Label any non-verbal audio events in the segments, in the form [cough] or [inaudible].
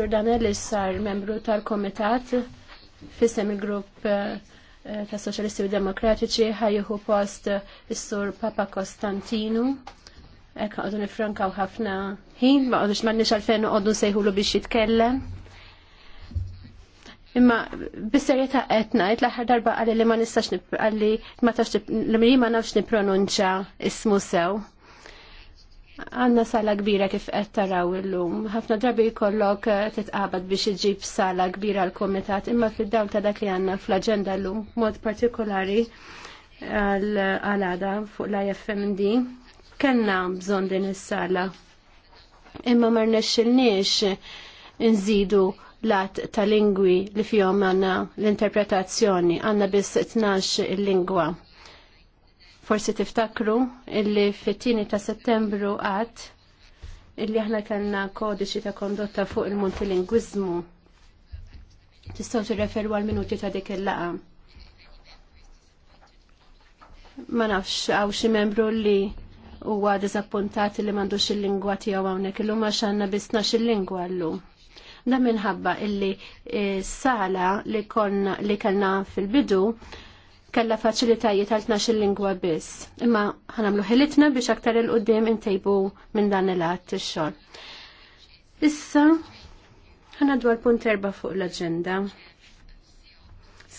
Dr. Danelli sar membru tal-Komitat fissem il-grupp eh, eh, ta' Soċjalisti u Demokratiċi ħajjuħu post is-sur Papa Kostantinu. Ek għadu nifranka u ħafna ħin, ma għadux ma nix għalfejn għadu sejħulu biex jitkellem. Imma bis-serjetà qed ngħid l-aħħar darba għalli li ma nistax għalli ma li ma nafx nipronunċa ismu sew. Għanna sala kbira kif qed taraw illum. Ħafna drabi jkollok eh, titqabad biex iġib sala kbira l komitat imma fid-dawl ta' dak li għandna fl-aġenda llum mod partikolari għal-għada fuq l-IFMD. Kellna bżonn din is-sala. Imma ma rnexxilniex nżidu lat ta' lingwi li fihom għandna l-interpretazzjoni, għandna biss 12 il-lingwa. il lingwa Forsi tiftakru illi fit-tieni ta' settembru għad illi aħna kellna kodiċi ta' kondotta fuq il-multilingwiżmu. Tistgħu tirreferu għal minuti ta' dik il-laqa. Ma nafx għaw xi membru li huwa diżappuntat li m'għandux il-lingwa tiegħu hawnhekk illum għax għandna biss il-lingwa llum. Da minħabba illi eh, sala li konna li kellna fil-bidu kella faċilitajiet għal 12 lingwa biss. Imma ħanamlu ħilitna biex aktar il-qoddim intejbu minn dan il-għat xogħol. Issa, ħana dwar punt erba fuq l-agenda.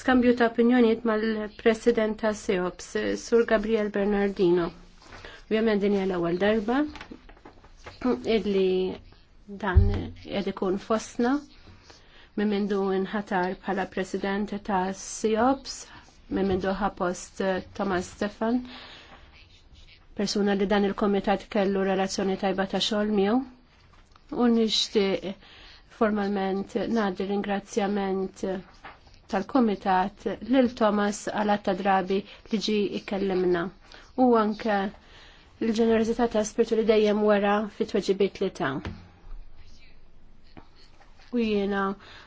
Skambju ta' opinjoniet mal-president ta' SEOPS, Sur Gabriel Bernardino. Ovvjament din jgħal l-ewwel darba illi dan qed ikun fostna minn du nħatar bħala president ta' SEOPS minn post eh, Thomas Stefan, persuna li dan il-komitat kellu relazzjoni tajba ta' xogħol miegħu. U nixtieq formalment ngħaddi ringrazzjament tal-komitat lil Thomas għal ta' drabi li ġi ikkellimna. U anke l-ġenerozità ta' spiritu li dejjem wera fit-tweġibiet li ta' u jiena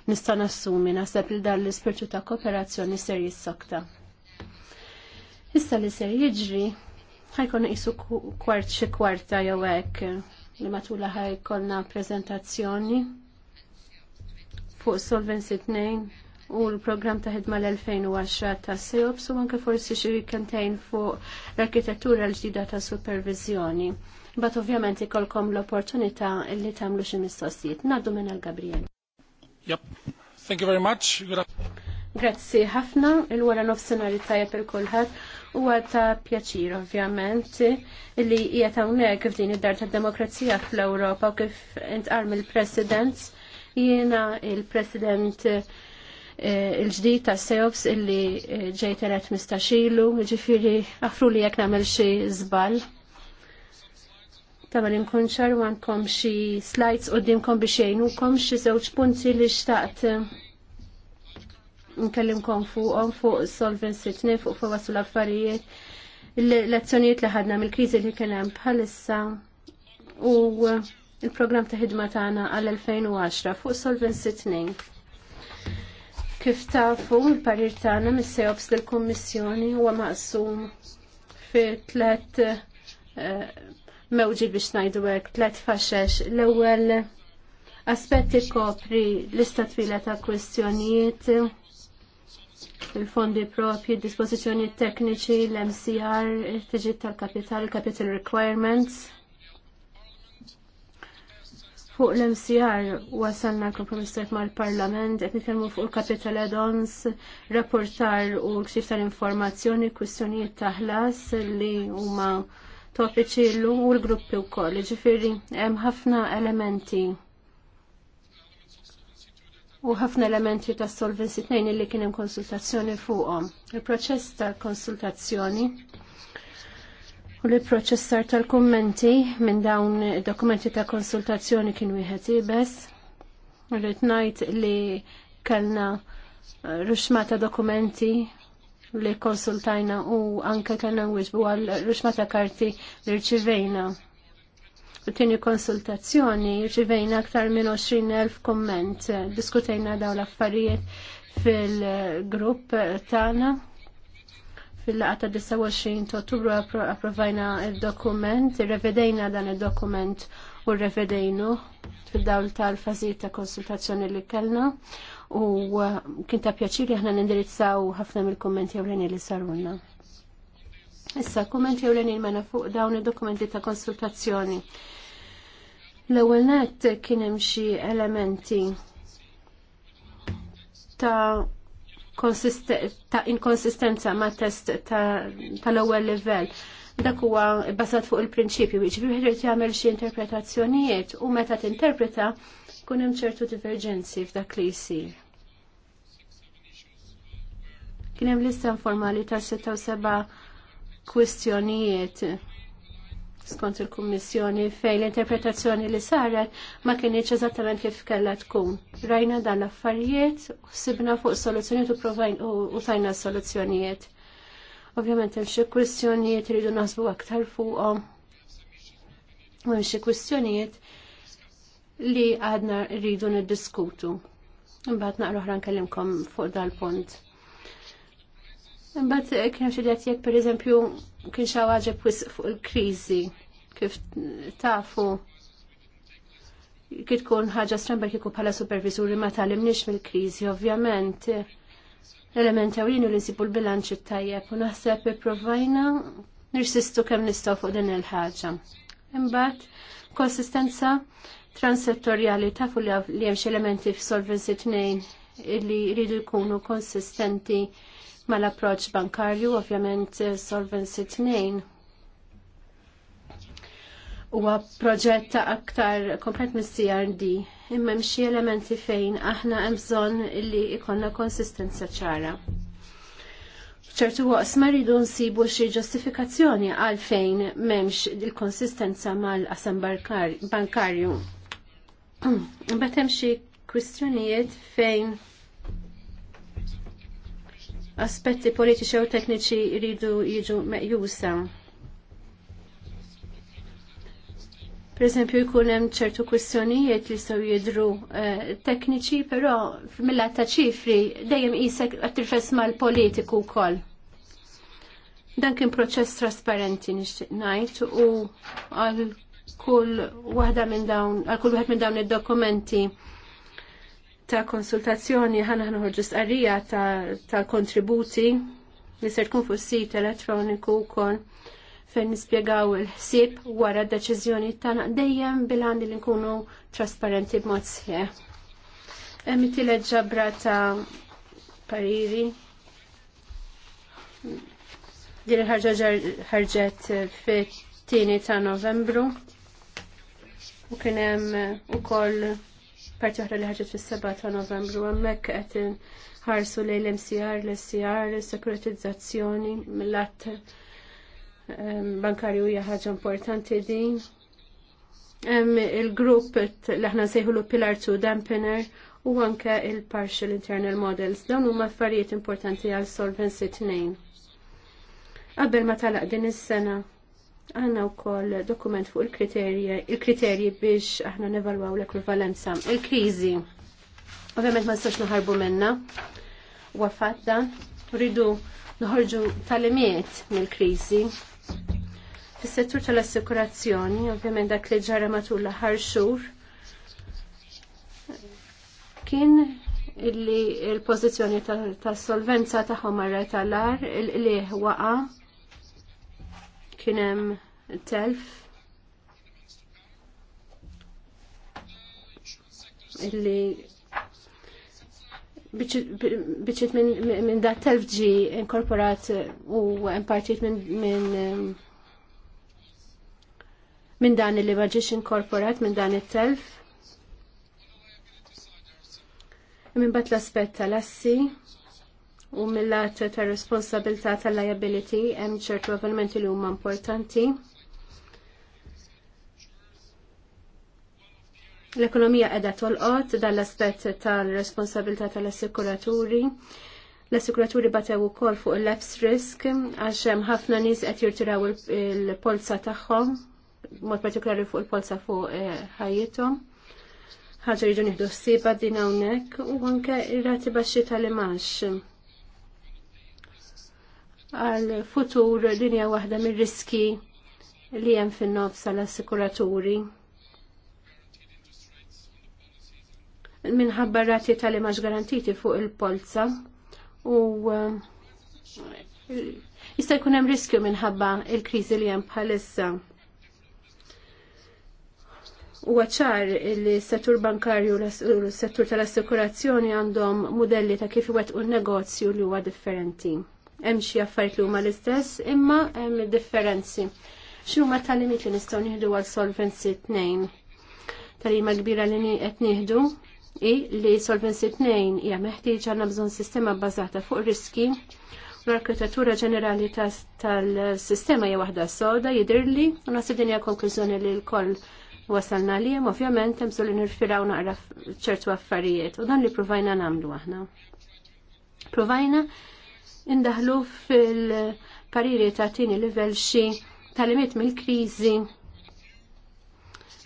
nista' nassumi naħseb li dan l-ispirtu ta' kooperazzjoni ser jissokta. Issa li ser jiġri ħajkon isu kwart xi kwarta jew hekk li matula ħajkolna prezentazzjoni fuq Solvency 2 u l-program ta' ħidma l-2010 ta' SEOPS u anke forsi xi kentejn fuq l-arkitettura l-ġdida ta' supervizjoni. Bat ovvjament ikolkom l-opportunità li tagħmlu xi mistoqsijiet. Naddu minn għal Gabriel. Yep. Thank you very much. Grazzi ħafna il-wara nofsinhar tajja per kulħadd huwa ta' pjaċir ovvjament li hija hawnhekk f'din id-dar tad-demokrazija fl-Ewropa u kif intqal mill-President jiena il-President eh, il-ġdid ta' sejobs e illi eh, ġejt elet mistaxilu, ġifiri għafru li jek namel xi żball Tama li nkun ċar għandkom xi slides qudiemkom biex jgħinukom xi żewġ punti li xtaqt eh, nkellimkom fuqhom fuq Solvency 2 fuq fuq wasu l-affarijiet l-azzjonijiet li ħadna mill-kriżi li kien hemm bħalissa u eh, il program ta' ħidma tagħna għal-2010 fuq Solvency 2 kif tafu l-parir tagħna mis sejobs lill kummissjoni huwa maqsum fi tlet. Eh, mewġi biex najdu għek tlet faxex. L-ewel aspetti kopri l twila ta' kwestjonijiet, il-fondi propji, dispozizjoni tekniċi, l-MCR, il-tġit tal-kapital, capital requirements. Fuq l-MCR wasalna ma' mal parlament qed nitkellmu fuq il-Capital Add-ons, rapportar u l tal-informazzjoni, kwistjonijiet taħlas li huma topiċi l u l-gruppi u koll. Ġifiri, hemm ħafna elementi u ħafna elementi ta' solvency tnejn li kien hemm konsultazzjoni fuqhom. Il-proċess ta' konsultazzjoni u l proċessar tal-kommenti minn dawn dokumenti ta' konsultazzjoni kien wieħed ibes. Rrid ngħid li kellna ruxma ta' dokumenti li konsultajna u anke kena nwiġbu għal rixmata karti li rċivejna. U tini konsultazzjoni rċivejna aktar minn 20.000 komment. Diskutejna daw l-affarijiet fil-grupp tagħna fil laqata ta' 29 ottubru approvajna il-dokument, revedejna dan il-dokument u revedejnu fil-dawl tal-fazijiet ta' konsultazzjoni li kellna u uh, kien ta' pjaċir li aħna nindirizzaw ħafna mill-kummenti ewleni li sarunna. Issa, kummenti ewleni mena fuq dawn id-dokumenti ta' konsultazzjoni. L-ewwel net kien hemm xi elementi ta' ta' inkonsistenza ma' test tal-ewwel livell dak huwa basat fuq il-prinċipju, jiġifieri wieħed ħiġiet jagħmel xi interpretazzjonijiet u meta tinterpreta kun hemm ċertu diverġenzi f'dak li jsir. Kien hemm lista informali ta' seba' kwistjonijiet skont il-Kummissjoni fejn l-interpretazzjoni li saret ma kienieċ eżattament kif kellha tkun. Rajna dan l-affarijiet, sibna fuq soluzzjonijiet u provajn u tajna soluzzjonijiet. Ovvjament hemm xi kwistjonijiet iridu naħsbu aktar fuqhom. Hemm xi kwistjonijiet li għadna rridu niddiskutu. Imbagħad naqra oħra nkellimkom fuq dal-punt. Imbagħad eh, kien hemm xi li jekk pereżempju kien xi ħaġeb fuq il-kriżi kif tafu kif tkun ħaġa stramba kieku bħala supervisuri ma talimniex mill-kriżi, ovvjament l-element ewlienu li nsibu l-bilanċ tajjeb u naħseb ipprovajna nirsistu kemm nistgħu fuq din il-ħaġa. Imbagħad konsistenza transettorjali tafu li hemm xi elementi f'Solvency tnejn li jridu jkunu konsistenti mal-approċċ bankarju, ovvjament Solvency tnejn huwa proġett ta' aktar komplet mis-CRD, imma hemm xi elementi fejn aħna hemm bżonn li jkollna konsistenza ċara. ċertu waqs ma rridu nsibu xi ġustifikazzjoni għal fejn m'hemmx il-konsistenza mal-qasam bankarju. Imbagħad [clears throat] hemm xi kwistjonijiet fejn aspetti politiċi u tekniċi jridu jiġu meqjusa Per eżempju, jkun hemm ċertu kwistjonijiet li jistgħu jidhru eh, tekniċi, però mill ta' ċifri dejjem qisek qed mal-politiku wkoll. Dan kien proċess trasparenti nixtieq ngħid u għal kull waħda minn dawn għal kull wieħed minn dawn id-dokumenti ta' konsultazzjoni ħana ħanħorġu stqarrija ta' kontributi li ser tkun fuq sit elettroniku wkoll fejn nispjegaw il-ħsieb wara d-deċiżjoni tagħna dejjem bil-għandi li nkunu trasparenti b'mod sħiħ. Hemm it ġabra ta' pariri. Din ħarġa ħarġet fit-tieni ta' Novembru u kien hemm ukoll parti oħra li ħarġet fis-7 ta' Novembru hemmhekk qed ħarsu lejn l-MCR, l-SCR, l-sekuritizzazzjoni mill-att bankarju hija ħaġa importanti din. Il-grupp li aħna nsejħulu pillar 2 Dampener u anke il-Partial Internal Models. Dawn huma affarijiet importanti għal Solvency 2. Qabel ma talaq din is-sena, għanna u dokument fuq il-kriterji il-kriterji biex aħna nevalwaw l-ekvivalenza. Il-krizi, ovvjament ma nistax naħarbu minna, wafatda, rridu nħorġu tal-imiet mill-krizi, Fis-settur tal-assikurazzjoni, ovvjament dak li ġara matul l-aħħar xhur, kien illi l pożizzjoni tas-solvenza ta tagħhom marra tal-ar li waqa kien hemm telf illi biċċiet minn dat telf ġi inkorporat u impartit minn minn dan li ma ġiex inkorporat minn dan it-telf. Minn bat l-aspett tal-assi u mill-lat ta' responsabilità tal-liability hemm ċertu avvenimenti li huma importanti. L-ekonomija qiegħda tolqot dan l-aspett tal-responsabilità tal-assikuraturi. L-assikuraturi batew ukoll fuq il-lapse risk għax hemm ħafna nies qed jirtiraw il-polza tagħhom mod partikolari fuq il-polsa fuq eh, ħajjithom. Ħaġa jridu nieħdu s din hawnhekk u anke rati baxxi tal-imax. Għal futur din hija waħda mir-riski li hemm fin-nofs għall-assikuraturi. Minħabba rati tal-imax garantiti fuq il-polza u eh, jista' jkun hemm riskju minħabba il-kriżi li hemm bħalissa. U għacċar li settur bankarju u settur tal-assikurazzjoni għandhom modelli ta' kif wet u negozju li huwa differenti. Hemm xi affarijiet li huma l-istess imma hemm differenzi. X'nu ma tal-limit li nistgħu nieħdu għal Solvency 2? Tal-ima kbira li qed nieħdu i li Solvency 2 hija meħtieġ għandna bżonn sistema bbażata fuq riski l-arkitettura ġenerali tal-sistema hija waħda soda jidirli u nasib dinja konklużjoni li l-koll wasalna li jem, ovvjament, jem li nirfiraw naqra ċertu affarijiet, u dan li provajna namlu aħna. Provajna indaħlu fil-pariri ta' tini level xi tal-imiet mill-krizi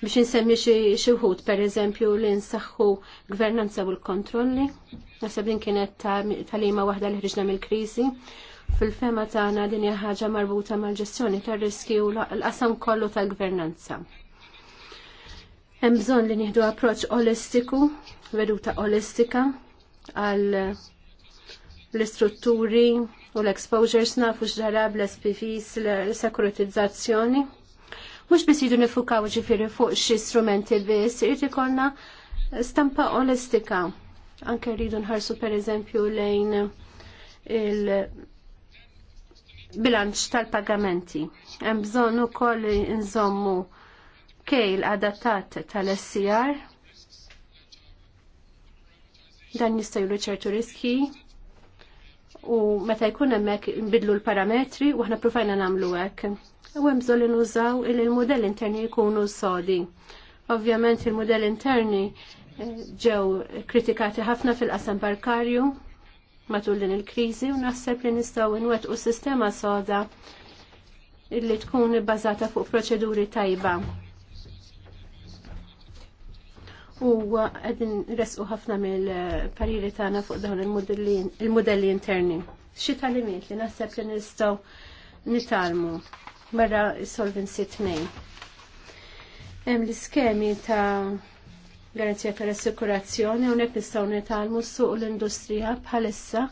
biex nsemmi xi wħud pereżempju li nsaħħu gvernanza u l-kontrolli. Nasab din kienet tal-ima waħda li ħriġna mill-kriżi. Fil-fema tagħna din hija ħaġa marbuta mal-ġestjoni tar-riski u l-qasam kollu tal-gvernanza. Hemm bżonn li nieħdu approċċ olistiku, veduta olistika għal l-istrutturi u l-exposures nafu x'darab l-SPVs, l-sekuritizzazzjoni. Mhux biss jidu nifukaw ġifieri fuq xi strumenti biss, irid ikollna stampa olistika. Anke rridu nħarsu pereżempju lejn il-bilanċ tal-pagamenti. Hemm bżonn ukoll inżommu scale adattat tal-SCR. Dan jista' jistaju ċertu riski u meta jkun hemmhekk nbidlu l-parametri u aħna provajna nagħmlu hekk. U hemm bżonn nużaw il l-mudell interni jkunu sodi. Ovvjament il-mudell interni eh, ġew kritikati ħafna fil-qasam barkarju matul din il-kriżi u naħseb li nistgħu nwettqu sistema soda illi tkun bbażata fuq proċeduri tajba u għedin resqu ħafna mill-pariri tagħna fuq dawn il-modelli interni. Xi talimiet li naħseb li nistgħu nitalmu barra solvency tnejn. Hemm l-iskemi ta' garanzija tal-assikurazzjoni hawnhekk nistgħu nitalmu suq l-industrija bħalissa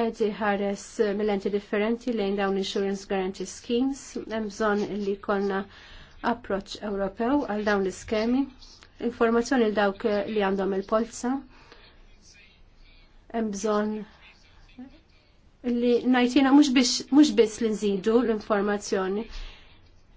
qed ħares mill-enti differenti lejn dawn insurance guarantee schemes, hemm bżonn li jkollna approċċ Ewropew għal dawn l-iskemi informazzjoni l dawk li għandhom il-polza. Hemm bżonn li najtina mhux biss li nżidu l-informazzjoni.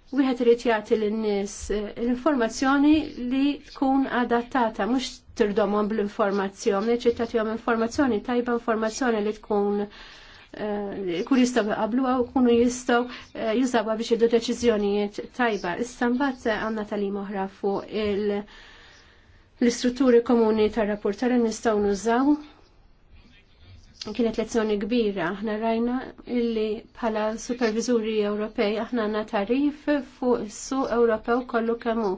Wieħed irid jagħti lin-nies eh, l-informazzjoni li tkun adattata mhux tirdomhom bl-informazzjoni, ċid tagħtihom informazzjoni tajba informazzjoni li tkun eh, kun jistaw jqablu u kunu jistaw eh, jużawa biex jiddu deċizjonijiet tajba. Issa għanna tal-im oħra fuq il- L-istrutturi komuni tar-rapportar nistgħu nużaw kienet lezzjoni kbira. Aħna rajna illi bħala supervizuri Ewropej aħna għandna tarif fuq is-suq Ewropew kollu kemm hu.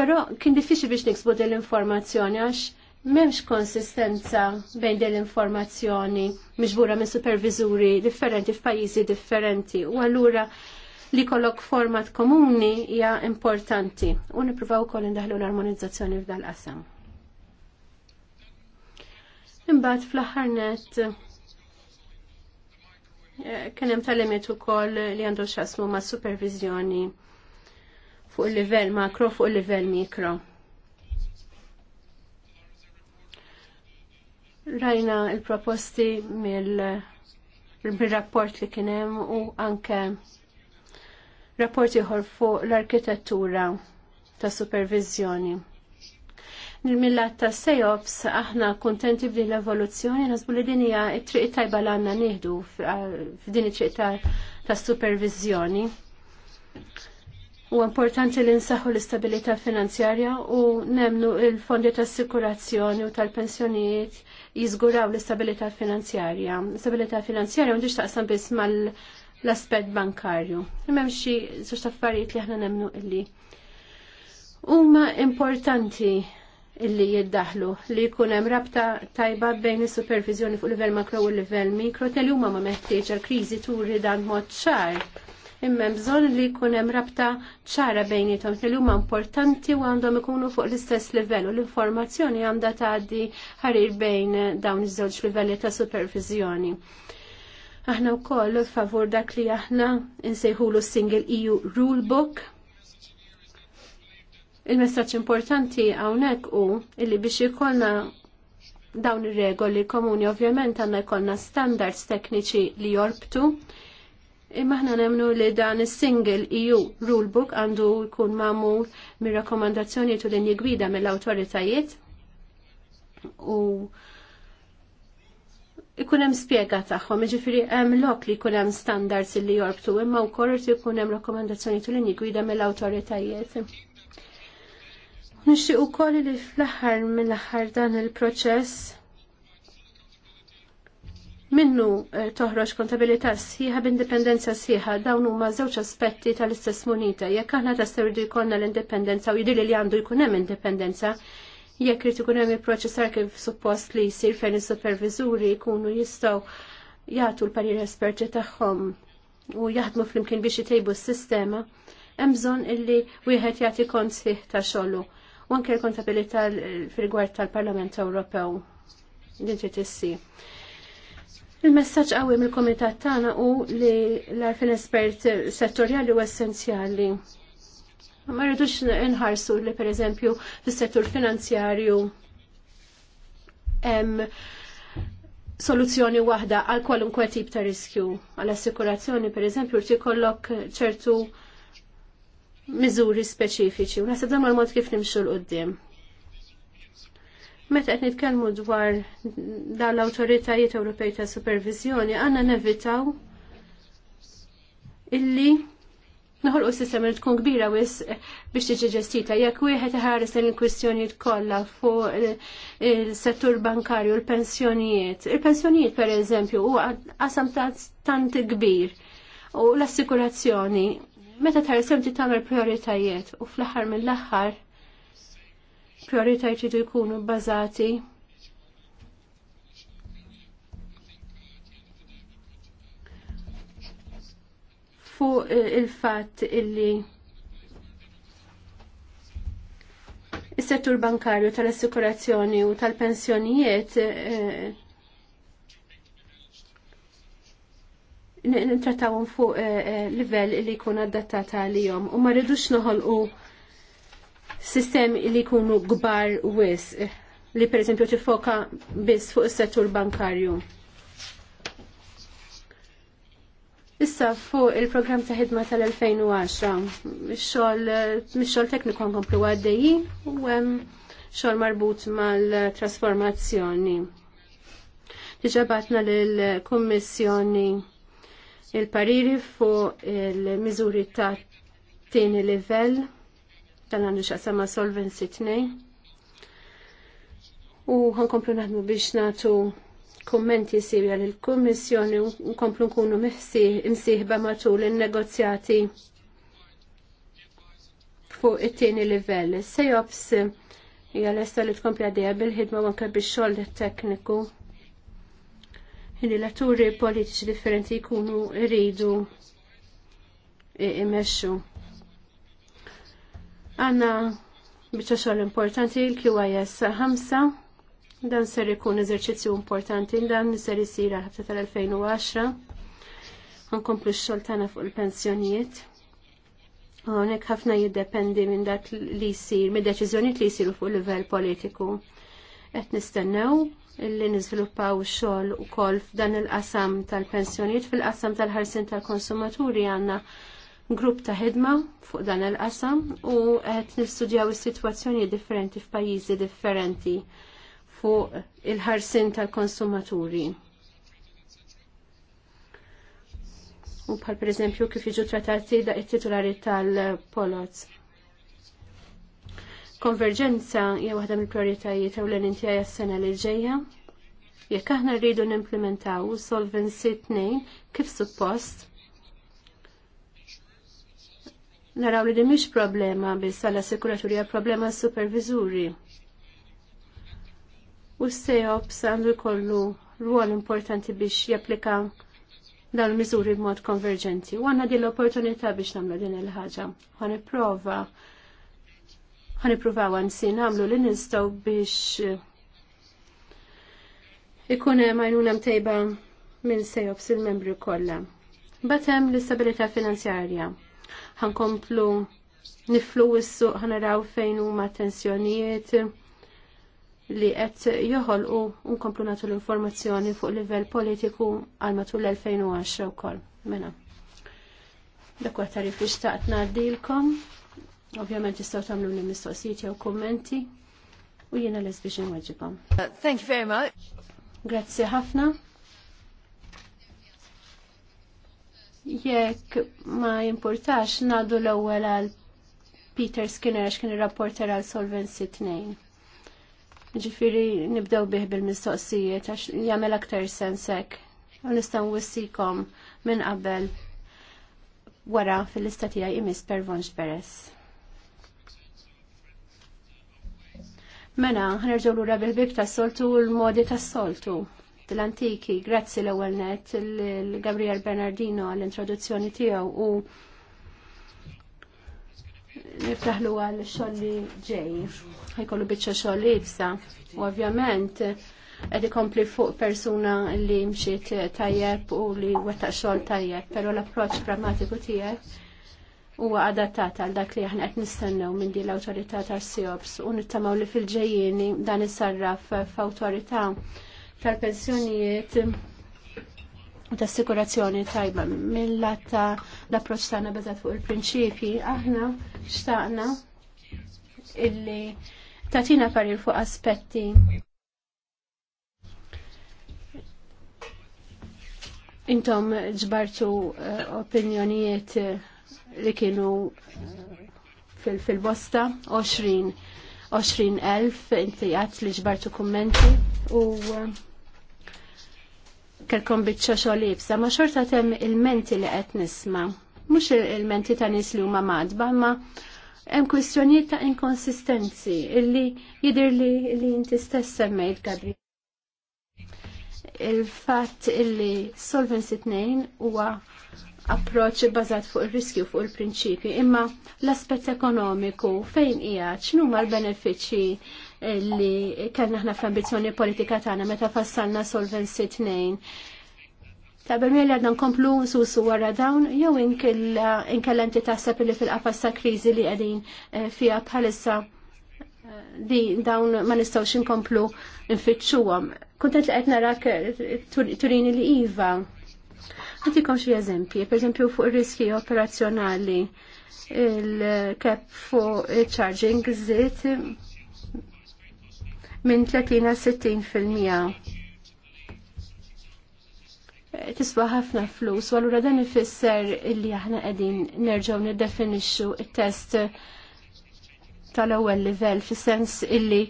Però kien diffiċli biex niksbu din l-informazzjoni għax m'hemmx konsistenza bejn din l-informazzjoni miġbura minn supervizuri differenti f'pajjiżi differenti. U allura li kollok format komuni hija importanti u nippruvaw wkoll indaħlu l-armonizzazzjoni f'dal-qasam. Imbagħad fl-aħħar net eh, kien hemm tal-limit ukoll li għandu x'asmu ma' supervizjoni fuq il-livell makro fuq il-livell mikro. Rajna il-proposti mill-rapport li kien hemm u anke rapport ieħor fuq l-arkitettura ta' supervizjoni. Nil-millat ta' SEOPS aħna kontenti b'din l-evoluzzjoni, nasbu li din hija t-triq tajba l għanna nieħdu f'din it-triq ta' supervizjoni. U importanti li nsaħu l-istabilità finanzjarja u nemnu il-fondi ta' assikurazzjoni u tal-pensjonijiet jizguraw l-istabilità finanzjarja. L-istabilità finanzjarja għandix taqsam biss mal- l-aspet bankarju. Imem xi zoċ taffariet li aħna nemnu illi. Huma importanti illi jiddaħlu li jkun hemm rabta tajba bejn is-supervizjoni fuq livell makro u livell mikro tal huma ma meħtieġ għall-kriżi turi dan mod ċar. Imma bżonn li jkun hemm rabta ċara bejnietom li huma importanti u għandhom ikunu fuq l-istess livell u l-informazzjoni għandha tgħaddi ħarir bejn dawn iż-żewġ livelli ta' supervizjoni. Aħna u koll favur dak li aħna insejħulu single EU rulebook. Il-messaċ importanti għawnek u illi biex ikolna dawn ir-regoli komuni ovvjament għanna jkollna standards tekniċi li jorbtu. Imma ħna nemnu li dan is-single EU rulebook għandu jkun mamul mir rakkomandazzjoni u linji gwida mill-awtoritajiet u ikun hemm spjega tagħhom, jiġifieri hemm lok li jkun hemm standards li jorbtu imma wkoll irid ikun hemm rakkomandazzjoni tul linji gwida mill-awtoritajiet. Nixtieq ukoll li fl-aħħar mill-aħħar dan il-proċess minnu eh, toħroġ kontabilità sħiħa b'indipendenza sħiħa dawn huma żewġ aspetti tal-istess munita. Jekk aħna tassew jkollna l-indipendenza u jidili li għandu jkun hemm indipendenza, jekk irid ikun hemm il-proċessar kif suppost li jsir fejn is-superviżuri jkunu jistgħu jagħtu l-parir esperti tagħhom u jaħdmu flimkien biex jtejbu s-sistema, hemm bżonn illi wieħed jagħti kont sħiħ ta' xogħlu u anke l-kontabilità fil tal-Parlament Ewropew din trid issir. Il-messaġġ qawwi mill-Kumitat tagħna hu li l-arfin espert settorjali u essenzjali Ma rridux nħarsu li per eżempju fis-settur finanzjarju hemm soluzzjoni waħda għal kwalunkwe tip ta' riskju. Għal assikurazzjoni per eżempju rti kollok ċertu miżuri speċifiċi. U nasib dam mod kif nimxu l-qoddim. Meta qed nitkellmu dwar dan l-awtoritajiet Ewropej ta' Supervizjoni, għandna nevitaw illi s sistema li tkun kbira wis biex tiġi ġestita. Jekk wieħed ħares il-kwistjonijiet kollha fuq il-settur bankarju, il-pensjonijiet. Il-pensjonijiet pereżempju huwa qasam tant kbir u l-assikurazzjoni. Meta tħares ti tagħmel prioritajiet u fl-aħħar mill-aħħar prioritajiet jridu jkunu bbażati fuq eh, il-fatt illi Is-settur bankarju tal-assikurazzjoni u tal-pensjonijiet eh, nintrattawhom fuq eh, livell li jkun li għalihom u ma rridux noħolqu sistemi li jkunu kbar wis li pereżempju tifoka biss fuq is-settur bankarju. Issa fuq il-programm ta' ħidma tal-2010, mix-xogħol tekniku nkomplu għaddejjin u hemm xogħol marbut mal-trasformazzjoni. Diġà batna lill-Kummissjoni il-pariri fuq il-miżuri ta' tieni livell tal-għandu xaqsama Solvency 2. U ħankomplu naħdmu biex natu kummenti sirja li l-Kummissjoni nkomplu nkunu msieħba matul il-negozjati fuq it-tieni livell. Sejops hija lesta li tkompli għaddejja bil-ħidma anke bix-xogħol tekniku. Il-relaturi politiċi differenti jkunu rridu imexxu. Għanna biċċa xogħol importanti l-QIS 5 Dan ser ikun eżerċizzju importanti, dan ser isir għal ħafta tal-2010. nkomplu x tagħna fuq il-pensjonijiet. Hawnhekk ħafna jiddependi minn dak li jsir minn deċiżjonijiet li jsiru fuq livell politiku. Qed nistennew illi niżviluppaw xogħol ukoll f'dan il-qasam tal-pensjonijiet fil-qasam tal-ħarsin tal-konsumaturi għandna grupp ta' ħidma fuq dan il-qasam u qed nistudjaw is-sitwazzjoni differenti f'pajjiżi differenti. differenti fuq il-ħarsin tal-konsumaturi. U bħal per eżempju kif jiġu trattati da it titulari tal-polots. Konverġenza hija waħda mill-prioritajiet ewlenin tiegħi s sena li ġejja. Jekk aħna rridu nimplementaw Solvency 2 kif suppost, naraw li di mhix problema biss għall-assikuraturi problema s-superviżuri u s-sejob għandu jkollu rwol importanti biex japplika dan l-miżuri b'mod konverġenti. U għanna din l-opportunità biex namlu din il-ħaġa. Għan prova għan ipruvaw għansi namlu li nistaw biex ikun majnuna mtejba minn sejobs il-membri kollha. Batem l-istabilità finanzjarja. Ħankomplu niflu s-suq ħanaraw fejn huma tensjonijiet, li qed joħolqu nkomplu nagħtu l-informazzjoni fuq livell politiku għal matul l-2010 wkoll. Mela. Dak huwa tarif li xtaqt ngħaddilkom. Ovvjament tistgħu tagħmlu li mistoqsijiet jew kummenti u jiena les biex inwaġġibhom. Uh, thank you very much. Grazzi ħafna. Jekk ma jimpurtax ngħadu l-ewwel għal Peter Skinner għax kien ir-rapporter għal Solvency 2. Ġifiri nibdew bih bil-mistoqsijiet għax jagħmel aktar sensek. U nistgħu wissikom minn qabel wara fil għaj imis per Vonġ peres. Mena, l lura bil-bib tas soltu u l-modi tas soltu. Dl-antiki, grazzi l ewwel net, l-Gabriel Bernardino għall-introduzzjoni tiegħu u niftaħlu għal xolli ġej ħajkollu biċċa xogħol ibsa. U ovvjament qed ikompli fuq persuna li mxiet tajjeb u li wettaq xogħol tajjeb, però l-approċċ pragmatiku tiegħek huwa adattat għal dak li aħna qed nistennew minn din l-awtorità tas-SIOPS u nittamaw li fil-ġejjieni dan isarraf f'awtorità tal-pensjonijiet u tas-sikurazzjoni tajba mill-lat ta' l-approċċ tagħna beżat fuq il-prinċipji aħna xtaqna illi tatina parir fuq aspetti. Intom ġbartu eh, opinjonijiet eh, li kienu eh, fil-bosta, 20 20.000 inti għat li ġbartu kummenti u kelkom bitċo xolib. ma xorta tem il-menti li għet nisma. Mux il-menti ta' nis li huma madba, ma hemm kwistjonijiet ta' inkonsistenzi illi jidher li li inti stess semmejt Gabri. Il-fatt illi Solvency 2 huwa approċ bazat fuq il-riskju fuq il-prinċipi, imma l-aspett ekonomiku fejn hija x'nu l-benefiċċji li kellna aħna fl-ambizzjoni politika tagħna meta fassalna Solvency 2 Talba mi għadna nkomplu susu wara dawn, jew inkella inti taħseb li fil-qafas ta' kriżi li qegħdin eh, fiha bħalissa eh, di dawn ma nistgħux inkomplu nfittxuhom. Kuntet li qed narak eh, turini li iva. Għatikom xi eżempji, eżempju fuq ir-riski operazzjonali il-kep fuq charging żied minn 30 60 fil-mija tiswa ħafna flus, u għallura dan ifisser illi aħna qegħdin nerġgħu niddefinixxu it-test tal-ewwel livell fis-sens illi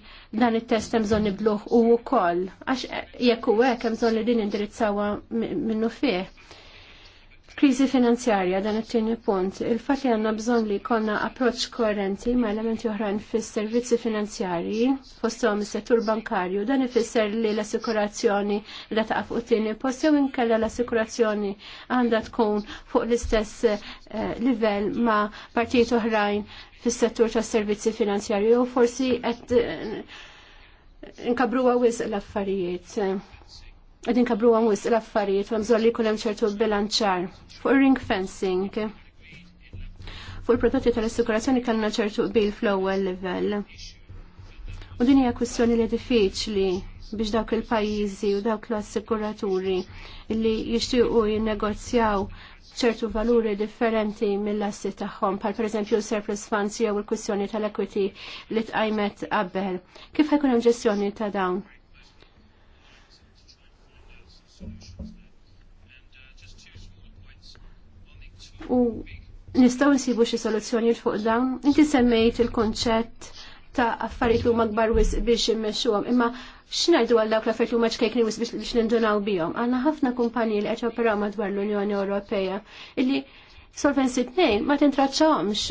dan it-test hemm bżonn nibluh u wkoll għax jekk hu hekk hemm bżonn li din indirizzawha minnu fih. Krizi finanzjarja dan it-tieni punt. Il-fatt li għandna bżonn li jkollna approċċ koerenti ma' elementi oħrajn fis-servizzi finanzjarji fosthom is-settur bankarju dan ifisser li l-assikurazzjoni li ta' fuq tieni post jew inkella l-assikurazzjoni għandha tkun fuq l-istess eh, livell ma' partijiet oħrajn fis-settur tas-servizzi finanzjarji u forsi qed eh, nkabruha wisq l-affarijiet għedin kabru għan wis l-affarijiet, għam li kullem ċertu bilanċar. Fuq ring fencing, fuq il-prodotti tal-assikurazzjoni kellna ċertu bil fl-ewwel level. U din hija kwistjoni li diffiċli biex dawk il-pajjiżi u dawk l-assikuraturi li jixtiequ jinnegozjaw ċertu valuri differenti mill-assi tagħhom, par pereżempju surplus funds jew il-kwistjoni tal-equity li tqajmet qabel. Kif ħajkun hemm ġestjoni ta' dawn? U nistaw nsibu xi soluzzjoni fuq dawn. Inti semmejt il-konċett ta' affarijiet li huma kbar wisq biex immexxuhom, imma x'ngħidu għal dawk l-affarijiet li huma ċkejkni wis biex nindunaw bihom. Għandna ħafna kumpanji li qed operaw madwar l-Unjoni Ewropea illi Solvency 2 ma tintraċċawhomx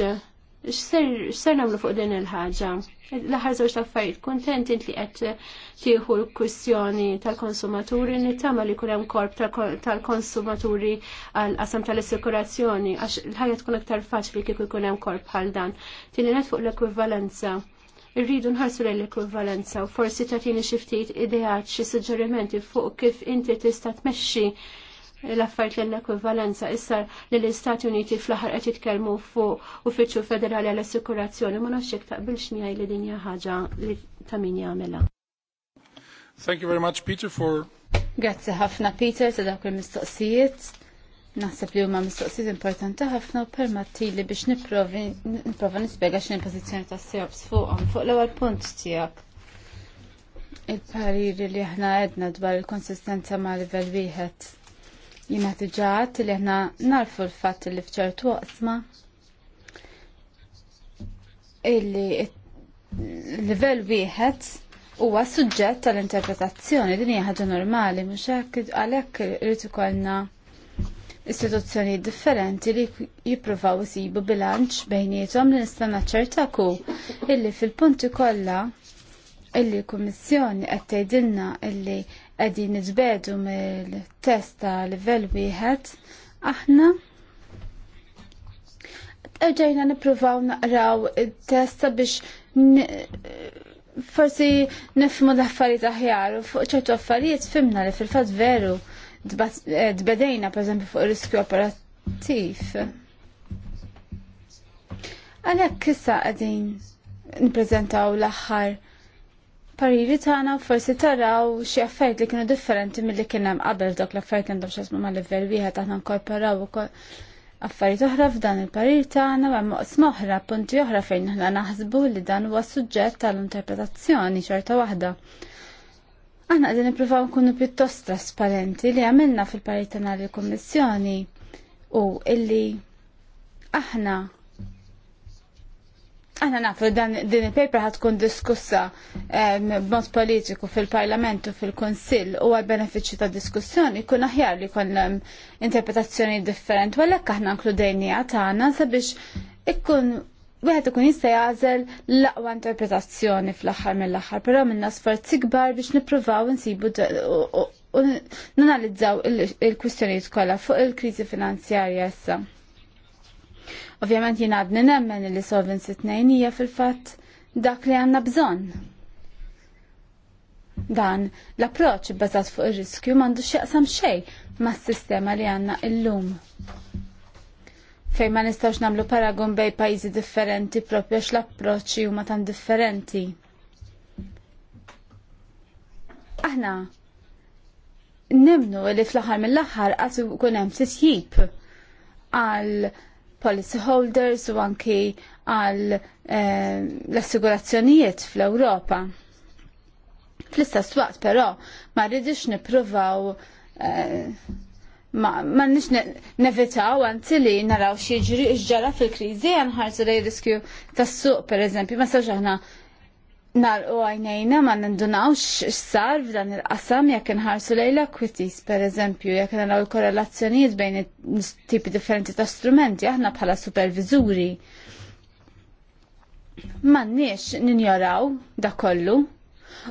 x'ser nagħmlu fuq din il-ħaġa? L-aħħar ta' affarijiet, kuntent int li qed tieħu l-kwistjoni tal-konsumaturi nittama li jkun hemm korp tal-konsumaturi għal qasam tal-assikurazzjoni għax l-ħajja tkun aktar faċli kieku jkun hemm korp bħal dan. Tieni fuq l ekvivalenza irridu nħarsu l ekwivalenza u forsi ta' xi ftit ideat xi suġġerimenti fuq kif inti tista' tmexxi l-affarijiet l ekwivalenza issa li l-Istati Uniti fl-aħħar qed jitkellmu fuq Uffiċċju Federali għall assikurazzjoni ma nafx jekk taqbilx miegħi li din hija ħaġa li ta' min jagħmilha. Thank you very much Peter for Grazzi ħafna Peter ta' dawk il-mistoqsijiet. Naħseb li huma mistoqsijiet importanti ħafna u permattili li biex nipprova nispjega x'in pożizzjoni ta' SEOPS fuqhom fuq l-ewwel punt tiegħek. Il-pariri li aħna għedna dwar il-konsistenza ma' livell wieħed Jina tġaħat li ħna narfu l-fat li fċertu waqsma illi level wieħed huwa suġġett tal-interpretazzjoni din hija ħaġa normali mhux hekk għalhekk irid ikollna istituzzjoni differenti li jippruvaw isibu bilanċ bejniethom li nista' naċċertaku illi fil-punti kollha illi kummissjoni qed tgħidilna illi qegħdin nizbedu mill-test ta' livell wieħed, aħna erġajna nippruvaw naqraw il testa biex forsi nifmu l-affarijiet aħjar u fuq ċertu affarijiet fimna li fil-fatt veru eh, dbedejna pereżempju fuq il riskju operattiv. Għalhekk issa qegħdin nippreżentaw l-aħħar fil-pariri tagħna forsi taraw xi affarijiet li kienu differenti milli kien hemm qabel dak l-affarijiet għandhom x'asma mal-livell wieħed aħna nkorporaw ukoll affarijiet oħra f'dan il-parir tagħna u hemm oqsma oħra, punti oħra fejn aħna naħsbu li dan huwa suġġett tal-interpretazzjoni xorta waħda. Aħna qegħdin nippruvaw nkunu pjuttost trasparenti li għamilna fil-parir tagħna lill-Kummissjoni u illi aħna Aħna nafu dan din il-paper ħad tkun diskussa b'mod politiku fil-Parlament u fil kunsill u għal benefiċċju ta' diskussjoni kun aħjar li kon interpretazzjoni differenti u għalhekk aħna nkludejnija tagħna sabiex ikkun wieħed ikun jista' jagħżel l-aqwa interpretazzjoni fl-aħħar mill-aħħar, però minna sforzi kbar biex nippruvaw insibu u nanalizzaw il-kwistjonijiet kollha fuq il-kriżi finanzjarja issa. Ovvjament jina għadni nemmen li sovin 2 hija fil-fatt dak li għandna bżonn. Dan l-approċ bbażat fuq ir-riskju m'għandux xej xejn mas-sistema li għandna illum. Fejn ma nistgħux nagħmlu paragon bej pajjiżi differenti propju x l approċi huma tan differenti. Aħna nemnu li fl-aħħar mill-aħħar qasu kun hemm sisjib għal policy holders u anki għal eh, l-assigurazzjonijiet fl-Ewropa. Fl-istess waqt però ma rridix nippruvaw eh, ma nix nevitaw għanti li naraw xieġri iġġara fil-krizi għanħarġu lej riskju tas-suq per eżempju, ma saġaħna narqu għajnejna ma nindunawx x-sar f'dan il-qasam jekk nħarsu lejn l-equities, per eżempju, jekk naraw il-korrelazzjonijiet bejn tipi differenti ta' strumenti, aħna bħala supervizuri. Mannix ninjoraw da kollu.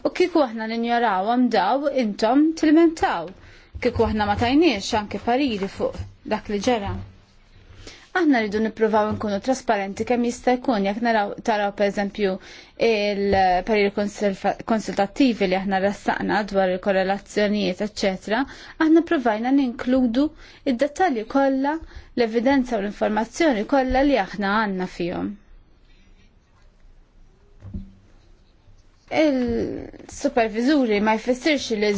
U kieku aħna ninjoraw għamdaw intom tilmentaw. Kieku aħna ma tajniex anke pariri fuq dak li ġara. Aħna rridu nippruvaw nkunu trasparenti kemm jista' jkun jekk naraw taraw pereżempju il-parir konsultattivi li aħna rassaqna dwar il-korrelazzjonijiet, eċetera, aħna provajna ninkludu id-dettalji kollha, l-evidenza u l-informazzjoni kollha li aħna għandna fihom. il-supervizuri ma jfessirx li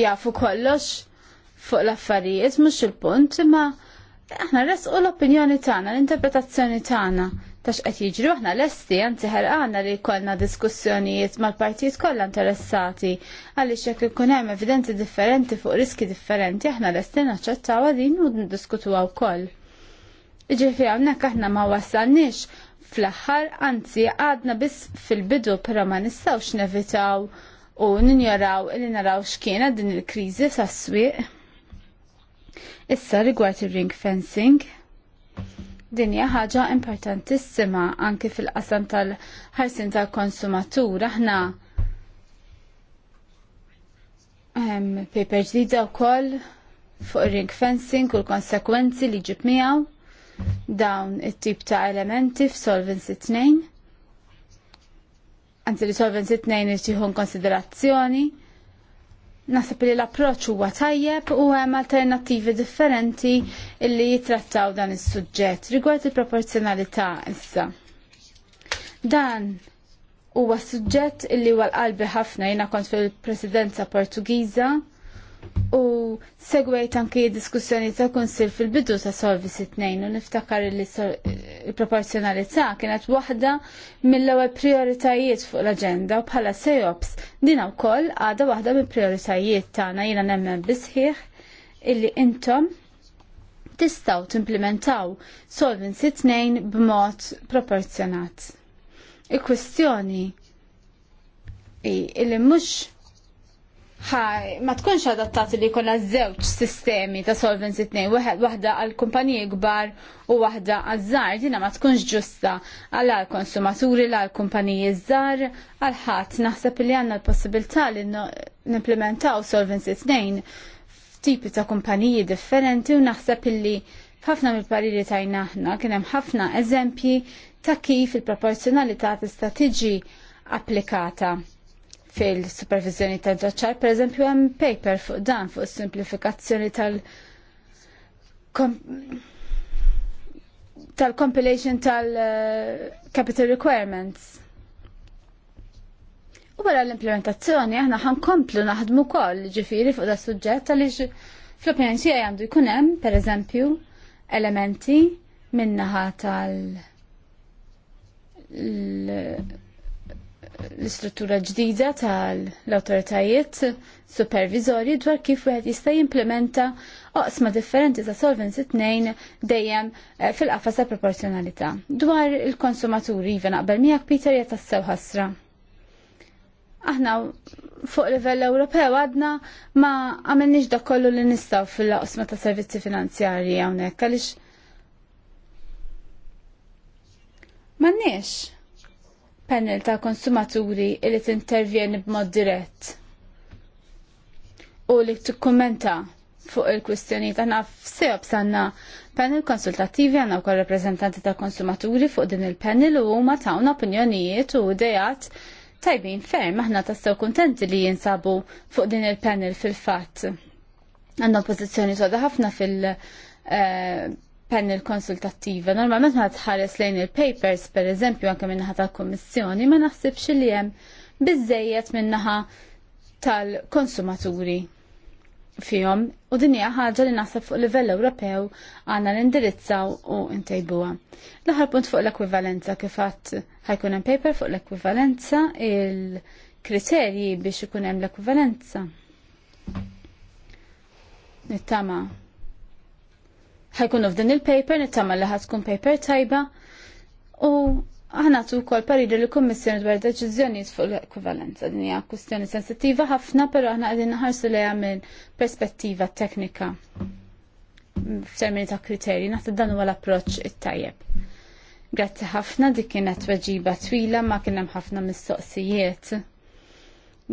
jafu kollox fuq l-affarijiet, mux il-punt, ma aħna u l-opinjoni tagħna, l-interpretazzjoni tagħna ta' x'qed jiġru aħna lesti anzi ħerqana li jkollna diskussjonijiet mal-partijiet kollha interessati għaliex jekk ikun hemm evidenzi differenti fuq riski differenti aħna lesti naċċettawha din u ndiskutuha wkoll. Iġifieri hawnhekk aħna ma wasalniex fl-aħħar anzi għadna biss fil-bidu però ma nistgħux nevitaw u ninjoraw li naraw x'kienet din il-kriżi sas-swieq. Issa rigward ir-ring fencing, din hija ħaġa importantissima anke fil-qasam tal-ħarsin tal-konsumatur aħna ehm, paper ġdida wkoll fuq ir-ring fencing u l-konsekwenzi li ġib miegħu dawn it-tip ta' elementi f'Solvency 2. Anzi li Solvency 2 irtieħu konsiderazzjoni Nasib li l-approċ huwa tajjeb u hemm alternattivi differenti illi jitrattaw dan is-suġġett rigward il-proporzjonalità issa. Dan huwa suġġett illi huwa l-qalbi ħafna jiena kont fil-Presidenza Portugiża U segwejt anki diskussjoni ta' konsil fil-bidu ta' Solvis 2 u niftakar li il-proporzjonalità kienet waħda mill-ewwel prioritajiet fuq l-aġenda u bħala sejops din wkoll għadha waħda mill prioritajiet tagħna jiena nemmen bisħieħ illi intom tistgħu timplementaw Solvency 2 b'mod proporzjonat. Il-kwestjoni illi mhux ħaj, ma tkunx adattati li jkollna żewġ sistemi ta' Solvency 2, waħda għal kumpaniji kbar u waħda għal żgħar, dina ma tkunx ġusta għal konsumaturi konsumaturi, għal kumpaniji żgħar, għal ħadd naħseb li għandna l-possibilità li nimplementaw Solvency 2 f'tipi ta' kumpaniji differenti u naħseb li ħafna mill-pariri tajna aħna kien hemm ħafna eżempji ta' kif il-proporzjonalità tista' tiġi applikata fil-supervizjoni tal-ġaċċar, per eżempju, hemm paper fuq dan, fuq simplifikazzjoni tal- tal-compilation tal-capital eh, requirements. U wara l-implementazzjoni aħna komplu naħdmu wkoll ġifiri fuq da suġġett għaliex fl-opinjoni tiegħi għandu jkun hemm pereżempju elementi min-naħa tal- l-istruttura ġdida tal-autoritajiet supervizorji dwar kif wieħed jista' jimplementa oqsma differenti ta' Solvency 2 dejjem eh, fil-qafas ta' proporzjonalità. Dwar il-konsumaturi iva naqbel miegħek Peter jeta' sew ħasra. Aħna fuq livell Ewropew għadna ma għamilniex dak kollu li nistgħu fil-qosma ta' servizzi finanzjarji hawnhekk għaliex m'għandniex panel ta' konsumaturi li tintervjeni b'mod dirett u li t-kommenta fuq il-kwistjoni ta' naf seob sanna panel konsultativi għanna u kol reprezentanti ta' konsumaturi fuq din il-panel u ma ta' un opinjonijiet u dejat tajbin ferm aħna ta' staw kontenti li jinsabu fuq din il-panel fil-fat. Għandhom pozizjoni soda ħafna fil- eh, panel konsultattiva. Normalment ma tħares lejn il-papers, per eżempju, anke minnaħa tal-Kommissjoni, ma naħsibx li hemm biżejjed minnaħa tal-konsumaturi fihom u din hija ħaġa li naħseb fuq livell Ewropew għandna l-indirizzaw u ntejbuha. L-aħħar punt fuq l-ekwivalenza kif għadd ħajkun hemm paper fuq l-ekwivalenza il-kriterji biex ikun hemm l-ekwivalenza. Nittama' ħajkunu f'din il-paper, nittama li ħaskun paper tajba u ħanatu kol parida li kommissjoni dwar deċizjoni fuq l ekvivalenza Din hija kwistjoni sensittiva ħafna, però aħna qegħdin naħarsu li minn perspettiva teknika f'termini ta' kriterji, naħseb dan huwa l-approċċ it-tajjeb. Grazzi ħafna dik kienet weġiba twila ma kien hemm ħafna mistoqsijiet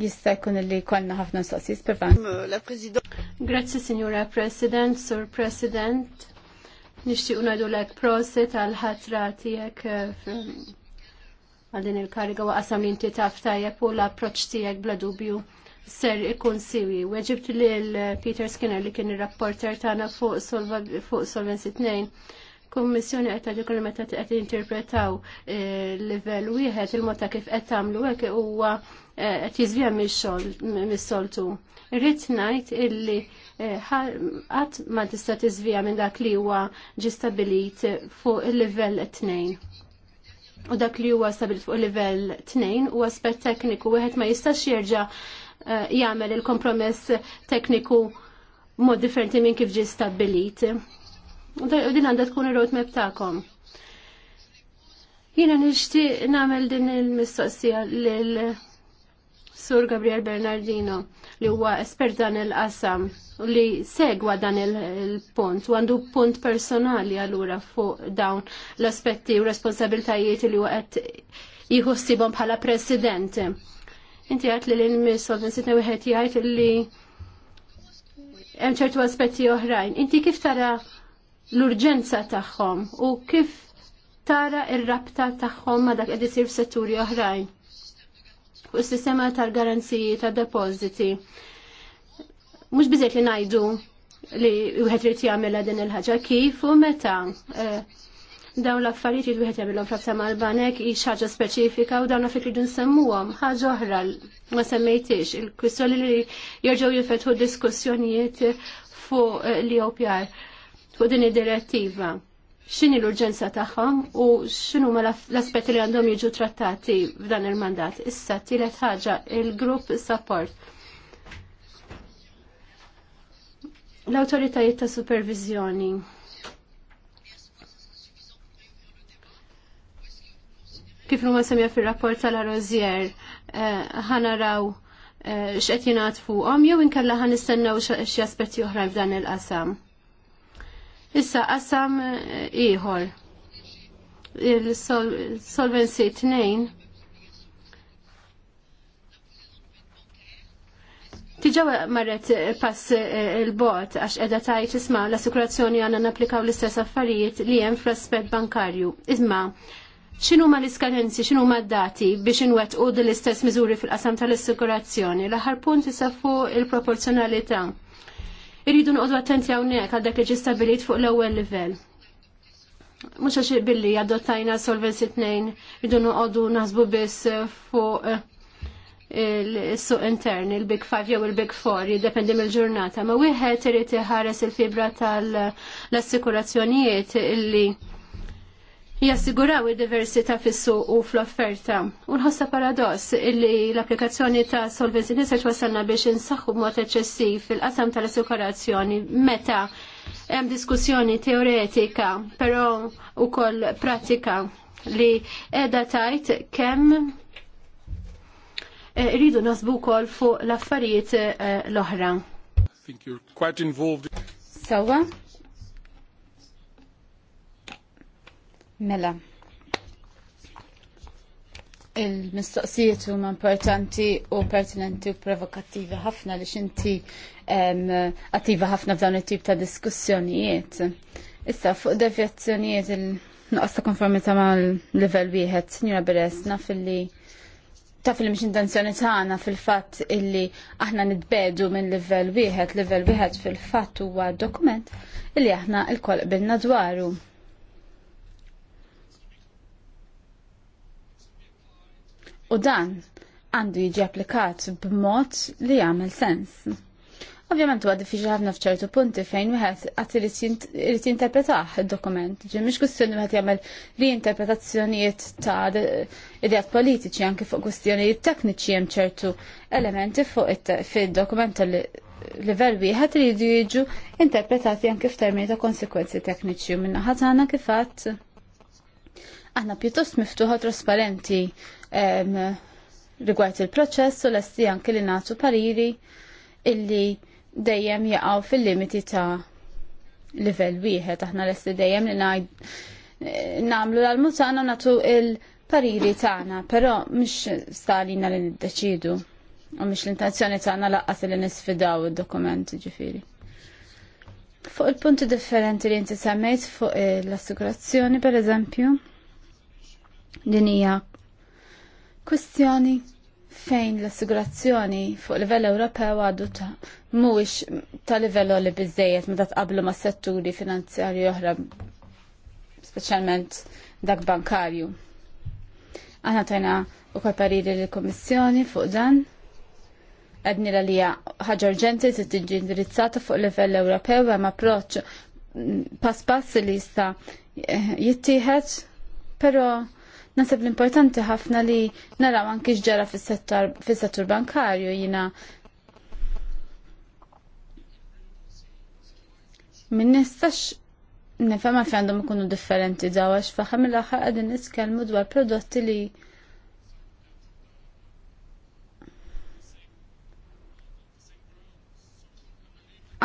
jista' jkun li konna ħafna mistoqsijiet prevan. Grazzi Signora President, Sur President. Nixtiequ ngħidu lek prosit għal ħatra tiegħek eh, għal din il-kariga wa qasam li inti taf tajjeb u l-approċċ tiegħek bla dubju ser ikun siwi. Weġibt li l-Peter Skinner li kien ir-rapporter tagħna fuq Solvency 2 kummissjoni qed tagħti kull meta qed interpretaw eh, livell wieħed il-mod ta' kif qed tagħmlu hekk huwa tizvija mis-soltu. Irrid ngħid illi eh, qatt ma tista' tiżvija minn dak li huwa ġi stabilit fuq il-livell tnejn. U dak li huwa stabilit fuq il level tnejn u aspett tekniku wieħed ma jistax jerġa' eh, jagħmel il-kompromess tekniku mod differenti minn kif ġi stabbilit. U din għandha tkun ir-roadmap tagħkom. Jiena nixtieq nagħmel din il-mistoqsija lil Sur Gabriel Bernardino li huwa espert dan il-qasam u li segwa dan il-punt u għandu punt personali għalura fuq dawn l-aspetti u responsabiltajiet li huwa għed jħossibhom bħala president. Inti għat li l-miss u wieħed jgħid li hemm ċertu aspetti oħrajn. Inti kif tara l-urġenza tagħhom u kif tara ir-rabta tagħhom ma dak qed isir f'setturi oħrajn? u s sistema tal-garanziji tad depoziti Mhux bizet li ngħidu li wieħed rid jagħmilha din il-ħaġa kif u meta eh, dawn l-affarijiet li wieħed jagħmilhom frabta mal-banek i ħaġa speċifika u dawn affarijiet li nsemmuhom ħaġa oħra ma semmejtiex il-kwistjoni li jerġgħu jifetħu diskussjonijiet fuq l-OPR fuq din id-direttiva x'inhi l-urġenza tagħhom u ma l-aspetti li għandhom jiġu trattati f'dan il-mandat. Issa tielet ħaġa il-grupp support. L-awtoritajiet ta' supervizjoni kif ma semja fir-rapport tal-Arozier eh, ħanaraw eh, x'qed jingħad fuqhom jew inkella ħanistennew xi aspetti oħrajn f'dan il-qasam. Issa qasam eh, ieħor il-Solvency 2 Tiġawa marret eh, pass eh, il-bot għax edha tajt isma l-assikurazzjoni għanna n-applikaw l-istess affarijiet li jem fl-aspet bankarju. Isma, xinu ma l-iskadenzi, xinu ma d-dati biex inwet u l-istess mizuri fil-qasam tal-assikurazzjoni. l punt jisafu il-proporzjonalità. Irridu noqdu attenti hawnhekk għal dak li ġi fuq l-ewwel livell. Mhux għax billi adottajna Solvency tnejn irridu noqogħdu naħsbu biss fuq eh, il-suq intern, il-Big Five jew il-Big Four, jiddependi mill-ġurnata. Ma wieħed irid iħares il-fibra tal-assikurazzjonijiet illi jassiguraw il-diversità fis-suq u fl-offerta. U paradoss illi l-applikazzjoni ta' solvenzi nisaċ wasalna biex insaħħu b'mod eċċessiv fil-qasam tal-assikurazzjoni meta hemm diskussjoni teoretika, però ukoll pratika li edha tajt kemm eh, rridu nasbu wkoll fuq l-affarijiet eh, l-oħra. Sawa, Mela, il-mistoqsijiet huma importanti u pertinenti u provokattivi ħafna li xinti attiva ħafna f'dawn it-tip ta' diskussjonijiet. Issa, fuq devjazzjonijiet il-nuqqas ta' konformità mal-level wieħed, Sinjura Beres, naf li taf li mhix intenzjoni tagħna fil-fatt illi aħna nitbedu minn livell wieħed, livell wieħed fil-fatt huwa dokument illi aħna l-kol bil dwaru. U dan għandu jiġi applikat b'mod li jagħmel sens. Ovvjament huwa diffiċli ħafna f'ċertu punti fejn wieħed qatt irid jinterpretah id-dokument. Ġi mhix kwistjoni wieħed jagħmel riinterpretazzjonijiet ta' ideat politiċi anke fuq kwistjonijiet tekniċi hemm ċertu elementi fuq fid-dokument li livell wieħed li jridu jiġu interpretati anke f'termini ta' konsekwenzi tekniċi u minna tagħna kif qatt aħna pjuttost miftuħa trasparenti rigward il-proċess u lesti anke li nagħtu pariri illi dejjem jaqgħu fil-limiti ta' livell wieħed aħna lesti dejjem li nagħmlu l-mutana u nagħtu il-pariri tagħna, però mhux stalina li niddeċidu u mhux l-intenzjoni tagħna laqqas li nisfidaw id-dokumenti ġifieri. Fuq il-punti differenti li inti semmejt fuq l-assigurazzjoni, per eżempju, din hija Kwestjoni fejn l-assigurazzjoni fuq livell Ewropew għadu ta' mhuwiex ta' livell li biżejjed meta tqablu ma' setturi finanzjarji oħra speċjalment dak bankarju. Aħna tajna ukoll pariri lill-Kummissjoni fuq dan. Għedni li ħaġa urġenti se tiġi indirizzata fuq livell Ewropew hemm approċċ pass pass li jista' jittieħed, però Nasib l-importanti ħafna li naraw anki x'ġara fis-settur bankarju jina Min nistax nifhem fi għandhom ikunu differenti daw faħam mill-aħħar għadin nitkellmu dwar prodotti li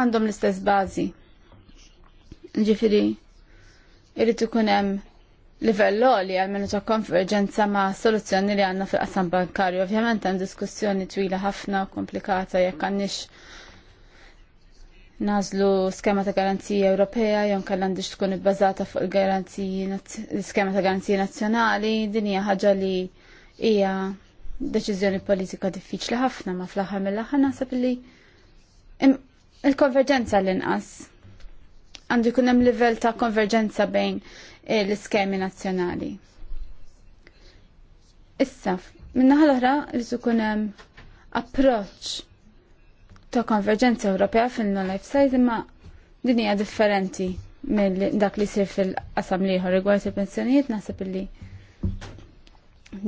għandhom l-istess bażi. Ġifiri, irrid ikun hemm livell li għalmenu ta' konverġenza ma' soluzzjoni li għanna fil-qasam bankarju. Ovvjament għan diskussjoni twila ħafna u komplikata jekk għandix nażlu skema ta' garanzija Ewropea jew kellha għandix tkun ibbażata fuq il-garanziji l ta' garanzija nazzjonali, din hija ħaġa li hija deċiżjoni politika diffiċli ħafna ma fl-aħħar mill-aħħar naħseb li il-konverġenza l-inqas għandu jkun hemm livell ta' konverġenza bejn eh, l-iskemi nazzjonali. Issa, minna l-oħra rrid ikun hemm approċċ ta' konverġenza Ewropea fil-non-life size imma din hija differenti mill dak li sir fil-qasam liħor rigward il-pensjonijiet naħseb illi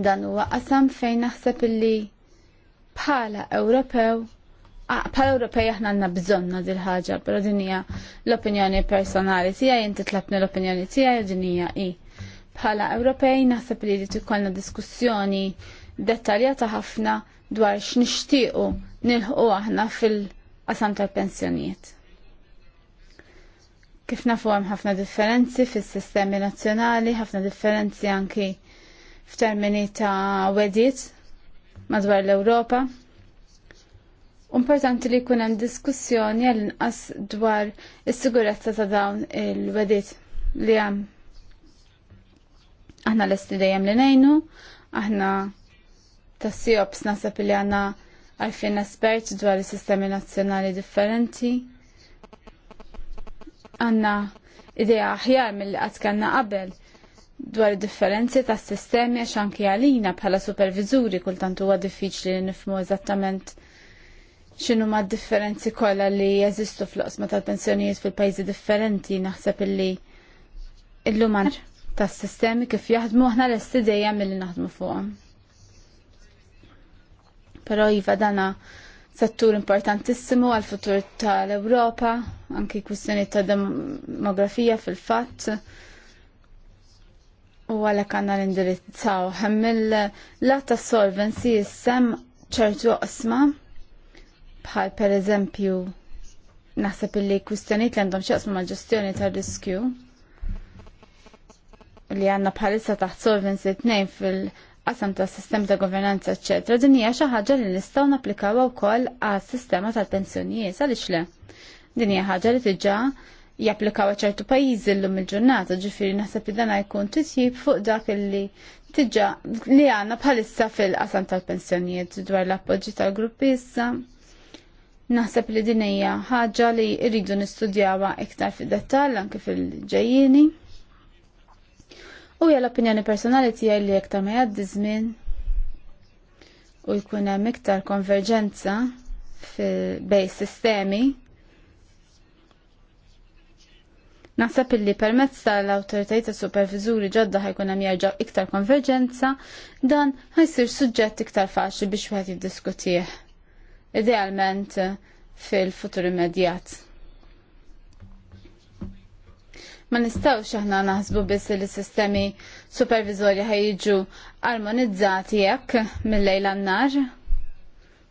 dan huwa qasam fejn naħseb li bħala Ewropew Pal Ewropej aħna għandna bżonna dil ħaġa però din hija l-opinjoni personali tiegħi inti tlabni l-opinjoni tiegħi u din hija hi. Bħala Ewropej naħseb li jrid ikollna diskussjoni dettaljata ħafna dwar x'nixtiequ nilħqu aħna fil-qasam tal-pensjonijiet. Kif nafu hemm ħafna differenzi fis-sistemi nazzjonali, ħafna differenzi anki f'termini ta' wedit madwar l-Ewropa. Importanti li jkun hemm diskussjoni għal inqas dwar is-sigurezza ta' dawn il-wedit li hemm. Aħna lesti dejjem li ngħinu, aħna tas-siops nasab li għandna għalfien esperti dwar is-sistemi nazzjonali differenti. Għanna idea aħjar mill-li qatt kanna qabel dwar differenzi ta' sistemi għax anki għalina bħala supervizuri kultant huwa diffiċli li nifmu eżattament xinu ma differenzi kolla li jeżistu fl-osma tal-pensjonijiet fil-pajzi differenti naħseb illi il-luman tas sistemi kif jaħdmu aħna l-esti dejjem li naħdmu fuqhom. Però iva dana settur importantissimu għal futur tal-Ewropa, anki kwistjoni ta' demografija fil-fatt u għalek għanna l-indirizzaw. Hemmil l ta' solvency jissem ċertu qasma bħal per eżempju naħseb illi l-kwistjonijiet li għandhom xaqsmu ma' ġestjoni ta' riskju li għanna bħalissa taħt Solvency 2 fil-qasam ta' sistem ta' governanza, ecc. Din hija xi ħaġa li nistgħu napplikaw wkoll għas sistema tal-pensjonijiet għaliex le. Din hija ħaġa li diġà japplikaw ċertu pajjiżi llum il-ġurnata, ġifieri naħseb li dan jkun titjib fuq dak li tiġa li għanna bħalissa fil-qasam tal-pensjonijiet dwar l-appoġġi tal grupp issa. Naħseb li din hija ħaġa li rridu nistudjawha iktar fid-dettall anke fil ġejjini U hija l-opinjoni personali tiegħi li iktar ma jgħaddi żmien u jkun hemm iktar konverġenza bej sistemi. Naħseb illi permezz tal-awtoritajiet ta' supervizuri ġodda ħajkun hemm jerġa' iktar konverġenza, dan ħajsir suġġett iktar faċli biex wieħed jiddiskutih idealment fil-futur immedjat. Ma nistaw aħna naħsbu biss li sistemi supervizori ħajġu armonizzati jekk mill n nar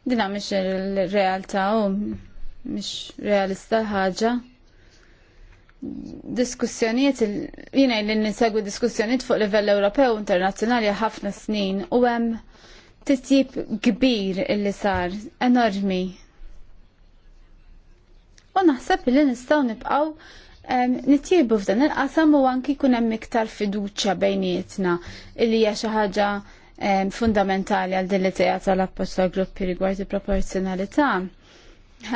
Dina mhix il-realtà u mhix realista ħaġa. Diskussjonijiet jina li nisegwi diskussjonijiet fuq livell Ewropew internazzjonali ħafna snin u hemm titjib kbir illi sar, enormi. U naħseb li nistaw nibqaw nitjibu f'dan il-qasam u anki kunem hemm iktar fiduċja bejnietna li hija xi ħaġa fundamentali għal din li tgħidha tal apposta gruppi rigward il-proporzjonalità.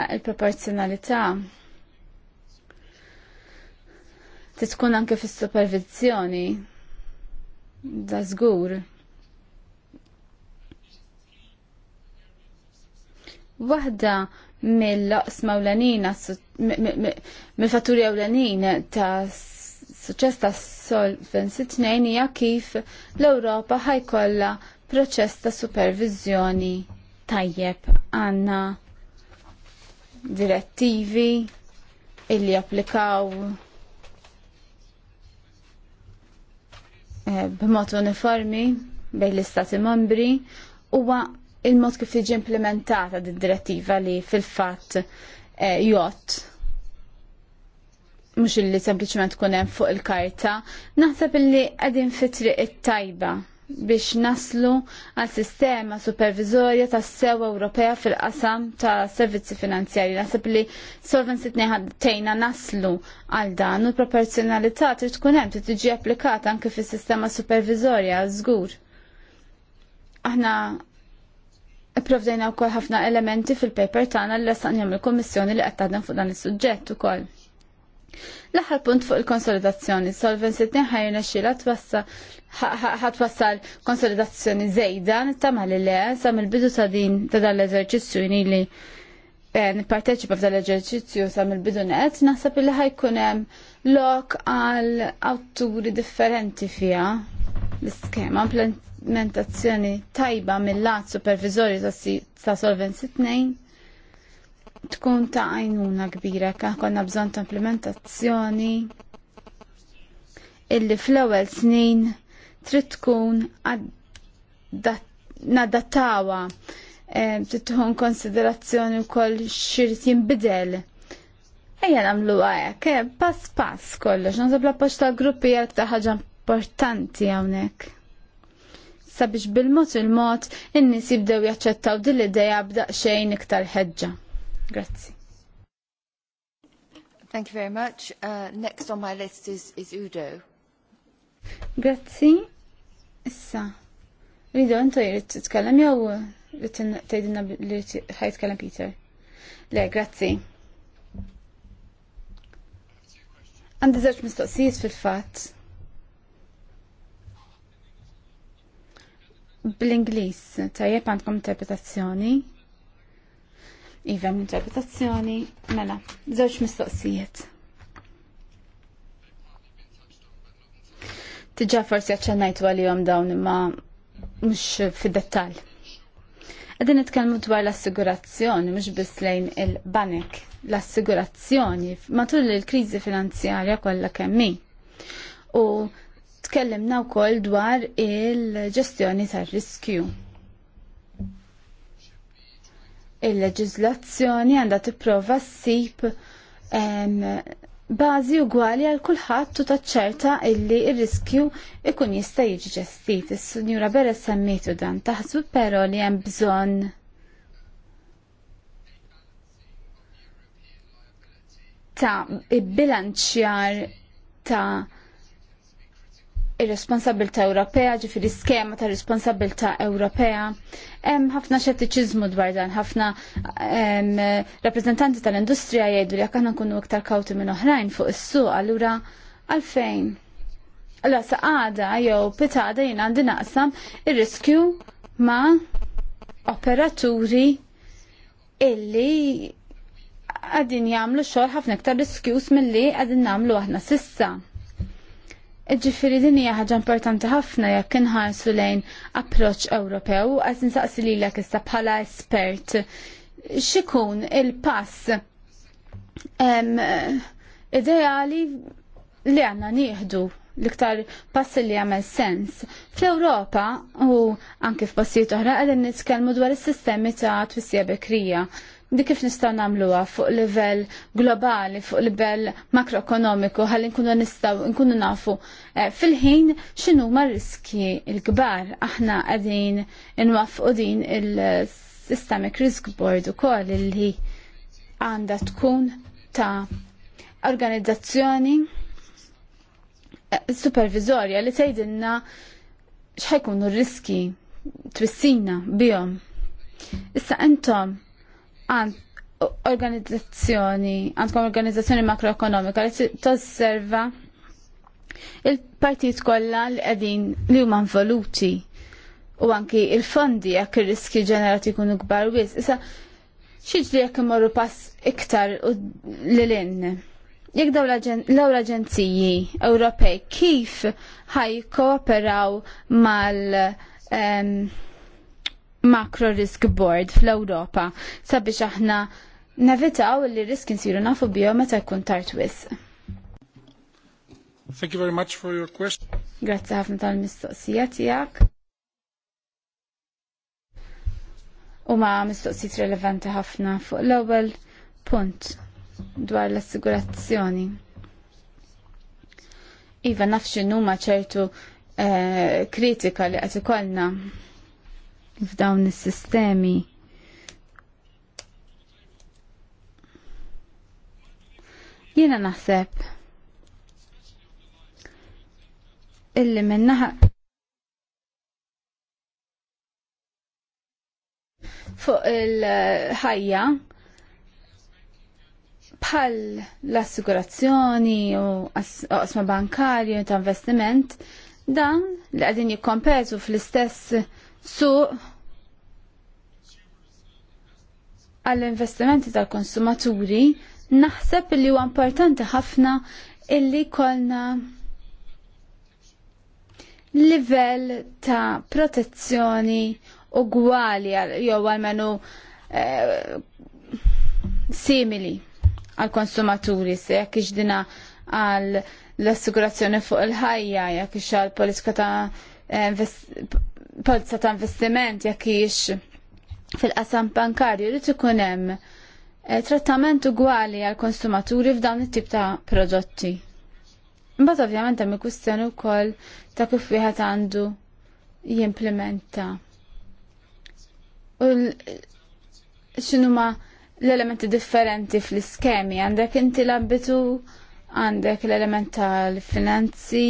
Il-proporzjonalità titkun anke fis-supervizjoni da żgur. Waħda mill laqs mawlanina, mill-fatturi ewlenin ta' suċċess ta' Solvency 2 hija kif l-Ewropa ħajkolla proċess ta' supervizjoni tajjeb għanna direttivi illi applikaw eh, b'mod uniformi bejn l-istati membri huwa il-mod kif tiġi implementata din direttiva li fil-fatt eh, jott mux illi sempliciment kunem fuq il-karta, naħseb illi qegħdin fitri it-tajba biex naslu għal sistema supervizorja tas sewwa Ewropea fil-qasam ta' servizzi finanzjari. Naħseb li solvency tejna naslu għal dan u proporzjonalità trid tkun hemm trid tiġi applikata anke fis-sistema supervizorja żgur. Aħna Provdejna u ħafna elementi fil-paper tagħna li saqnjam il-Kommissjoni li qed fuq dan is-suġġett ukoll. L-aħħar punt fuq il-konsolidazzjoni, Solvency 2 ħajna xila wassal konsolidazzjoni żejda nittama li le sam il bidu ta' din ta' dan l-eżerċizzju li eh, nipparteċipa f'dan l eżerċizzju sa mill-bidu net, naħseb li ħajkunem hemm lok għal awturi differenti fiha l-iskema implementazzjoni tajba mill-lat supervizorju ta' Solvency 2 tkun ta' għajnuna kbira ka' konna bżon ta' implementazzjoni illi fl-ewwel snin trid tkun nadattawa trid tkun konsiderazzjoni wkoll xirid jinbidel. Ejja nagħmlu hekk, eh, pass pass kollox, naħseb l-appoġġ gruppi hija ta' ħaġa importanti hawnhekk sabiex bil-mod il-mod in-nies jibdew jaċċettaw din l-idea b'daqsxejn iktar ħeġġa. Grazzi. Thank you very much. Uh, next on my list is, is Udo. Grazzi. Issa. Rido, intu jirrit t-tkellem jow rrit tajdinna li t Peter. Le, grazzi. Għandi mistoqsijiet fil-fat. bl-Inglis tajjeb għandkom interpretazzjoni. Iva interpretazzjoni, mela, żewġ mistoqsijiet. Tiġa forsi għacċennajtu għal-jom dawn imma mux fid-dettal. Għadin nitkellmu dwar l-assigurazzjoni, mux biss lejn il-banek. L-assigurazzjoni matul il-krizi finanzjarja kollha kemmi. U Tkellimna wkoll dwar il-ġestjoni tar-riskju. Il-leġiżlazzjoni għandha tipprova ssib bażi ugwali għal kulħadd u taċċerta illi r-riskju ikun jista' jiġi ġestit. Is-Sinjura Beres semmitu dan taħsbu però li hemm bżonn ta' bilanċjar ta' ir-responsabilta Ewropea, ġifiri skema ta' responsabilta Ewropea. Hemm ħafna xettiċiżmu dwar dan, ħafna rappreżentanti tal-industrija jgħidu li jekk aħna nkunu iktar kawti minn oħrajn fuq is-suq, allura għalfejn. Allura saqada jew pitada jien għandi naqsam ir-riskju ma' operaturi illi għadin jagħmlu xogħol ħafna iktar riskjus milli qegħdin nagħmlu aħna sissa. Ġifiri din hija ħaġa importanti ħafna jekk inħarsu lejn approċċ Ewropew għaż insaqsi lilek issa bħala espert xikun il-pass ideali li għanna nieħdu l-iktar pass li għamel sens. Fl-Europa u anki f'passijiet oħra għedin nitkellmu dwar is-sistemi ta' twissija bekrija. Di kif nistaw namluwa fuq livell globali, fuq livell makroekonomiku, ħalli nkunu nistaw, nkunu nafu eh, fil-ħin xinu ma riski il-kbar. Aħna għadin nwafqu din il-Systemic Risk Board u koll li għanda tkun ta' organizzazzjoni eh, supervizorja li tgħidilna x'ħajkunu r-riski twissina bihom. Issa intom organizzazzjoni, għandkom organizzazzjoni makroekonomika li tosserva il-partijiet kollha li qegħdin li huma involuti u anki il-fondi jekk ir-riski ġenerati jkunu kbar wis. Issa xiġri jekk imorru pass iktar lil-in. Jekk daw l-aġenziji Ewropej kif ħaj kooperaw mal- um, macro risk board fl-Ewropa sabiex aħna nevitaw li risk insiru nafu bihom meta jkun tard wisq. Thank you very much for your question. Grazzi ħafna tal-mistoqsija tiegħek. ma mistoqsijiet relevanti ħafna fuq l-ewwel punt dwar l-assigurazzjoni. Iva nafx numa ċertu eh, kritika li qed ikollna f'dawn is-sistemi. Jiena naħseb illi minnaħa fuq il-ħajja bħal l-assigurazzjoni u qasma bankarju ta' investiment dan li għadin jikkompetu fl-istess Su għall-investimenti tal-konsumaturi, naħseb li huwa importanti ħafna illi kolna livell ta' protezzjoni ugwali jew għalmenu eh, simili għal konsumaturi se jekk iġdina għall assigurazzjoni fuq il-ħajja jekk ix għal politika ta' polza ta' investiment jekk jiex fil-qasam bankarju li ikun hemm eh, trattament ugwali għal konsumaturi f'dawn it-tip ta' prodotti. Imbagħad ovvjament hemm ikustjoni wkoll ta' kif wieħed għandu jimplementa. U x'inhuma l-elementi differenti fl-iskemi għandek inti l-abbitu, għandek l-element tal-finanzi,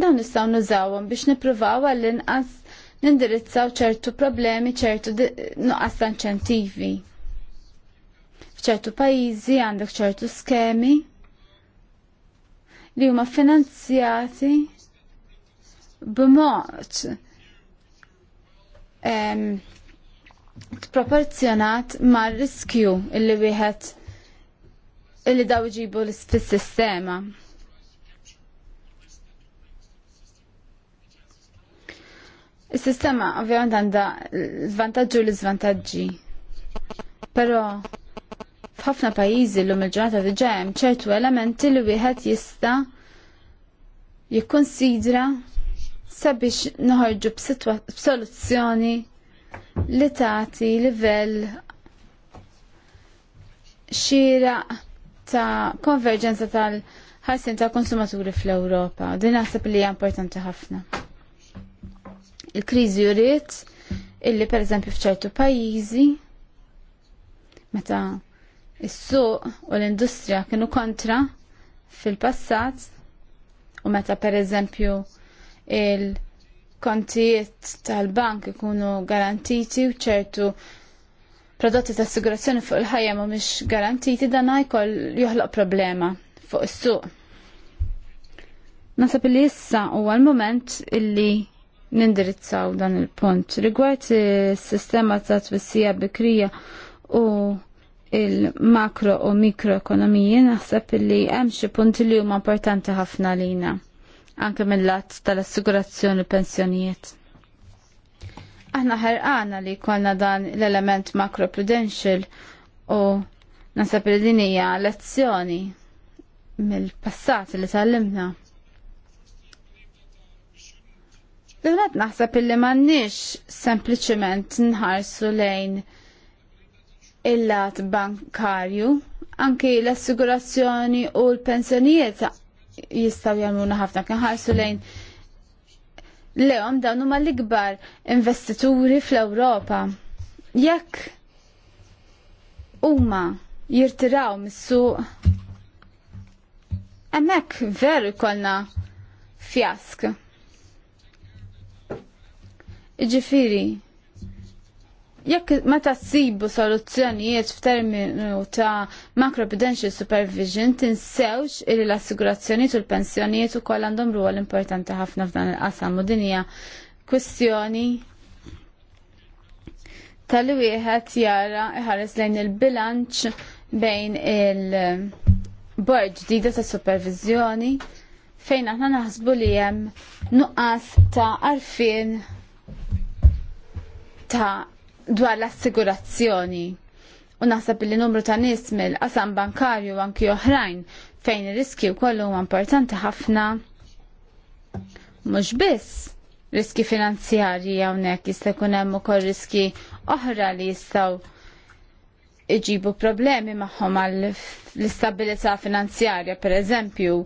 dawn nistgħu nużawhom biex nippruvaw għall-inqas nindirizzaw ċertu problemi, ċertu nuqqas ta' F'ċertu pajjiżi għandek ċertu skemi li huma finanzjati b'mod proporzjonat ma' riskju illi wieħed illi daw ġibu fis-sistema. Is-sistema ovvjament għandha l-vantaġġi u l-iżvantaġġi. Però f'ħafna pajjiżi llum il-ġurnata diġà hemm ċertu elementi li wieħed jista' jikkonsidra sabiex noħorġu b'soluzzjoni li tagħti livell xira ta' konverġenza tal-ħarsin ta' konsumaturi fl-Ewropa. Din naħseb li hija importanti ħafna il-kriżi jurid illi eżempju f'ċertu pajjiżi meta is-suq u l-industrija kienu kontra fil-passat u meta pereżempju il-kontijiet tal-bank ikunu garantiti u ċertu prodotti ta' assigurazzjoni fuq il-ħajja ma mhux garantiti dan jkoll joħloq problema fuq is-suq. Nasab li issa huwa l-moment illi nindirizzaw dan il-pont. Rigward il sistema ta' twissija bikrija u il-makro u mikroekonomiji naħseb li hemm xi punti li huma importanti ħafna lina anke mill-lat tal-assigurazzjoni pensjonijiet. Aħna ħerqana li jkollna dan l-element macroprudential u naħseb li din hija lezzjoni mill-passat li tallimna. L-għat naħseb illi mannix sempliciment nħarsu lejn il-lat bankarju, anki l-assigurazzjoni u l-pensjonijiet jistaw jamluna ħafna kien ħarsu lejn lehom dawn huma l-ikbar investituri fl-Ewropa. Jekk huma jirtiraw mis-suq hemmhekk veru jkollna fjask. Iġifiri, jekk meta tsibu soluzzjonijiet f'terminu ta' macroprudential supervision tinsewx illi l assigurazzjoni u l-pensjonijiet ukoll għandhom rwol importanti ħafna f'dan il-qasam u dinja kwestjoni tal wieħed jara iħares lejn il-bilanċ bejn il-bord ġdida ta' supervizjoni fejn aħna naħsbu li hemm nuqqas ta' arfin ta' dwar l-assigurazzjoni. U naħseb li numru ta' nies mill-qasam bankarju anki oħrajn fejn ir-riski wkoll huwa importanti ħafna. Mhux biss riski finanzjarji hawnhekk jista' jkun hemm ukoll riski oħra li jistgħu iġibu problemi magħhom għall l-istabilità finanzjarja, per eżempju,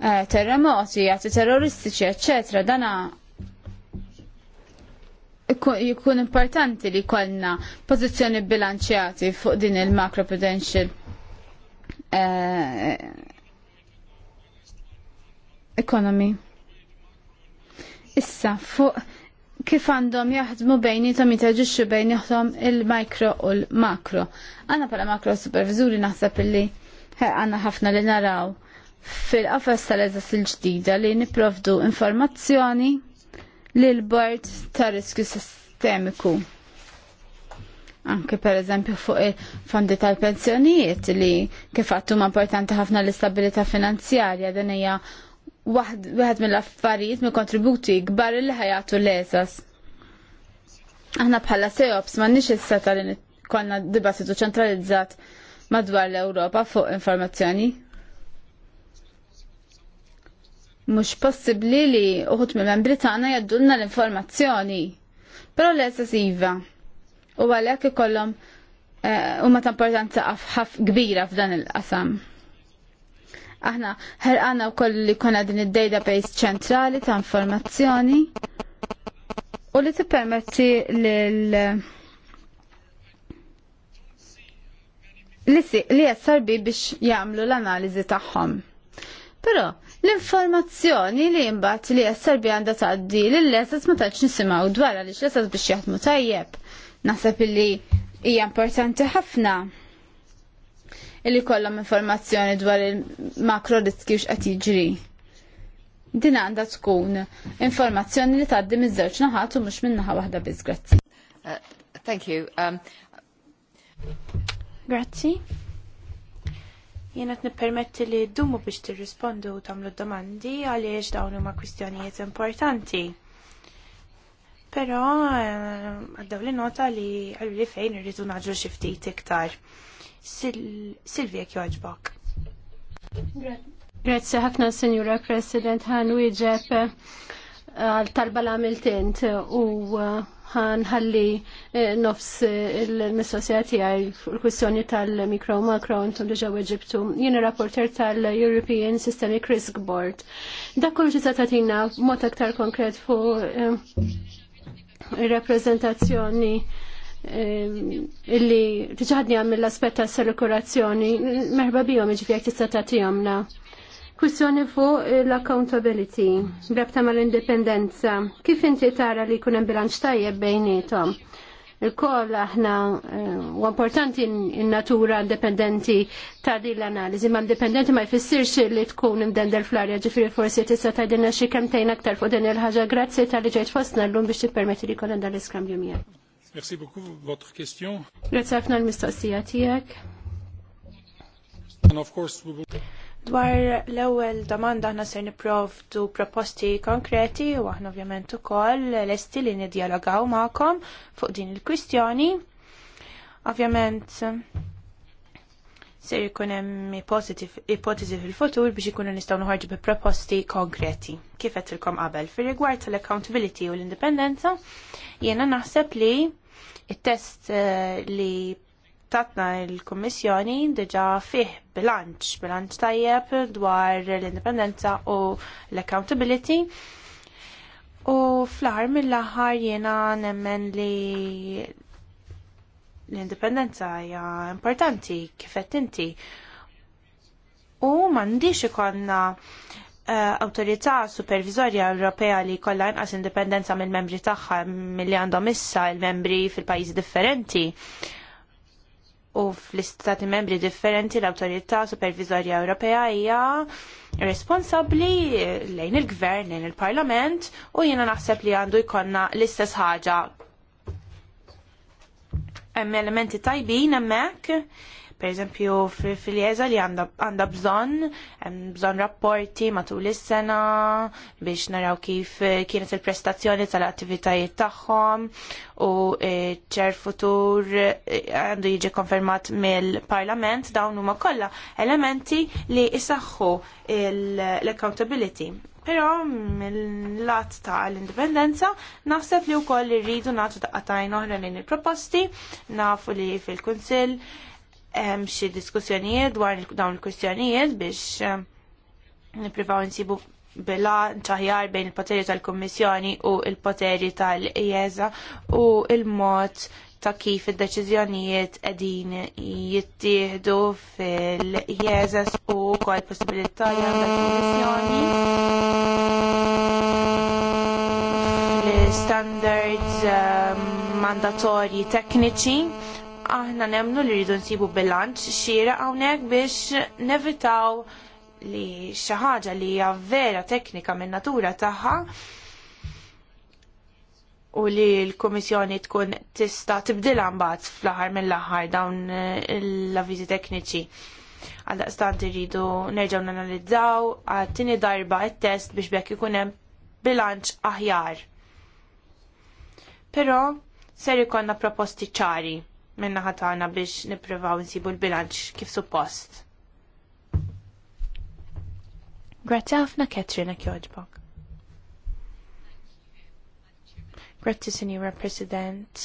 eh, terremoti, atti terroristiċi, eċċetra, dana jikun importanti li kollna pożizzjoni bilanċjati fuq din il-macro prudential uh, eh, economy. Issa, fuq kif għandhom jaħdmu bejnietom bejni bejnietom il-mikro u l-makro. Għanna pala makro supervizuri naħseb illi għanna ħafna li naraw fil-qafas tal-eżas il-ġdida li niprofdu informazzjoni l-bord ta' riskju sistemiku. Anke per eżempju fuq il-fondi tal-pensjonijiet li kif għattuma importanti ħafna l-istabilita finanzjarja dan hija waħed mill-affarijiet mill kontributi kbar li ħajatu l-eżas. Aħna bħala seops ma nix il-seta li konna dibattitu ċentralizzat madwar l-Europa fuq informazzjoni Mhux possibbli li uħut mill-membri tagħna jaddunna l-informazzjoni. Però l-esas u iva. U għalhekk ikollhom eh, huma ta' importanza għaf kbira f'dan il-qasam. Aħna ħerqana wkoll li jkollna din id-database ċentrali ta' informazzjoni u li tippermetti lil li jessarbi biex jagħmlu l-analiżi tagħhom. Però L-informazzjoni li jimbat li bi għanda taħdi li l-lesas ma taċ nisimaw dwar li l-lesas biex jaħdmu tajjeb. Nasab li hija importanti ħafna illi kollhom informazzjoni dwar il-makro riski u jiġri. Din għandha tkun informazzjoni li tgħaddi miż-żewġ naħat u mhux minnaħa naħa waħda biss, grazzi. Uh, thank you. Um... Grazzi. Jena t-nipermetti li d dumu biex t-rispondu u tamlu domandi għaliex dawn huma kwistjonijiet importanti. Pero eh, għaddaw li nota li għallu li fejn irridu naġlu xiftit iktar. Silvija kjoġbok. Grazie ħafna, Signora President, ħan wieġeb eh, għal talba l-għamiltint u eh, ħanħalli eh, nofs eh, il-mistoqsija tiegħi fuq il-kwistjoni tal-mikro u makro intom diġà weġibtu. Jien rapporter tal-European Systemic Risk Board. Dak kollu ġisa tagħtina mod aktar konkret fuq eh, ir-rappreżentazzjoni illi tiġadni għam mill-aspet tal-serikurazzjoni, merħba bijom iġifjek tista' tagħtihomna. Kwissjoni fuq l-accountability, brabta mal-indipendenza, kif inti tara li kunem bilanċ tajjeb bejnietom? il-koll aħna eh, u importanti in-natura indipendenti ta' din l-analiżi, ma' indipendenti ma' jfissirx li tkun imdender fl-arja ġifiri forsi tista' ta' dinna xi kemm tejn aktar fuq din il-ħaġa. Grazzi ta' li ġejt fostna llum biex tippermetti li kollha dan l-iskambju miegħek. Merci beaucoup votre question. Grazzi ħafna l-mistoqsija tiegħek. And of course we will... Dwar l-ewwel domanda aħna ser nipprovdu proposti konkreti u aħna ovvjament ukoll lesti li nidjalogaw ma'kom fuq din il-kwistjoni. Ovvjament ser jkun hemm ipotezi fil-futur biex ikunu nistgħu noħorġu bi proposti konkreti. Kif qed ilkom qabel fir-rigward tal-accountability u l-indipendenza, jiena naħseb li it-test eh, li tatna l-Kummissjoni diġa fih bilanċ, bilanċ tajjeb dwar l-indipendenza u l-accountability. U fl-aħħar mill-aħħar jiena nemmen li l-indipendenza hija importanti kifet inti. U m'għandix uh, Awtorità supervizorja Ewropea li kollha inqas indipendenza mill-membri tagħha milli għandhom issa l-membri fil-pajjiżi differenti u fl-istati membri differenti l-autorità supervizorja Ewropea hija responsabbli lejn il-gvern, lejn il-parlament u jiena naħseb li għandu jkollna l-istess ħaġa. Hemm elementi tajbin hemmhekk per eżempju fil-jeza li għanda bżon, bżon rapporti matul is-sena biex naraw kif eh, kienet il-prestazzjoni tal-attivitajiet tagħhom u eh, ċer futur eh, għandu jiġi konfermat mill-parlament dawn huma kollha elementi li isaħħu l-accountability. Però mill-lat ta' l-indipendenza naħseb li wkoll irridu nagħtu ta' oħra lejn il-proposti, nafu li fil-Kunsill hemm xi diskussjonijiet dwar dawn il-kwistjonijiet biex ehm, nipprivaw insibu bela ċaħjar bejn il-poteri tal-Kommissjoni u il-poteri tal-IESA u il-mod ta' kif id-deċiżjonijiet qegħdin jittieħdu fil-IESAS u kol possibilità tal-Kommissjoni standards um, ehm, mandatorji tekniċi aħna nemnu li rridu nsibu bilanċ xira hawnhekk biex nevitaw li xi ħaġa li hija vera teknika minn natura tagħha u li l-Komissjoni tkun tista' tibdilha mbagħad fl-aħħar mill-aħħar dawn eh, l-avviżi tekniċi. Għaldaqstant irridu nerġgħu nanalizzaw għat-tieni darba t-test biex bekk ikun hemm bilanċ aħjar. Però ser ikonna proposti ċari minna ħatana biex niprivaw nsibu l-bilanċ kif suppost. Grazzi ħafna Katrina kjoġbok. Grazzi, Signora President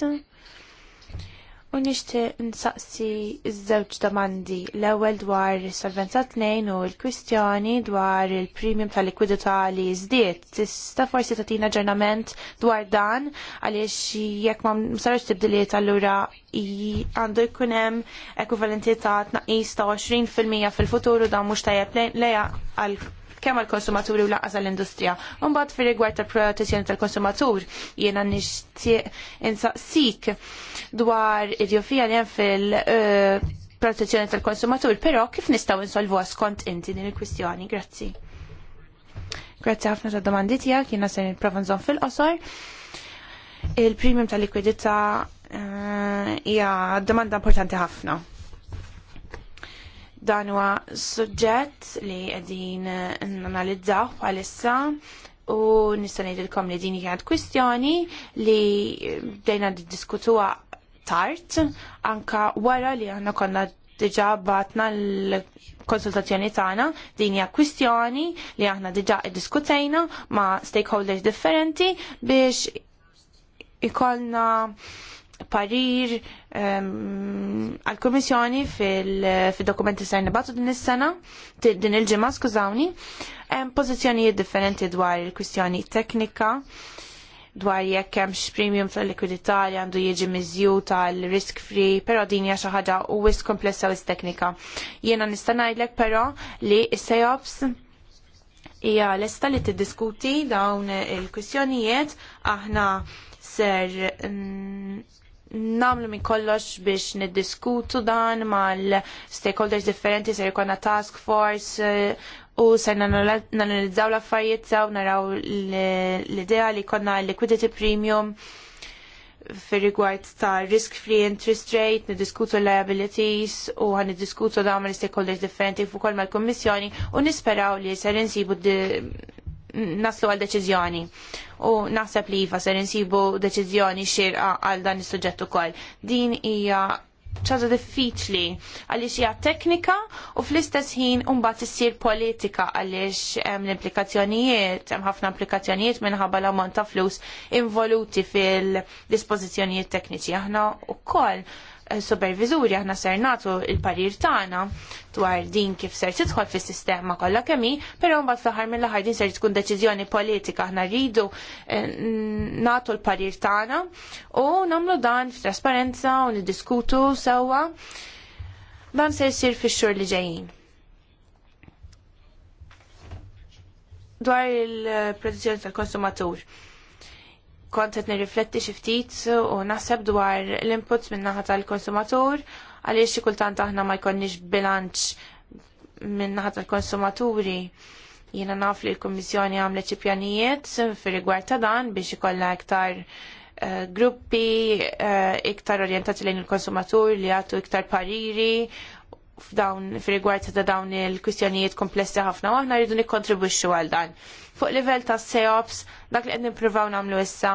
u nixtieq nsaqsi iż-żewġ domandi l-ewwel dwar is-solvenza tnejn u l-kwistjoni dwar il-premium tal-likwidità li żdied. Tista' forsi tagħtina aġġornament dwar dan għaliex jekk ma sarx tibdiliet allura għandu jkun hemm ekwivalenti ta' tnaqqis ta' 20% fil-futur u dan mhux tajjeb lejha għal kemm għall-konsumaturi u laqas għall-industrija. Mbagħad fir rigward tal-protezzjoni tal-konsumatur jiena nixtieq insaqsik dwar id-jofija hemm fil-protezzjoni eh, tal-konsumatur, però kif nistgħu insolvuha skont inti din il-kwistjoni? Grazzi. Grazzi ħafna ta' domandi tiegħek, jiena se nipprova nżomm fil-qosor. Il-premium tal-likwidità eh, hija domanda importanti ħafna Dan huwa suġġett li qegħdin eh, nanalizzaw bħalissa u nista' ngħidilkom li din kienet kwistjoni li eh, bdejna diskutuha tard anka wara li aħna konna diġà batna l konsultazzjoni tagħna din hija kwistjoni li aħna diġà iddiskutejna ma' stakeholders differenti biex ikollna parir ehm, għal kummissjoni fil-dokumenti sajna batu din is-sena, din il-ġimgħa skużawni, pożizzjonijiet differenti dwar il-kwistjoni teknika dwar jekk hemmx premium tal-likwidità li għandu jiġi miżju tal-risk free, però din hija xi ħaġa u wis komplessa wis teknika. Jiena nista' ngħidlek però li s-sejops hija lesta li tiddiskuti dawn il-kwistjonijiet aħna ser mm, namlu minn kollox biex niddiskutu dan mal-stakeholders differenti ser jkollna task force eh, u se nanalizzaw l-affarijiet sew naraw l-idea li jkollna liquidity premium fir rigward ta' risk free interest rate, niddiskutu liabilities u għan niddiskutu dawn mal-stakeholders differenti fuq kol mal-kommissjoni u nisperaw li ser insibu naslu għal deċiżjoni. U naħseb li jiva ser insibu deċiżjoni xirqa għal dan is-suġġett ukoll. Din hija ċaġa diffiċli għaliex hija teknika u fl-istess ħin mbagħad issir politika għaliex hemm l-implikazzjonijiet, hemm ħafna implikazzjonijiet minħabba l-ammont ta' flus involuti fil-dispożizzjonijiet tekniċi. Aħna wkoll superviżuri aħna ser nagħtu l parir tagħna dwar din kif ser tidħol fis-sistema kollha kemm hi, però mbagħad fl-aħħar mill-aħħar din ser tkun deċiżjoni politika aħna rridu eh, nagħtu l-parir tagħna u nagħmlu dan f'trasparenza u niddiskutu sewwa dan se sir fix-xhur li ġejjin. Dwar il-protezzjoni tal-konsumatur kont qed nirrifletti xi ftit u naħseb dwar l-inputs min-naħa tal-konsumatur għaliex xi kultant aħna ma jkollniex bilanċ min-naħa tal-konsumaturi. Jiena naf li l-Kummissjoni għamlet xi pjanijiet fir-rigward ta' dan biex ikollha iktar eh, gruppi eh, iktar orjentati lejn il-konsumatur li għatu iktar pariri f'dawn f'rigward ta' dawn il-kwistjonijiet komplessi ħafna u aħna rridu nikkontribwixxu għal dan. Fuq livell ta' SEOPS, dak li qed nippruvaw nagħmlu issa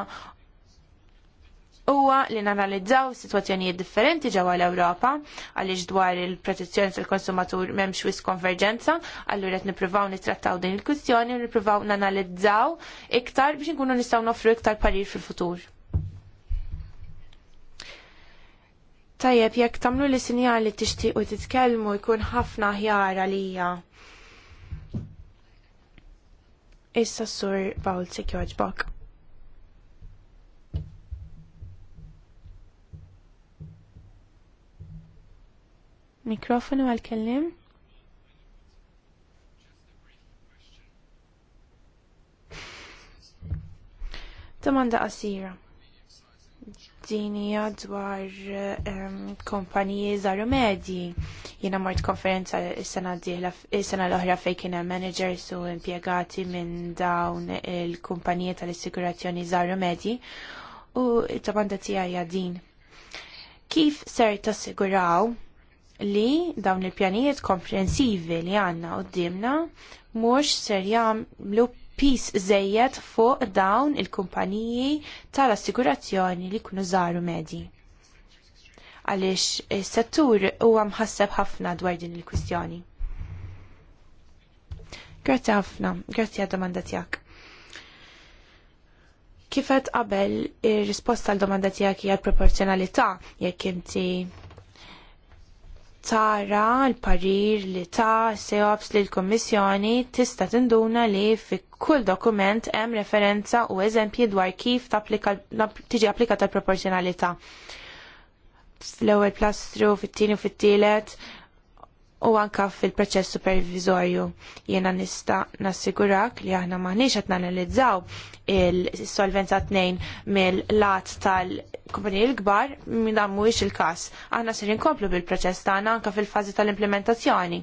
huwa li nanalizzaw sitwazzjonijiet differenti ġewwa l-Ewropa għaliex dwar il-protezzjoni tal-konsumatur m'hemmx wis konverġenza, allura qed nippruvaw nittrattaw din il-kwistjoni u nippruvaw nanalizzaw iktar biex inkunu nistgħu nofru iktar parir fil-futur. Tajjeb, jekk tagħmlu li sinjali tixtieq u titkellmu jkun ħafna ħjar għalija. Issa sur Paul Sikjoġbok. Mikrofonu għal-kellim. Domanda qasira din hija dwar um, ehm, kompaniji medji. Jiena mort konferenza s-sena sena l-oħra fejn kien hemm managers u impjegati minn dawn il-kumpaniji tal-assigurazzjoni Zaru medji u t-tabanda tiegħi din. Kif ser tassiguraw li dawn il-pjanijiet komprensivi li għanna u dimna mux ser jamlu pis zejjed fuq dawn il-kumpaniji tal-assigurazzjoni li kunu żaru medji. Għaliex is-settur huwa mħasseb ħafna dwar din il-kwistjoni. Grazzi ħafna, grazzi għad-domanda tiegħek. Kifet qabel ir-risposta għal domanda tiegħek hija proporzjonalità jekk inti tara l-parir li ta' seops li l-Kommissjoni tista' tinduna li fi kull dokument hemm referenza u eżempji dwar kif tiġi applikata l-proporzjonalità. Fl-ewwel plastru, fit-tieni u fit-tielet, u anka fil-proċess supervizorju jiena nista nassigurak li aħna maħniex qed nanalizzaw il-solvenza tnejn mill-lat tal-kumpaniji l-kbar minn dan mhuwiex il-każ. Aħna sirin komplu bil-proċess tagħna anke fil-fażi tal-implementazzjoni.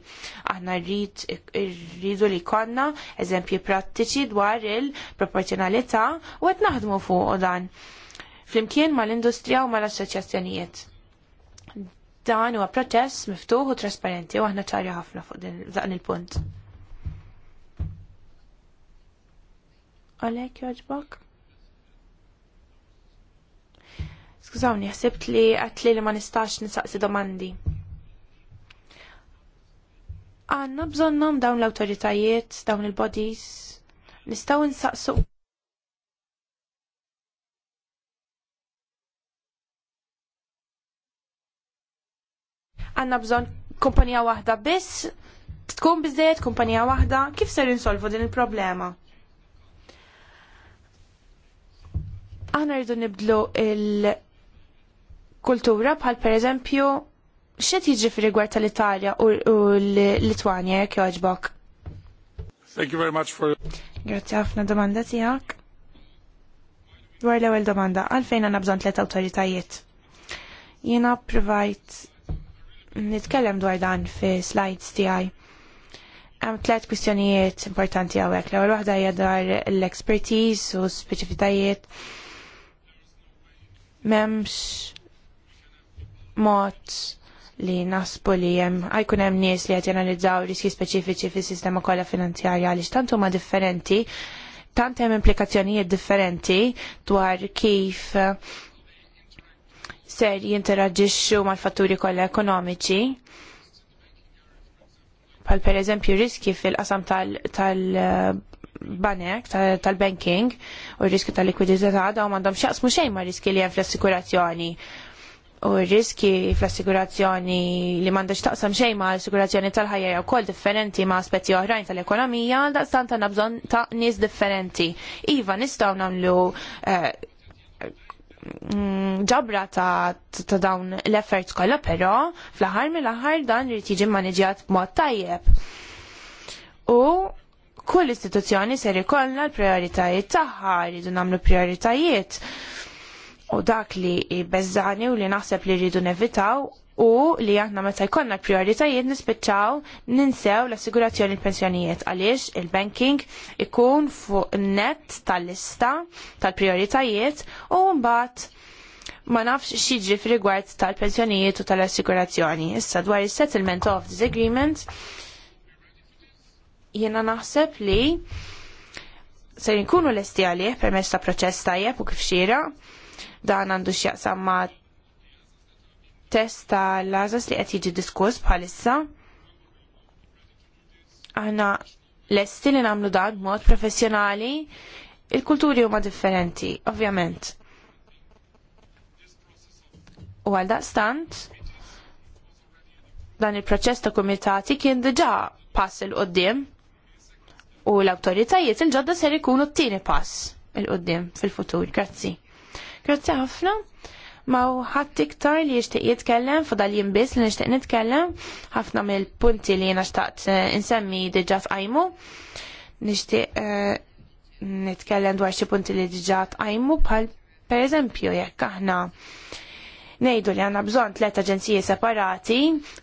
Aħna rrid rridu li konna eżempji prattiċi dwar il-proporzjonalità u qed naħdmu fuq dan flimkien mal-industrija u mal-assoċjazzjonijiet Dan huwa proċess miftuħ u trasparenti u aħna ċari ħafna fuq dan il-punt. Għalek joġbok? Skużawni, ħsibt li għatli li ma nistax nisaqsi domandi. Għanna bżonnom dawn l-autoritajiet, dawn il-bodies, nistaw nsaqsu. għandna bżonn kumpanija waħda biss, tkun biżejjed kumpanija waħda, kif ser insolvu din il-problema? Aħna rridu nibdlu il-kultura bħal pereżempju xe tiġi fi rigward tal-Italja u l-Litwanja jekk jogħġbok. Thank you very much for Grazzi ħafna domanda tiegħek. Dwar l-ewwel domanda, għalfejn għandna bżonn tliet awtoritajiet. Jiena provajt nitkellem dwar dan fi slides tiegħi. Hemm tliet kwistjonijiet importanti hawnhekk. l għal wahda jadar l-expertise u specifitajiet. M'hemmx mod li nasbu li hemm għajkun hemm nies li qed jenalizzaw riski speċifiċi fis-sistema kollha finanzjarja għaliex tant huma differenti, tant hemm implikazzjonijiet differenti dwar kif uh, ser jinteraġixxu mal-fatturi kollha ekonomiċi pal per eżempju riski fil-qasam tal-banek, tal-banking u riski tal-likwidità għada u mandom xaqsmu xejn ma' riski li hemm fl-assikurazzjoni. U riski fl-assikurazzjoni li mandax taqsam xejn ma' assikurazzjoni tal-ħajja jew kol differenti ma' aspetti oħrajn tal-ekonomija, daqstan għandna bżonn ta' nies differenti. Iva nistgħu nagħmlu eh, Mm, ġabra ta', ta dawn l efferts kollha, però fl-aħħar mill-aħħar dan irid jiġi maniġjat b'mod tajjeb. U kull istituzzjoni ser ikollna l-prioritajiet tagħha, rridu nagħmlu prioritajiet. U dak li bezzani u li naħseb li rridu nevitaw u li aħna meta jkollna prioritajiet nispiċċaw ninsew l-assigurazzjoni l-pensjonijiet għaliex il-banking ikun fuq net tal-lista tal-prioritajiet u mbagħad ma nafx xiġri f'rigward rigward tal-pensjonijiet u tal-assigurazzjoni. Issa dwar il-settlement of disagreement, jiena naħseb li se jkunu l-esti għalih permezz ta' proċess tajjeb u kif xira, dan għandu x'jaqsam ma' test l għazas li qed jiġi diskuss bħalissa. Aħna lesti li nagħmlu dan b'mod professjonali, il-kulturi huma differenti, ovvjament. U għal daqstant, dan il-proċess ta' kumitati kien diġà pass il-qoddim u l-autoritajiet il-ġodda ser ikunu t-tieni pass il-qoddim fil-futur. Grazzi. Grazzi ħafna ma ħadd iktar li jixtieq jitkellem fadal jien biss li nixtieq nitkellem ħafna mill-punti li jiena xtaqt eh, insemmi diġà tqajmu. Nixtieq eh, nitkellem dwar xi punti li diġà tqajmu bħal pereżempju jekk aħna ngħidu li għandna bżonn tliet aġenziji separati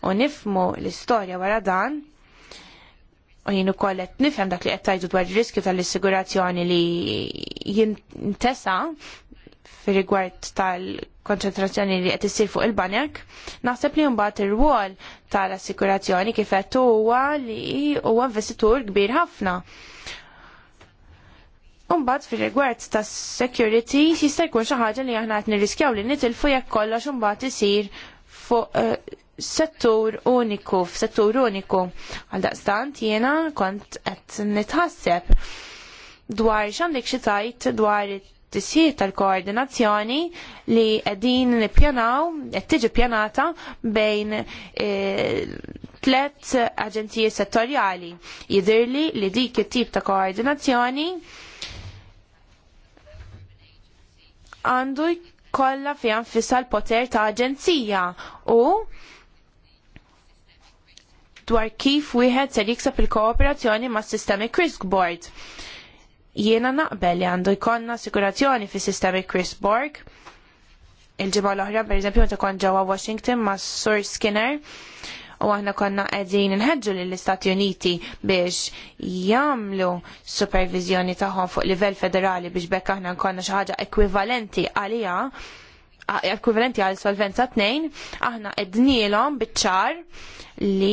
u nifmu l-istorja wara dan, u jien ukoll qed nifhem dak li qed tgħidu dwar ir-riskju tal-assigurazzjoni li jintesa fir rigward tal konċentrazzjoni li qed issir fuq il-banek, naħseb li mbagħad ir-rwol tal-assikurazzjoni kif qed huwa li huwa investitur kbir ħafna. Umbagħad fir-rigward tas-security jista' jkun xi ħaġa li aħna qed nirriskjaw li nitilfu jekk kollox imbagħad isir fuq eh, settur uniku, f'settur uniku. Għaldaqstant jiena kont qed nitħasseb dwar x'għandek xi tajt dwar it tisħiet tal-koordinazzjoni li qegħdin nippjanaw, qed tiġi pjanata bejn e, tlet aġenziji settorjali. Jidirli li dik it-tip ta' koordinazzjoni għandu kollha fi anfissa l-poter ta' aġenzija u dwar kif wieħed ser jiksab il-kooperazzjoni mas sistemi Crisk Board. Jiena naqbel li għandu jkollna assikurazzjoni fis sistemi Chris Borg. Il-ġimgħa l-oħra, pereżempju, meta kont ġewwa Washington ma' Sur Skinner, u aħna konna qegħdin inħeġġu lill-Istati Uniti biex jagħmlu supervizjoni tagħhom fuq livell federali biex bekk aħna nkollna xi ħaġa ekwivalenti għaliha ekwivalenti għal solvenza 2, aħna biċ-ċar li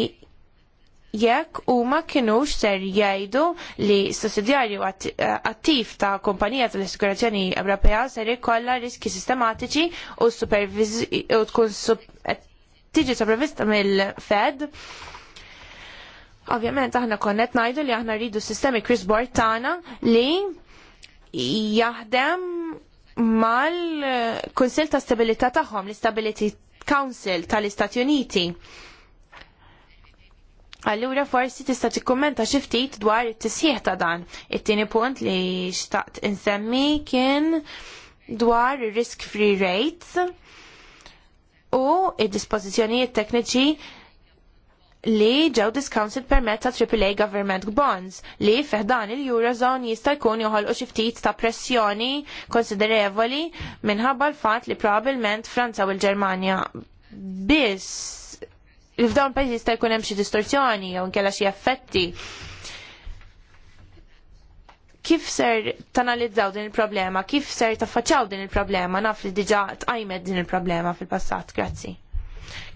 jekk huma kienux ser jgħidu li sussidjarju attiv ta' kumpanija tal-assigurazzjoni Ewropea ser jkollha riski sistematiċi u u tkun tiġi supervista mill-Fed. Ovvjament aħna konnet ngħidu li aħna rridu sistemi Chris Board tagħna li jaħdem mal-Kunsil ta' Stabilità tagħhom, l-Stability Council tal-Istati Uniti Allura forsi tista' tikkummenta xi ftit dwar it-tisħiħ ta' dan. It-tieni punt li xtaqt insemmi kien dwar risk free rates u id-dispożizzjonijiet tekniċi li ġew discounted permezz ta' AAA government bonds li dan il-Eurozone jista' jkun joħolqu xi ftit ta' pressjoni konsiderevoli minħabba l-fatt li probabbilment Franza u l-Ġermanja biss f'dawn pajjiż jista' jkun hemm xi distorsjoni jew inkella xi effetti. Kif ser tanalizzaw din il-problema? Kif ser taffaċċaw din il-problema? Naf li diġa' tqajmet din il-problema fil-passat. Grazzi.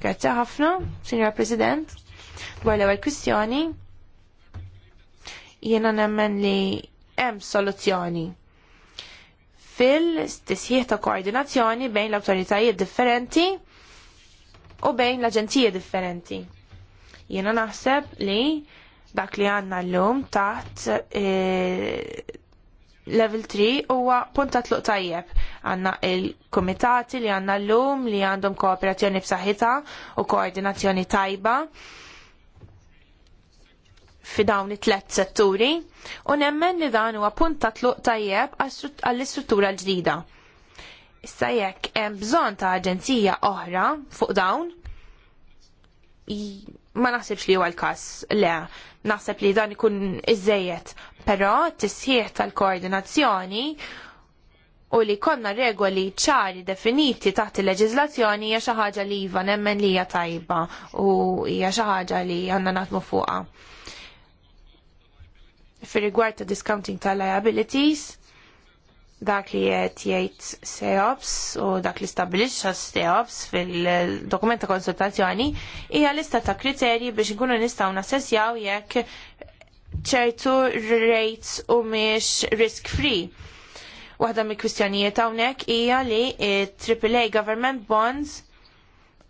Grazzi ħafna, Signor President. Dwar l-ewwel kwistjoni. Jiena nemmen li hemm soluzzjoni fil-tisħiħ ta' koordinazzjoni bejn l-awtoritajiet differenti u bejn l aġenzija differenti. Jiena naħseb li dak li għanna l-lum taħt e, level 3 huwa punta tluq tajjeb. Għanna il-komitati li għanna l-lum li għandhom kooperazzjoni b'saħħitha u koordinazzjoni tajba fi dawn it-tlet setturi u nemmen li dan huwa punta tluq tajjeb għall-istruttura l-ġdida. Issa jekk hemm bżonn ta' aġenzija oħra fuq dawn, ma naħsibx li huwa l-każ, le, naħseb li dan ikun iżejjed, però tisħiħ tal-koordinazzjoni u li konna regoli ċari definiti taħt il-leġizlazzjoni hija xi ħaġa li iva nemmen li hija tajba u hija xi ħaġa li għandna naħdmu fuqha. Fir rigward ta' discounting tal liabilities, dak li qed jgħid SEOPS u dak li stabbilixxa SEOPS fil-dokument ta' konsultazzjoni hija lista ta' kriterji biex nkunu nistgħu nassessjaw jekk ċertu rates u miex risk free. Waħda mill kwistjonijiet hawnhekk hija li AAA government bonds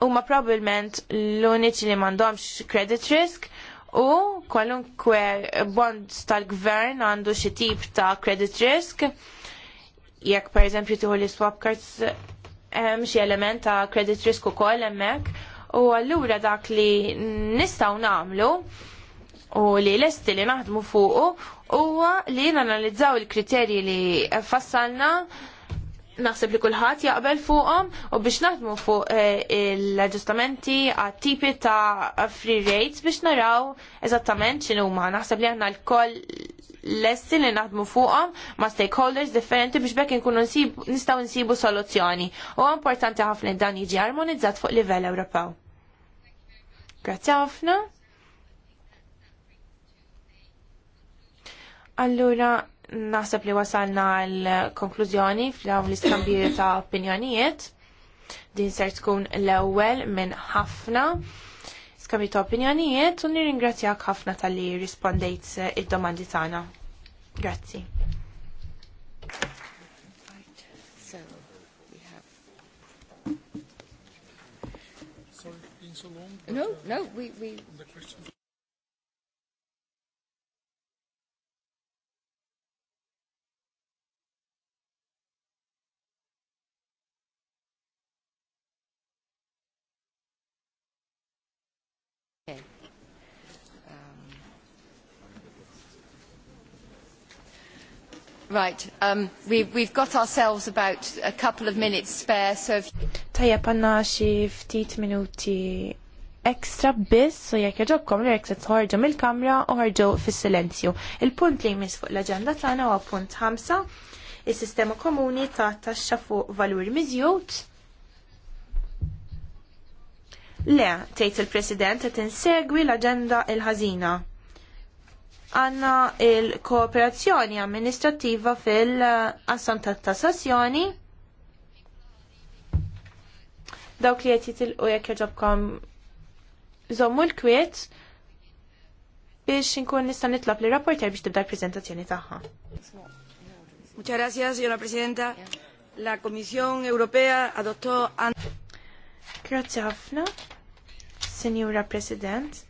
huma probablement l-uniċi li m'għandhomx credit risk u kwalunkwe bond tal-gvern għandu xi tip ta' credit risk jekk per eżempju tieħu li swap cards hemm xi element ta' credit risk ukoll hemmhekk u allura dak li nistgħu nagħmlu u li lesti li naħdmu fuqu huwa li nanalizzaw il-kriterji li fassalna naħseb li kulħadd jaqbel fuqhom u biex naħdmu fuq eh, l-aġġustamenti għat tipi ta' free rates biex naraw eżattament x'inhu huma. Naħseb li aħna lkoll lessi li naħdmu fuqhom ma' stakeholders differenti biex bekk inkunu nistgħu nsibu soluzzjoni. U importanti ħafna li dan jiġi armonizzat fuq livell Ewropew. Grazzi ħafna. Allura, naħseb li wasalna l-konklużjoni fl-għam l-iskambju ta' opinjonijiet. Din ser tkun l-ewwel minn ħafna skambju ta' opinjonijiet u nirringrazzjak ħafna tal-li rispondejt id-domandi tagħna. Grazzi. No, no, we, we, Right, um, we, we've got ourselves about a couple of minutes spare, so if... Tajja panna xi ftit minuti ekstra biss, so jekk jaġobkom li jekk tħorġu mill-kamra u ħorġu fis-silenzju. Il-punt li jmiss fuq l-aġenda tagħna huwa punt ħamsa: is-sistema komuni ta' taxxa fuq valur miżjud. Le, tgħid il-President qed insegwi l-aġenda il-ħażina. il ħażina għanna il-kooperazzjoni amministrativa fil assanta ta' tassazzjoni. Dawk li jgħetit il-u jek zommu l-kwiet biex nkun nista' nitlob li rapporter biex tibda l-prezentazzjoni tagħha. Muchas gracias, señora Presidenta. La Comisión Europea adottò... Grazie ħafna, Signora President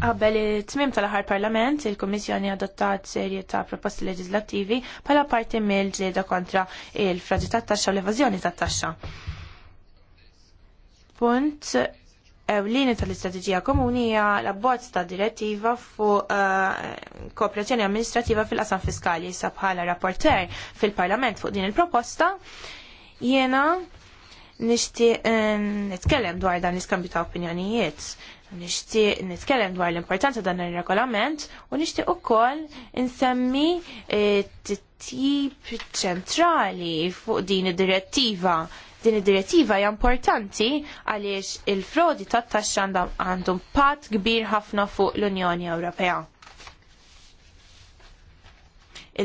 Qabel it-tmim tal-aħħar Parlament, il-Kummissjoni adottat serje ta' proposti leġislattivi bħala parti mill-ġlieda kontra il fraġi tat-taxxa u l-evażjoni tat-taxxa. Punt ewlieni tal-istrateġija komuni hija l-abbozz ta' direttiva fuq uh, kooperazzjoni amministrativa fil-qasam fiskali sa bħala rapporter fil-Parlament fuq din il-proposta. Jiena nixtieq eh, nitkellem dwar dan l-iskambju ta' opinjonijiet Nixtieq nitkellem dwar l-importanza dan ir-regolament u nixtieq ukoll insemmi eh, t-tip ċentrali fuq din id-direttiva. Din id-direttiva hija importanti għaliex il-frodi tat-taxxa għandhom pat kbir ħafna fuq l-Unjoni Ewropea.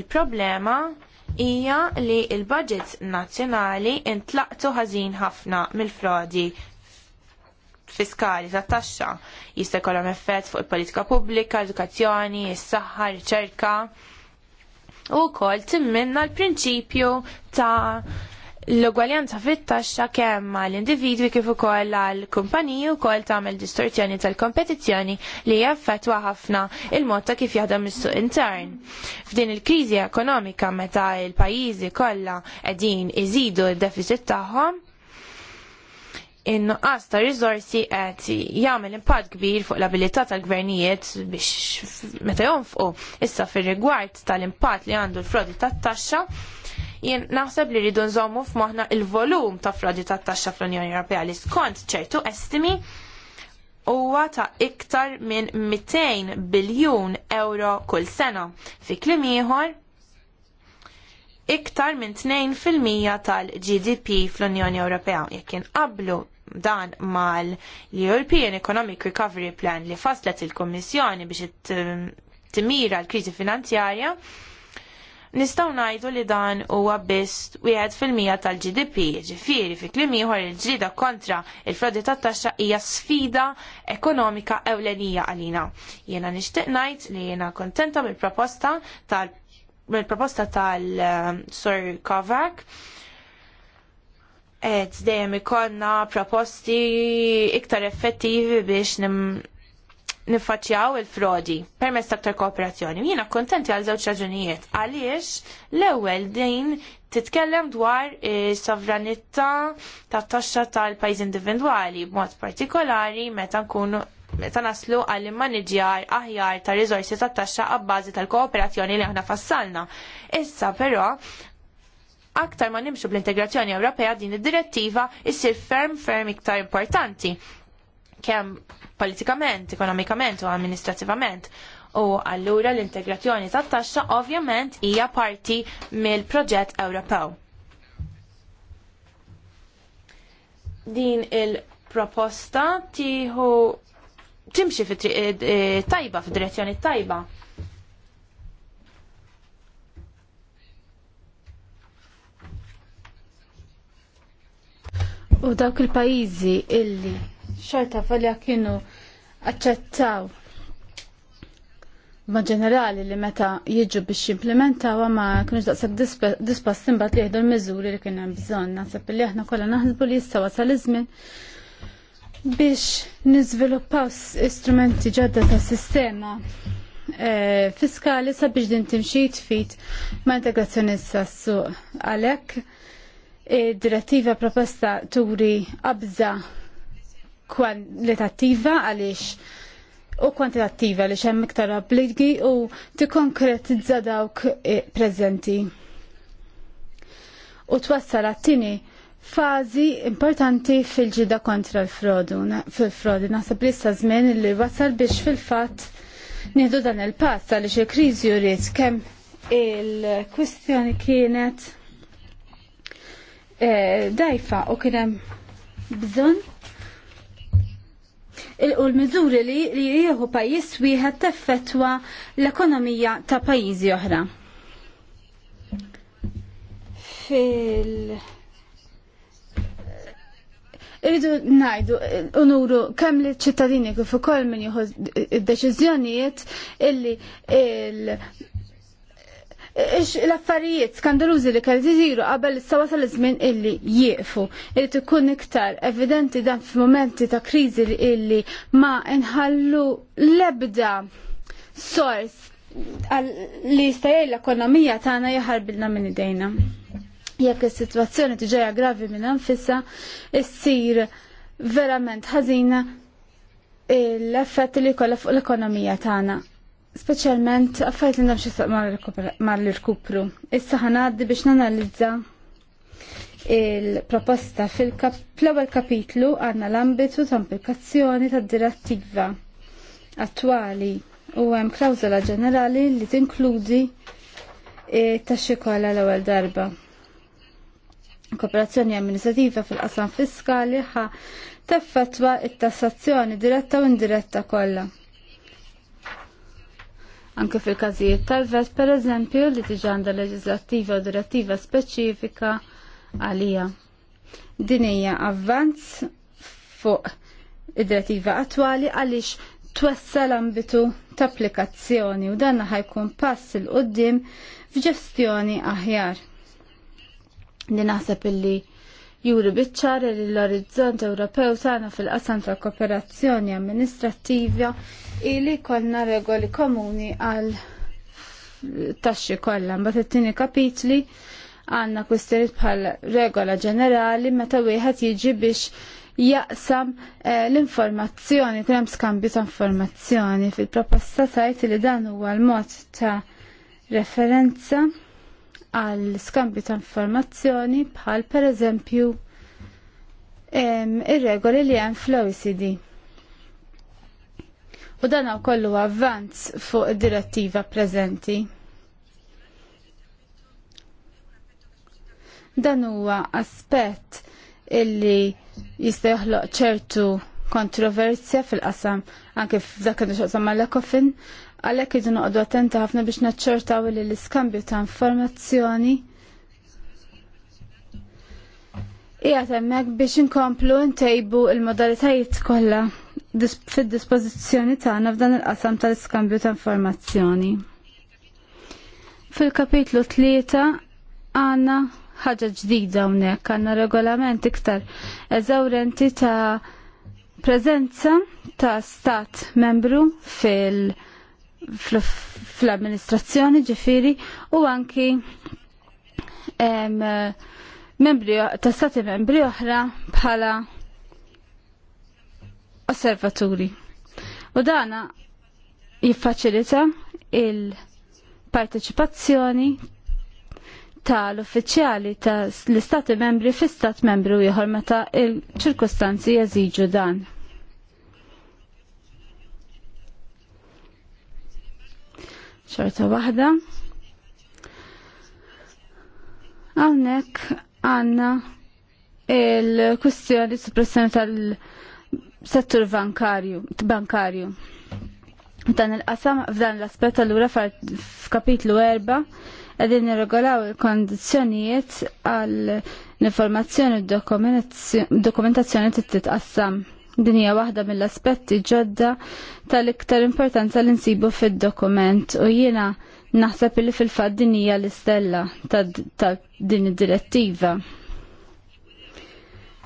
Il-problema hija li l budgets nazzjonali intlaqtu ħażin ħafna mill-frodi fiskali ta' taxxa jista' jkollhom effett fuq il-politika pubblika, edukazzjoni, is-saħħa, riċerka. U wkoll timminna l-prinċipju ta' l-ugwaljanza fit-taxxa kemm għall individwi kif ukoll għall kumpaniji wkoll tagħmel distorzjoni tal-kompetizzjoni li jaffettwa ħafna il-mod ta' kif jaħdem is-suq intern. F'din il-kriżi ekonomika meta l-pajjiżi kollha qegħdin iżidu d-deficit tagħhom, in-nuqqas ta' riżorsi qed jagħmel impatt kbir fuq l-abilità tal-gvernijiet biex meta jonfqu. Issa fir-rigward tal-impatt li għandu l-frodi tat-taxxa, jien naħseb li rridu nżommu f'moħħna il-volum ta' frodi tat-taxxa fl-Unjoni Ewropea li skont ċertu estimi huwa ta' iktar minn 200 biljun euro kull sena. Fi kliem ieħor, iktar minn 2% tal-GDP fl-Unjoni Ewropea jekk inqablu dan mal l european Economic Recovery Plan li faslet il-Kommissjoni biex um, timira l-kriżi finanzjarja, nistgħu ngħidu li dan huwa biss wieħed fil-mija tal-GDP, ġifieri fi kliem ieħor il-ġrida kontra il-frodi tat-taxxa hija sfida ekonomika ewlenija għalina. Jiena nixtieq ngħid li jiena kontenta mill-proposta tal mill-proposta tal-Sir um, Kovac et dejjem ikonna proposti iktar effettivi biex nifaċjaw il-frodi permezz aktar kooperazzjoni. Jiena kontenti għal żewġ raġunijiet. Għaliex l-ewwel din titkellem dwar is-sovranità tat-taxxa tal-pajjiż individwali b'mod partikolari meta nkunu meta naslu għall immaniġjar aħjar ta' riżorsi tat-taxxa għabbażi tal-kooperazzjoni li aħna fassalna. Issa però aktar ma nimxu bl-integrazzjoni Ewropea din id-direttiva issir ferm ferm iktar importanti kemm politikament, ekonomikament u amministrativament. U allura l-integrazzjoni tat-taxxa ovvjament hija parti mill-proġett Ewropew. Din il-proposta tieħu timxi eh, eh, tajba fid-direzzjoni tajba. U dawk il-pajizi illi xorta falja kienu accettaw ma ġenerali li meta jiġu biex jimplementaw ma kienu daqseb dispa simbat li jihdu l-mizuri li kienem bżon. Nasib li aħna kolla naħsbu li jistawa sal-izmin biex nizviluppaw istrumenti ġodda ta' sistema e, fiskali sabiex din timxi fit ma' integrazzjoni s-suq għalek Direttiva proposta turi abza kwalitattiva għaliex u kwantitattiva għalix hemm iktar obbligi u tikkonkretizza dawk eh, preżenti. U twassal għat-tieni fażi importanti fil-ġida kontra l-frodu, fil-frodi, naħseb li issa żmien li wasal biex fil-fatt nieħdu dan il-pass għaliex il-kriżi u kemm il-kwistjoni kienet dajfa u kienem bżon u l-mizuri li jieħu pajis wieħed teffetwa l-ekonomija ta' pajizi oħra. Fil- Iridu najdu unuru kemm li ċittadini kif ukoll min jieħu d deċiżjonijiet illi il- l-affarijiet skandalużi li kell jisiru qabel issa wasal tal żmien illi jieqfu. Irid ikun iktar evidenti dan f'momenti ta' kriżi illi ma nħallu l-ebda sors li jistajaj l-ekonomija tagħna jaħarbilna minn idejna. Jekk is-sitwazzjoni tiġeja gravi minn anfissa, issir verament ħażina l-effett li kollha fuq l-ekonomija tagħna. Specialment, affajt li namxie l rkupru Issa ħanaddi biex nanalizza il-proposta fil-ewwel kapitlu għanna l-ambitu ta' implikazzjoni ta' direttiva attwali u hemm klawzola ġenerali li tinkludi ta' xikola l-ewwel darba. Kooperazzjoni amministrativa fil-qasam fiskali ħa teffettwa it-tassazzjoni diretta u indiretta kollha anke fil-każijiet tal-vet, per eżempju, li tiġi għandha leġislattiva u direttiva speċifika għalija. Din hija avvanz fuq id-direttiva attwali għaliex twessa l-ambitu ta' applikazzjoni u dan ħajkun pass il qoddim f'ġestjoni aħjar. Din naħseb illi juri biċċar li l-orizzont Ewropew tagħna fil-qasam tal-kooperazzjoni amministrattiva ili konna regoli komuni għal taxxi kollha mbagħad it-tieni kapitli għandna kwistjoniet bħal regola ġenerali meta wieħed jiġi biex jaqsam eh, l-informazzjoni, kien hemm skambju ta' informazzjoni fil-proposta tajt li dan huwa l-mod ta' referenza għal skambju ta' informazzjoni bħal pereżempju ir-regoli li hemm fl-OECD u dan kollu avvanz fuq direttiva preżenti. Dan huwa aspett illi jista' joħloq ċertu kontroversja fil-qasam anke f'dak kienu xaqsam mal-ekofin, għalhekk idu noqogħdu attenti ħafna biex naċċertaw li l-iskambju ta' informazzjoni Ija temmek biex inkomplu ntejbu il-modalitajiet kollha fid-dispożizzjoni tagħna f'dan il-qasam tal-iskambju ta' informazzjoni. Fil-kapitlu 3 għandna ħaġa ġdida hawnhekk għandna regolament iktar eżawrenti ta' preżenza ta' stat membru fil- fl-amministrazzjoni ġifiri u anki em, membri, ta' stati membri oħra bħala osservaturi. U dana jiffaċilita il-parteċipazzjoni tal-uffiċjali tal-istati membri fi stat membru ieħor meta il-ċirkustanzi jeżiġu dan. ċorta waħda. Għawnek għanna il-kustjoni suppressjoni tal- settur bankarju, bankarju. Dan il-qasam f'dan l-aspet allura f'kapitlu 4 qegħdin nirregolaw il-kondizzjonijiet għal l-informazzjoni u dokumentazzjoni titqassam. Din hija waħda mill-aspetti ġodda tal-iktar importanza li nsibu fid-dokument u jiena naħseb li fil-fatt din hija l-istella ta' din id-direttiva.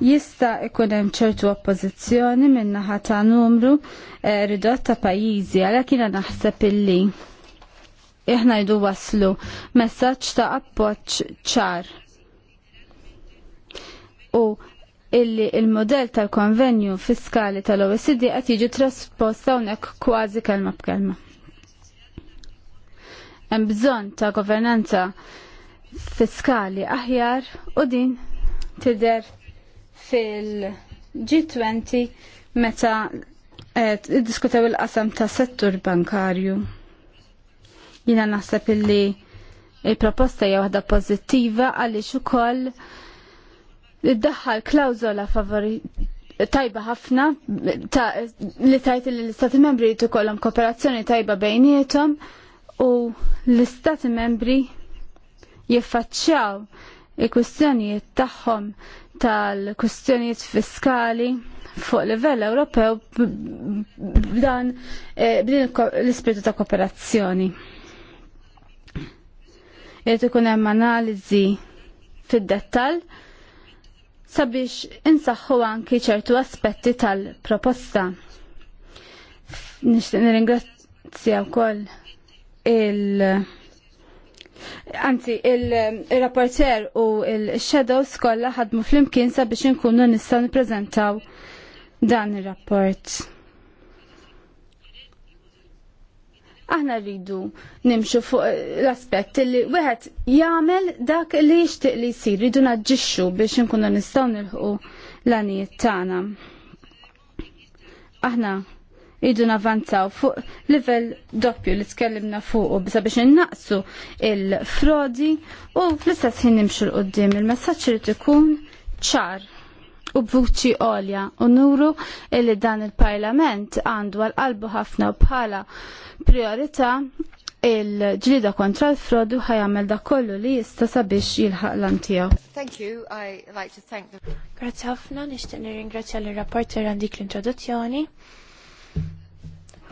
Jista' ikun hemm ċertu oppożizzjoni min-naħa ta' numru eh, ridott ta' pajjiżi għalhekk naħseb illi iħna jdu waslu messaġġ ta' appoġġ ċar. U illi il-modell tal-konvenju fiskali tal-OECD qed jiġi trasposta hawnhekk kważi kelma b'kelma. Hemm bżonn ta' governanza fiskali aħjar u din tidher fil-G20 meta eh, diskutaw il-qasam ta' settur bankarju. Jina naħseb illi il-proposta hija waħda pożittiva għaliex ukoll iddaħħal klawżola favori tajba ħafna ta, li tajt li l-Istati Membri jitu kollom kooperazzjoni tajba bejnietom u l-Istati Membri jiffaċċaw il-kwistjonijiet tagħhom tal-kustjonijiet fiskali fuq livell Ewropew b'dan eh, b'din l-ispirtu ta' kooperazzjoni. Irid ikun hemm analiżi fid-dettall sabiex insaħħu anki ċertu aspetti tal-proposta. Nixtieq nirringrazzja wkoll il- Anzi, il-rapporter u il-shadows kollha ħadmu fl-imkien sabiex inkunu nistgħu nippreżentaw dan ir-rapport. Aħna rridu nimxu fuq l-aspett li wieħed jagħmel dak li jixtieq li jsir, rridu naġġixxu biex inkunu nistgħu nilħu l-għanijiet tagħna. Aħna Idu navanzaw fuq livell doppju li tkellimna fuq u sabiex innaqsu il-frodi u fl-istess ħin nimxu l-qoddim. Il-messaġġ irid ikun ċar u b'vuċi għolja u nuru illi dan il-parlament għandu għal-qalbu ħafna bħala priorità il-ġlida kontra l-frodu ħajamel da kollu li jista sabiex jilħaq l-antijaw. Thank you, I like to thank the... Grazie ħafna, nishtiq nirringrazzja l-rapporter għandik l-introduzzjoni.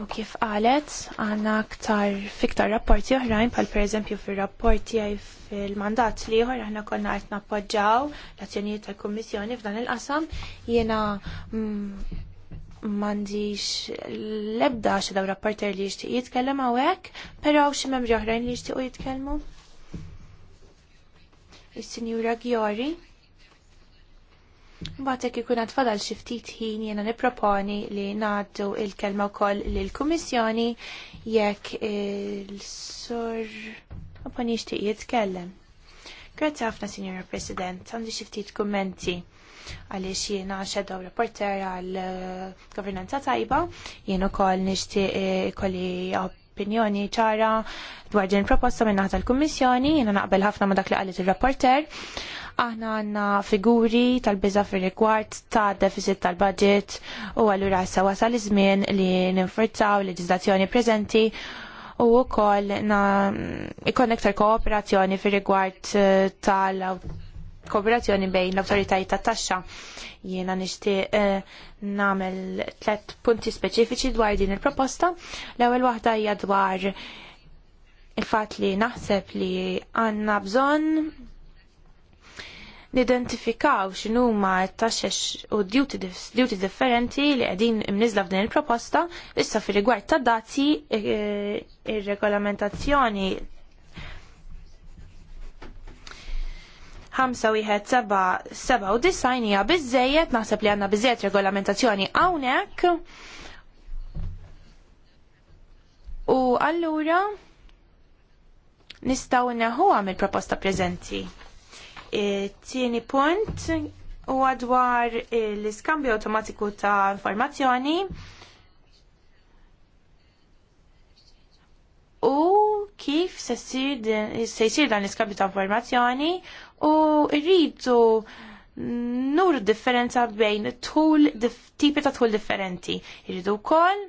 U kif qalet, għanna aktar fiktar rapporti oħrajn, pal per eżempju fil-rapporti għaj fil-mandat li oħra għanna konna għart nappoġġaw l-azzjonijiet tal-Kommissjoni f'dan il-qasam, jena mandiġ mm, lebda xe daw rapporter li jishtiq jitkellem għawek, pero għaw xe membri oħrajn li jishtiqu jitkellmu. Is-Sinjura Gjori. Mbagħad jekk ikun tfadal xi ftit ħin jiena nipproponi li ngħaddu il-kelma wkoll lill-Kummissjoni jekk il-sur ma jixtieq jitkellem. Grazzi ħafna, Signora President, għandi xi ftit kummenti għaliex jiena reporter għal eh, governanza tajba, jien ukoll nixtieq eh, ikolli opinjoni ċara dwar din proposta minn naħta l-Kummissjoni, jiena naqbel ħafna ma dak li qalet ir-rapporter. Aħna għandna figuri tal-biża fir-rigward ta' deficit tal-budget u allura issa wasal iż-żmien li ninfurzaw il-leġiżlazzjoni preżenti u wkoll ikon iktar kooperazzjoni fir-rigward eh, tal kooperazzjoni bejn l-autoritajiet ta' taxxa. Jiena nixtieq eh, nagħmel tliet punti speċifiċi dwar din il-proposta. L-ewwel waħda hija dwar il-fatt li naħseb li għandna bżon nidentifikaw x'inhuma t-taxxex u duty, duty differenti li qegħdin imniżla f'din il-proposta issa fir rigward ta' dati eh, ir-regolamentazzjoni 517 hija biżejjed, naħseb li għandna biżejjed regolamentazzjoni hawnhekk. U allura nistgħu neħu mill-proposta preżenti. Tieni punt huwa dwar l-iskambju awtomatiku ta' informazzjoni u kif se jsir dan l-iskambju ta' informazzjoni u rridu nur differenza bejn tul tipi ta' tul differenti. Irridu wkoll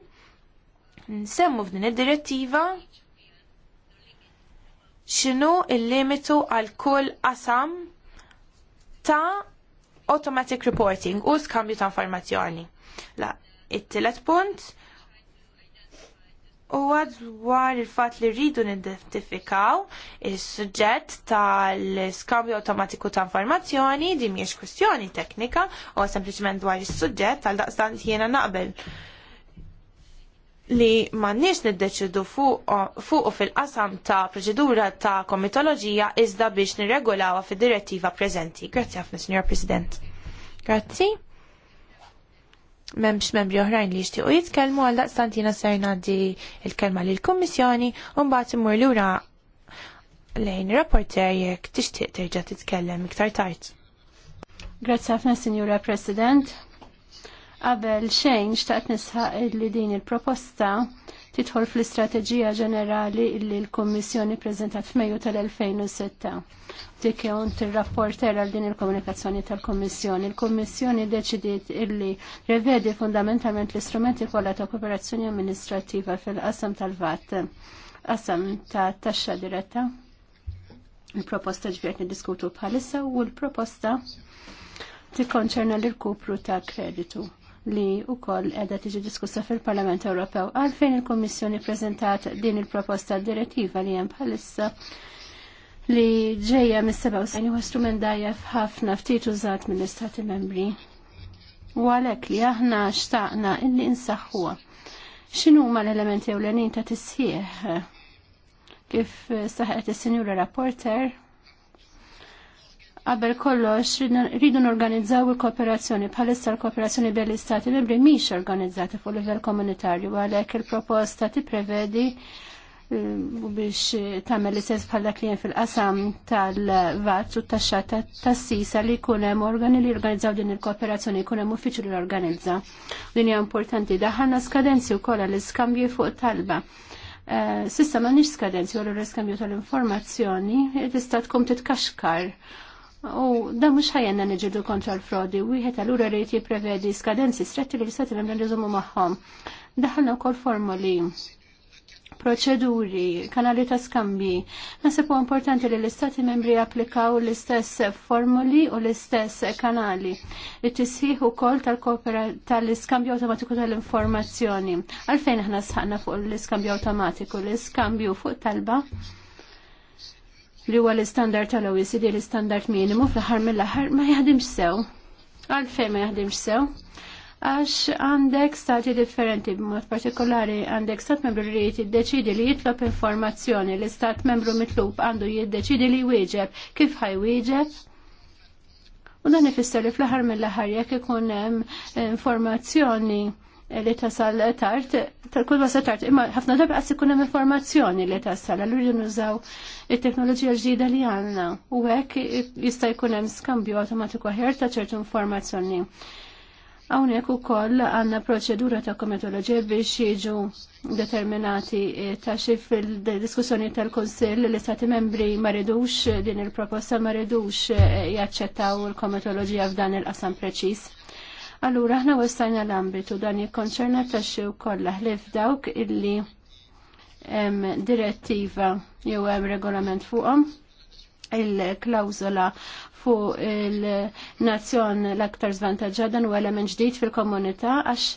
nsemmu f'din id-direttiva x'inhu il-limitu għal kull qasam ta' automatic reporting u skambju ta' informazzjoni. La, it-tielet punt u għadwar il-fatt li rridu nidentifikaw is-suġġett tal-skambju awtomatiku ta' informazzjoni di mhijiex kwestjoni teknika u sempliċement dwar is-suġġett tal daqstant jiena naqbel li m'għandniex niddeċidu fuq fil-qasam ta' proċedura ta' komitoloġija iżda biex nirregolawha fid-direttiva preżenti. Grazzi ħafna, Signor President. Grazzi memx membri oħrajn li jixtiequ jitkellmu għal daqstantina ser ngħaddi il-kelma lill kummissjoni u mbagħad imur lura lejn rapporter jekk tixtieq terġa' titkellem iktar tard. Grazzi ħafna Sinjura President. Qabel xejn xtaqt nisħaq li din il-proposta titħol fl-istrateġija ġenerali li l-Kommissjoni prezentat f'Mejju tal-2006. Dik jont ir rapport għal din il-komunikazzjoni tal-Kommissjoni. Il-Kommissjoni deċidiet illi revedi fundamentalment l-istrumenti kollha ta' kooperazzjoni amministrativa fil-qasam tal-VAT. Qasam ta' taxxa diretta. Il-proposta ġbiet niddiskutu bħalissa u l-proposta tikkonċerna l-kupru ta' kreditu li u koll edha tiġi diskussa fil-Parlament Ewropew. Għalfejn il-Kommissjoni prezentat din il-proposta direttiva li jem bħalissa li ġeja mis-77 huwa strument dajjef ħafna ftit użat mill-Istati Membri. U għalhekk li aħna xtaqna illi insaħħuha. X'inhu huma l-elementi ewlenin ta' tisħieħ? Kif saħet is-Sinjura Rapporter qabel kollox rridu norganizzaw il-kooperazzjoni bħalissa l-kooperazzjoni bejn l-istati membri mhix organizzati fuq livell komunitarju għalhekk il-proposta tipprevedi u eh, biex tagħmel l-istess bħal dak fil-qasam tal-vazz u tax-xata tas-sisa li jkun hemm organi li jorganizzaw din il-kooperazzjoni jkun hemm uffiċċju li jorganizza. Din hija importanti daħħalna skadenzi wkoll għall-iskambju fuq talba. Eh, sissa ma nix skadenzi għal iskambju tal-informazzjoni, tista' tkun titkaxkar U da mux ħajenna nġidu kontra l-frodi, u jħet għal-ura rejt jiprevedi skadenzi stretti li l-istati membri nżommu maħħom. Daħalna u kol formoli, proċeduri, kanali ta' skambi. Nasib u importanti li l-istati membri applikaw l-istess formoli u l-istess kanali. It-tisħiħ u kol tal-iskambju automatiku tal-informazzjoni. Għalfejn ħna sħanna fuq l-iskambju automatiku, l-iskambju fuq talba li huwa l-istandard tal-OECD l-istandard minimu fl-aħħar mill-aħħar ma jaħdimx sew. Għalfejn ma jaħdimx sew? Għax għandek stati differenti b'mod partikolari għandek stat membru li jiddeċidi li jitlob informazzjoni li stat membru mitlub għandu jiddeċidi li wieġeb kif ħaj wieġeb. U dan ifisser li fl-aħħar mill-aħħar jekk ikun hemm informazzjoni li tasal tard, tal-kull wasa tard, imma ħafna darba għassi ikun hemm informazzjoni li tasal, allura jinnużaw it-teknoloġija ġdida li għandna u hekk jista' jkun hemm skambju awtomatiku ħer ta' ċertu informazzjoni. u ukoll għandna proċedura ta' kometoloġija biex jiġu determinati eh, ta' xi fil-diskussjoni tal-Kunsill li stati membri ma din il-proposta ma ridux eh, jaċċettaw il-kometoloġija f'dan il-qasam preċiż Allura aħna wessajna l-ambitu dan jikkonċerna taxxi wkoll ħlif dawk illi hemm direttiva jew hemm regolament fuqhom il-klawzola fuq il-nazzjon l-aktar zvantagġada u element ġdid fil-komunità għax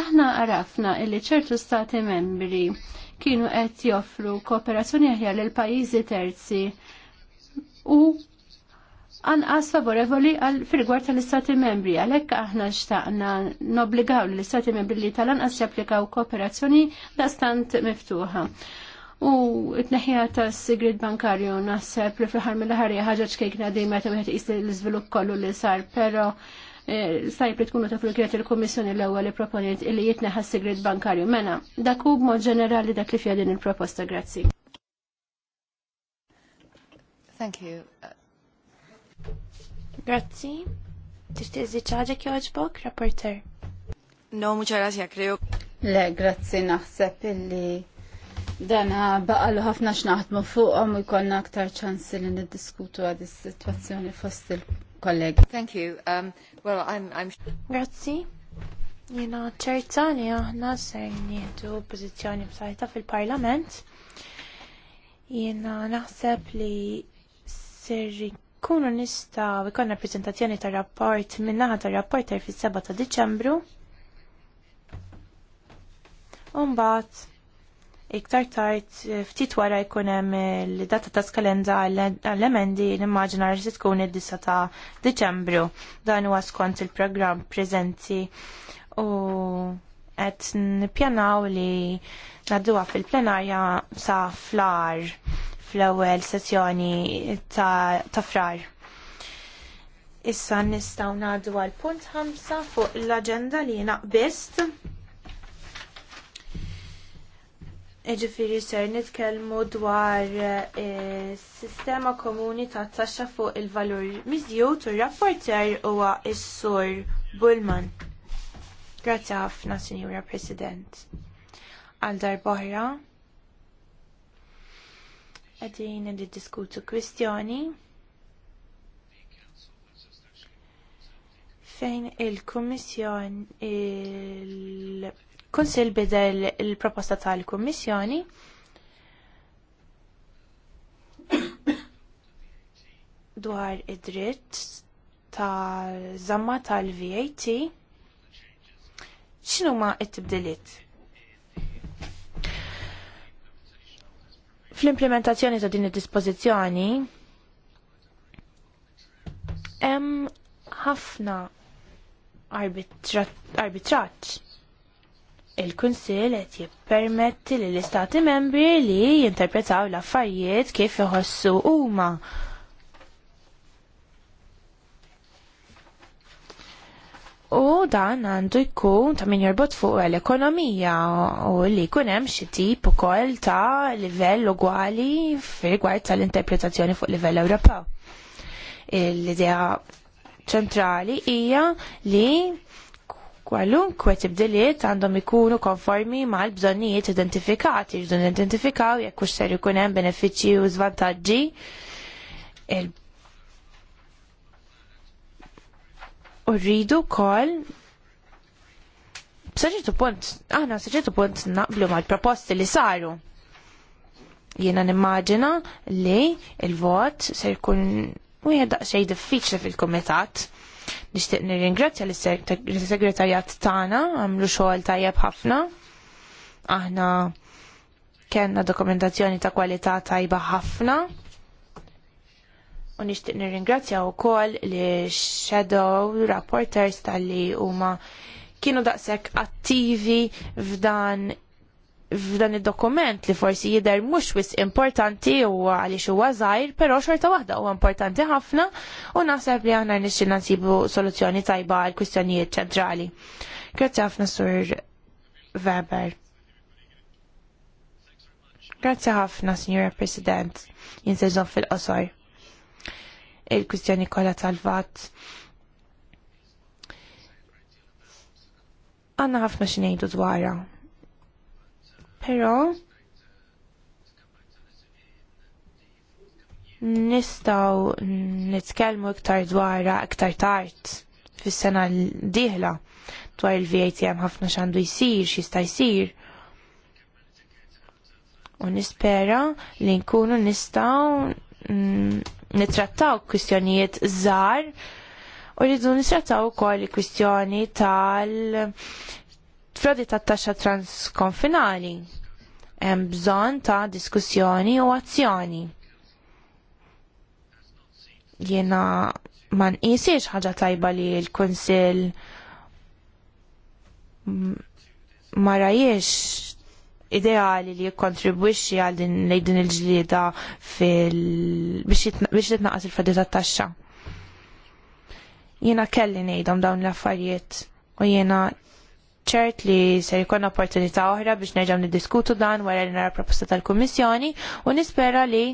aħna arafna illi ċertu stati membri kienu qed joffru kooperazzjoni aħjar lil pajjiżi terzi u anqas favorevoli għal firgwar tal-Istati membri. Għalhekk aħna xtaqna nobligaw l-Istati membri li tal-anqas japplikaw kooperazzjoni da stant miftuħa. U t-neħja ta' sigrid bankarju naħseb li fl-ħar mill-ħarja ħagġa ċkejkna dejjem meta wieħed isti l-iżvilupp kollu li sar, però eh, sajb li tkunu ta' kienet il-Kommissjoni l-ewwel li proponiet li jitneħa s-sigrid bankarju. Mena, dak u b'mod ġenerali dak li fija din il-proposta, grazzi. Thank you. Grazzi. Tixtieq żid ħaġa jogħġbok, rapporter. No, muċa grazja, creo. Le, grazzi naħseb illi dana baqalu ħafna x'naħdmu fuqhom u jkollna aktar ċansi li niddiskutu għad is-sitwazzjoni fost il-kollegi. Thank you. Um, well, I'm, I'm... Grazzi. Jena ċerta li aħna ser nieħdu pożizzjoni b'sajta fil-Parlament. Jena naħseb li serri kunu nista' ikonna prezentazzjoni ta' rapport minnaħa ta' ta' fis-7 ta' Diċembru. Umbat, iktar tard ftit wara jkun hemm il-data ta' skalenda għall-emendi nimmaġina li se tkun id-9 ta' Diċembru. Dan huwa skont il-programm preżenti u qed nippjanaw li nadduha fil-plenarja sa flar fl-ewwel sessjoni ta', ta frar. Issa nistgħu ngħaddu għal punt ħamsa fuq l-aġenda li naqbist. Ġifiri ser nitkellmu dwar eh, sistema komuni ta' taxxa fuq il-valur miżjut u rapporter huwa s-sur Bullman. Grazzi ħafna, Sinjura President. Għal darbohra, għadin li diskutu kwistjoni fejn il-Kummissjon il-Kunsil bidel il-proposta tal-Kummissjoni [coughs] dwar id-dritt ta' zamma tal-VAT x'inhuma t-tibdiliet Fl-implementazzjoni ta' din id-dispożizzjoni hemm ħafna arbitraġġ. Il-Kunsill qed jippermetti lill istati membri li jinterpretaw l-affarijiet kif iħossu huma U dan għandu jkun ta' min jorbot fuq l-ekonomija u li jkun hemm xi tip ukoll ta' livell ugwali fir-rigward tal-interpretazzjoni fuq livell Ewropew. L-idea ċentrali hija li kwalunkwe tibdiliet għandhom ikunu konformi mal bżonnijiet identifikati, jridu identifikaw jekk hux ser ikun hemm benefiċċji u żvantaġġi U rridu wkoll punt, aħna saċertu punt naqblu mal-proposti li saru. Jiena nimmaġina li il-vot se jkun wieħed daqsxejn diffiċli fil-kumitat. Nixtieq nirringrazzja l-segretarjat tagħna għamlu xogħol tajjeb ħafna. Aħna kellna dokumentazzjoni ta' kwalità tajba ħafna U nixtieq nirringrazzja kol li shadow rapporters tal-li huma kienu daqshekk attivi f'dan f'dan id-dokument li forsi jidher mhux wis importanti u għaliex huwa żgħir, però xorta waħda huwa importanti ħafna u naħseb li aħna nixtieq nsibu soluzzjoni tajba għal kwistjonijiet ċentrali. Grazzi ħafna sur Weber. Grazzi ħafna, Signora President, jinsezon fil-qosor il-kwistjoni kollha tal-vat. Għanna ħafna xinejdu dwarha. Però nistaw nitkellmu iktar dwarra, iktar tard fis-sena l-dieħla dwar il-VAT hemm ħafna x'għandu jsir, x'jista' jsir u nispera li nkunu nistaw nitrattaw kwistjonijiet żgħar u rridu nitrattaw ukoll kwistjoni tal frodi tat-taxxa transkonfinali. Hemm bżonn ta' diskussjoni u azzjoni. Jiena ma nqisiex ħaġa tajba li l-Kunsill ma rajiex ideali li jikkontribwixxi għal din din il-ġlieda fil biex jitnaqas il-fedi taxxa Jiena kelli ngħidhom dawn l-affarijiet u jiena ċert li se jkun opportunità oħra biex nerġgħu niddiskutu dan wara li nara proposta tal-Kummissjoni u nispera li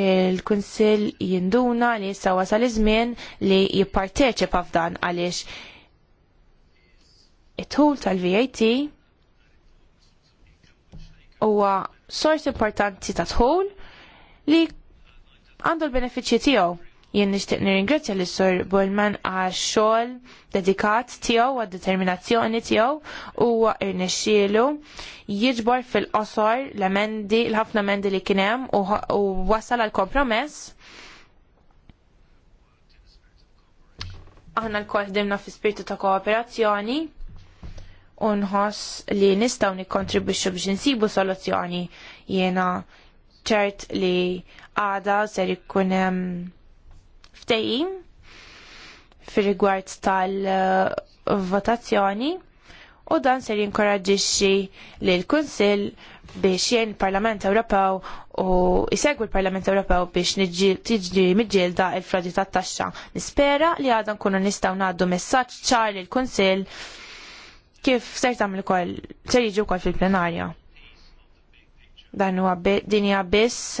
il-Kunsill jinduna li issa wasal iż-żmien li jipparteċipa f'dan għaliex it-tul tal-VAT huwa sors importanti ta' tħol li għandu l-benefiċċji tiegħu. Jien nixtieq nirringrazzja lis sur Bullman għax xogħol dedikat tiegħu għad determinazzjoni tiegħu u rnexxielu jiġbor fil-qosor l-emendi l-ħafna emendi li kien hemm u wasal għal kompromess. Aħna l-kol dimna fi ta' kooperazzjoni u nħoss li nistgħu nikkontribwixxu biex insibu soluzzjoni jiena ċert li għada ser ikun hemm ftehim fir-rigward tal-votazzjoni u dan ser li l kunsill biex jien il-Parlament Ewropew u jsegwu l-Parlament Ewropew biex tiġri miġġielda il-frodi tat-taxxa. Nispera li għadan nkunu nistgħu ngħaddu messaġġ ċar l kunsill kif ser tagħmel ukoll ser jiġu wkoll fil-plenarja. Dan huwa din hija biss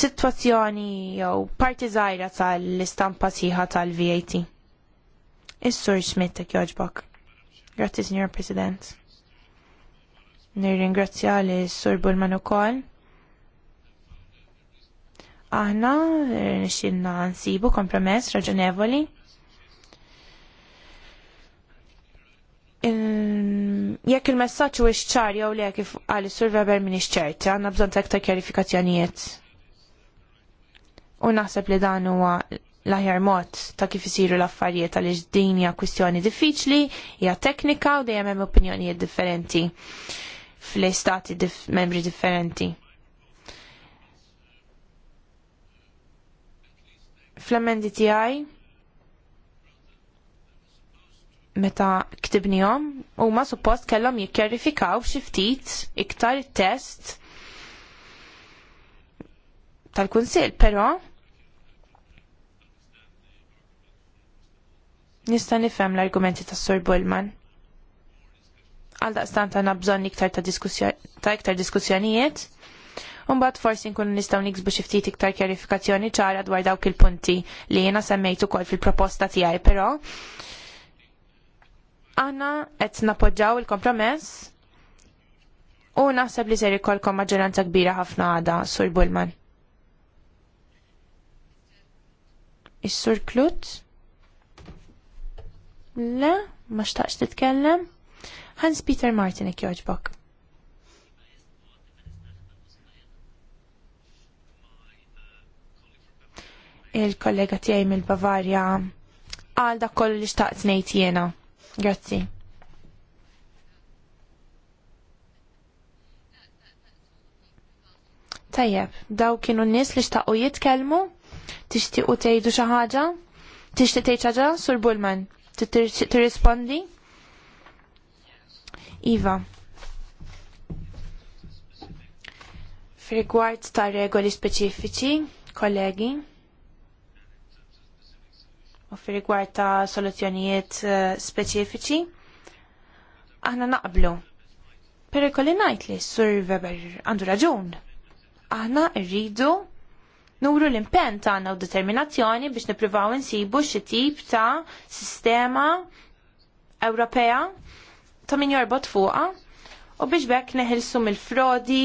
sitwazzjoni jew parti żgħira tal-istampa sieħa tal-VAT. Is-Sur Smith jekk jogħġbok. Grazzi, Signor President. Nirringrazzja li Sur Bulman ukoll. Aħna eh, nixinna nsibu kompromess raġunevoli jekk il-messaġġ u ċar jew le kif għal sur Weber minn ċert, għandna bżonn ta' aktar kjarifikazzjonijiet. U naħseb li dan huwa l-aħjar mod ta' kif isiru l-affarijiet għaliex din hija kwistjoni diffiċli, hija teknika u dejjem hemm opinjonijiet differenti fl-istati dif membri differenti. Fl-emendi tiegħi meta ktibnihom huma suppost kellhom jikkjarifikaw xi ftit iktar test tal-kunsil, però nista' nifhem l-argumenti tas Sur Bullman. Għal daqstant għandna iktar ta' ta' iktar diskussjonijiet, u mbagħad forsi nkunu nistgħu niksbu xi ftit iktar kjarifikazzjoni ċara dwar dawk il-punti li jiena semmejt ukoll fil-proposta tiegħi, però Aħna qed napoġġaw il-kompromess u naħseb li ser ikolkom maġġoranza kbira ħafna għada, Sur Bullman. Is-Sur Klut? Le, ma xtaqx titkellem. Hans Peter Martin ek joġbok. Il-kollega tiegħi mill-Bavarja għal dak kollu li xtaqt ngħid jiena. Grazzi. Tajjeb, daw kienu n-nies li xtaqgħu jitkellmu? Tixtiequ tgħidu xi ħaġa? Tixtieq tgħid ħaġa sur Bullman? Tirrispondi? Iva. F'rigward ta' regoli speċifiċi, kollegi, u fi rigward ta' soluzzjonijiet eh, speċifiċi. Aħna naqblu. Per ikolli najt li Sur Weber għandu raġun. Aħna rridu nuru l-impenn tagħna u determinazzjoni biex nippruvaw insibu xi tip ta' sistema Ewropea ta' min jorbot fuqha u biex bekk neħilsu mill-frodi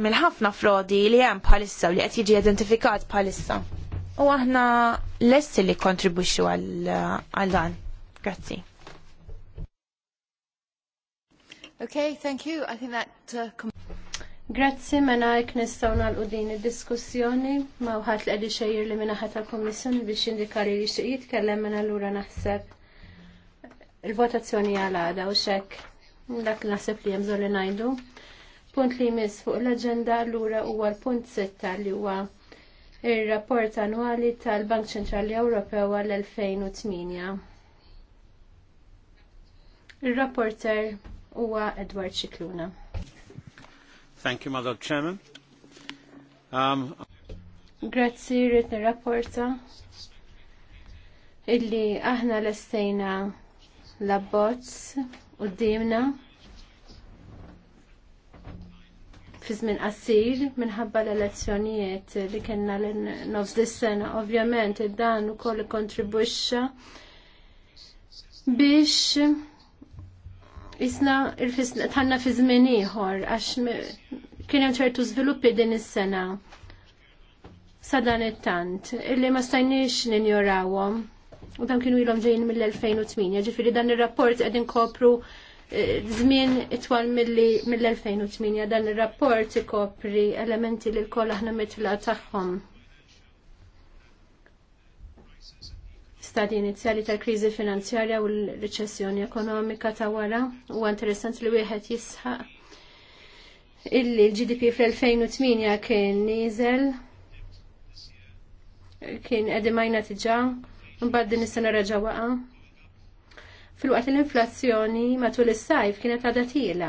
mill-ħafna frodi li hemm bħalissa u li qed jiġi identifikat bħalissa u aħna lessi li kontribuxxu għal dan. Grazzi. Okay, thank you. I think that uh, Grazzi mena jek nistawna l din id-diskussjoni ma uħat l għedi xejjer li minna ħata kommissjoni biex indikari li xie jitkellem mena l-ura naħseb il-votazzjoni għal-għada u xek dak naħseb li jemżol li najdu. Punt li jmiss fuq l-agenda l-ura huwa l-punt 6 li huwa ir-rapport annwali tal-Bank Ċentrali Ewropew għal-2008. Ir-rapporter huwa Edward Cicluna. Thank you, Madam Chairman. Um... Grazzi, rrit rapporta illi aħna l-estejna l-abbozz u d-dimna fi żmien qasir minħabba l-elezzjonijiet li kellna l-nofs dis-sena. Ovvjament dan ukoll kontribwixxa biex jisna tħanna fi żmien ieħor għax kien hemm ċertu żviluppi din is-sena sa dan it-tant illi ma stajniex ninjorawhom u dan kienu ilhom ġejjin mill-2008, ġifieri dan ir-rapport qegħdin kopru żmien itwal mill-2008 dan ir-rapport ikopri elementi li l-koll aħna mitla tagħhom. Stadi inizjali tal-kriżi finanzjarja u l-riċessjoni ekonomika ta' wara u interessant li wieħed jisħaq illi l-GDP fl-2008 kien nizel kien edimajna tiġa, mbagħad din is-sena reġa' waqa' fil-waqt l-inflazzjoni matul is-sajf kienet għadha tiela.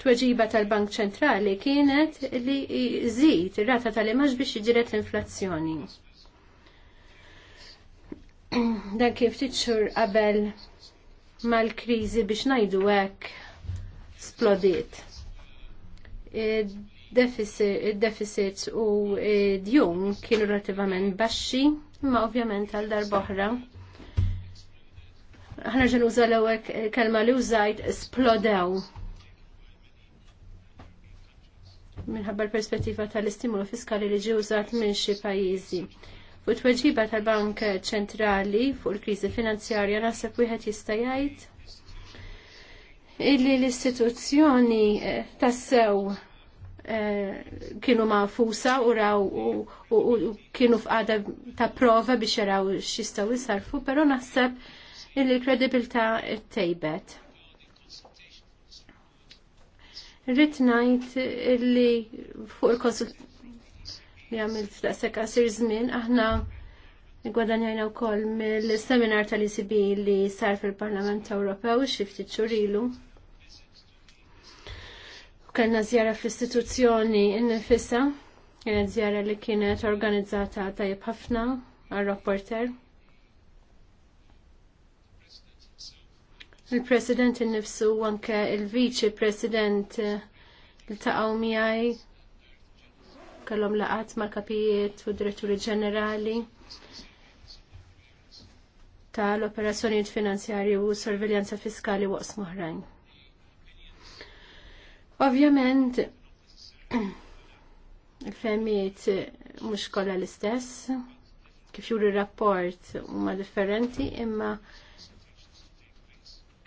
Tweġiba tal-Bank Ċentrali kienet li żid ir-rata tal-imax biex jiġret l-inflazzjoni. [clears throat] Dan kif titxur qabel mal-kriżi biex ngħidu hekk splodiet il-deficit u djum kienu relativament baxxi, imma ovvjament għal boħra ħanġan uża l-ewwel kelma li użajt splodew. Minħabba l-perspettiva tal-istimulu fiskali li ġie użat minn xi pajjiżi. Fuq tweġiba tal-Bank Ċentrali fuq il-kriżi finanzjarja naħseb wieħed jista' jgħid illi l-istituzzjoni eh, tassew eh, kienu mafusa u raw u kienu f'għada ta' prova biex jaraw xistaw jisarfu, pero naħseb illi kredibilta t-tejbet. Rrid ngħid li fuq il-konsult li għamilt daqshekk għasir żmien aħna għadanjajna u koll mill-seminar tal-ICB li sar fil-Parlament Ewropew xifti ċurilu. Kellna zjara fl-istituzzjoni n-nifissa, kienet zjara li kienet organizzata tajib ħafna għal-rapporter. il-President innifsu u anke il-Viċi President eh, il-taqaw miħaj kellhom laqat mal-kapijiet u diretturi ġenerali tal-operazzjonijiet finanzjarji u sorveljanza fiskali waqs moħrajn. Ovvjament, [clears throat] il-femmijiet mhux kollha l-istess, kif juri rapport huma differenti, imma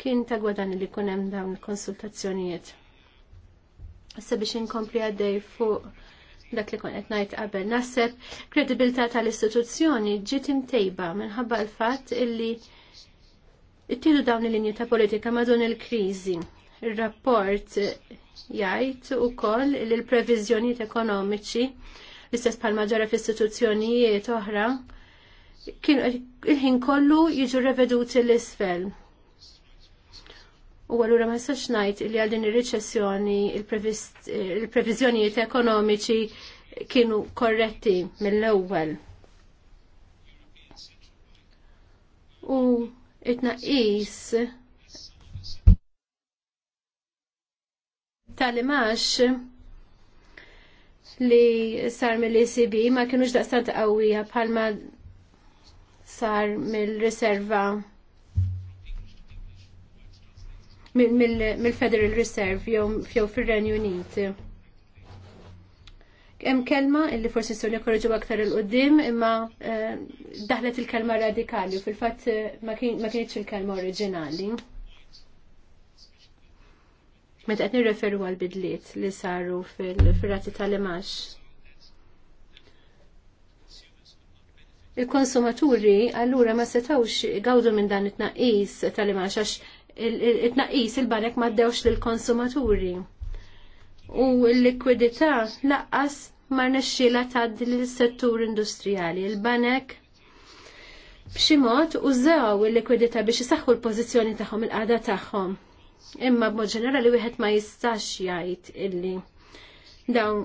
kien ta' gwadan li kun hemm dawn il-konsultazzjonijiet. Issa biex inkompli għaddej fuq dak li kon qed ngħid qabel. Naħseb kredibilità tal-istituzzjoni ġiet imtejba minħabba l-fatt illi ittieħdu dawn il-linji ta' politika madun il-kriżi. Ir-rapport jgħid ukoll li l-previżjonijiet ekonomiċi l-istess pal ġara f'istituzzjonijiet oħra kien il-ħin kollu jiġu reveduti l-isfel. U għallura ma jistax ngħid li għal din ir-riċessjoni il-previżjonijiet ekonomiċi kienu korretti mill-ewwel. U it-naqis tal-imax li sar mill-ECB ma kienux daqstant qawwija bħalma sar mill-riserva mill-Federal Reserve jew fir-Renju Unit. Hemm kelma illi forsi sew nikkorġu aktar il qudiem imma eh, daħlet il-kelma radikali fil-fatt eh, ma kienx il-kelma oriġinali. Meta qed nirreferu għal bidliet li saru fil-rati tal-imax. Il-konsumaturi allura ma setawx gawdu minn dan it-tnaqqis tal-imax għax it-naqis il-banek ma ddewx lill-konsumaturi. U l-likwidità laqqas ma nexxila tgħaddi l settur industrijali. Il-banek b'xi mod użaw il-likwidità biex isaħħu l-pożizzjoni tagħhom il-qagħda tagħhom. Imma b'mod ġenerali wieħed ma jistax jgħid illi dawn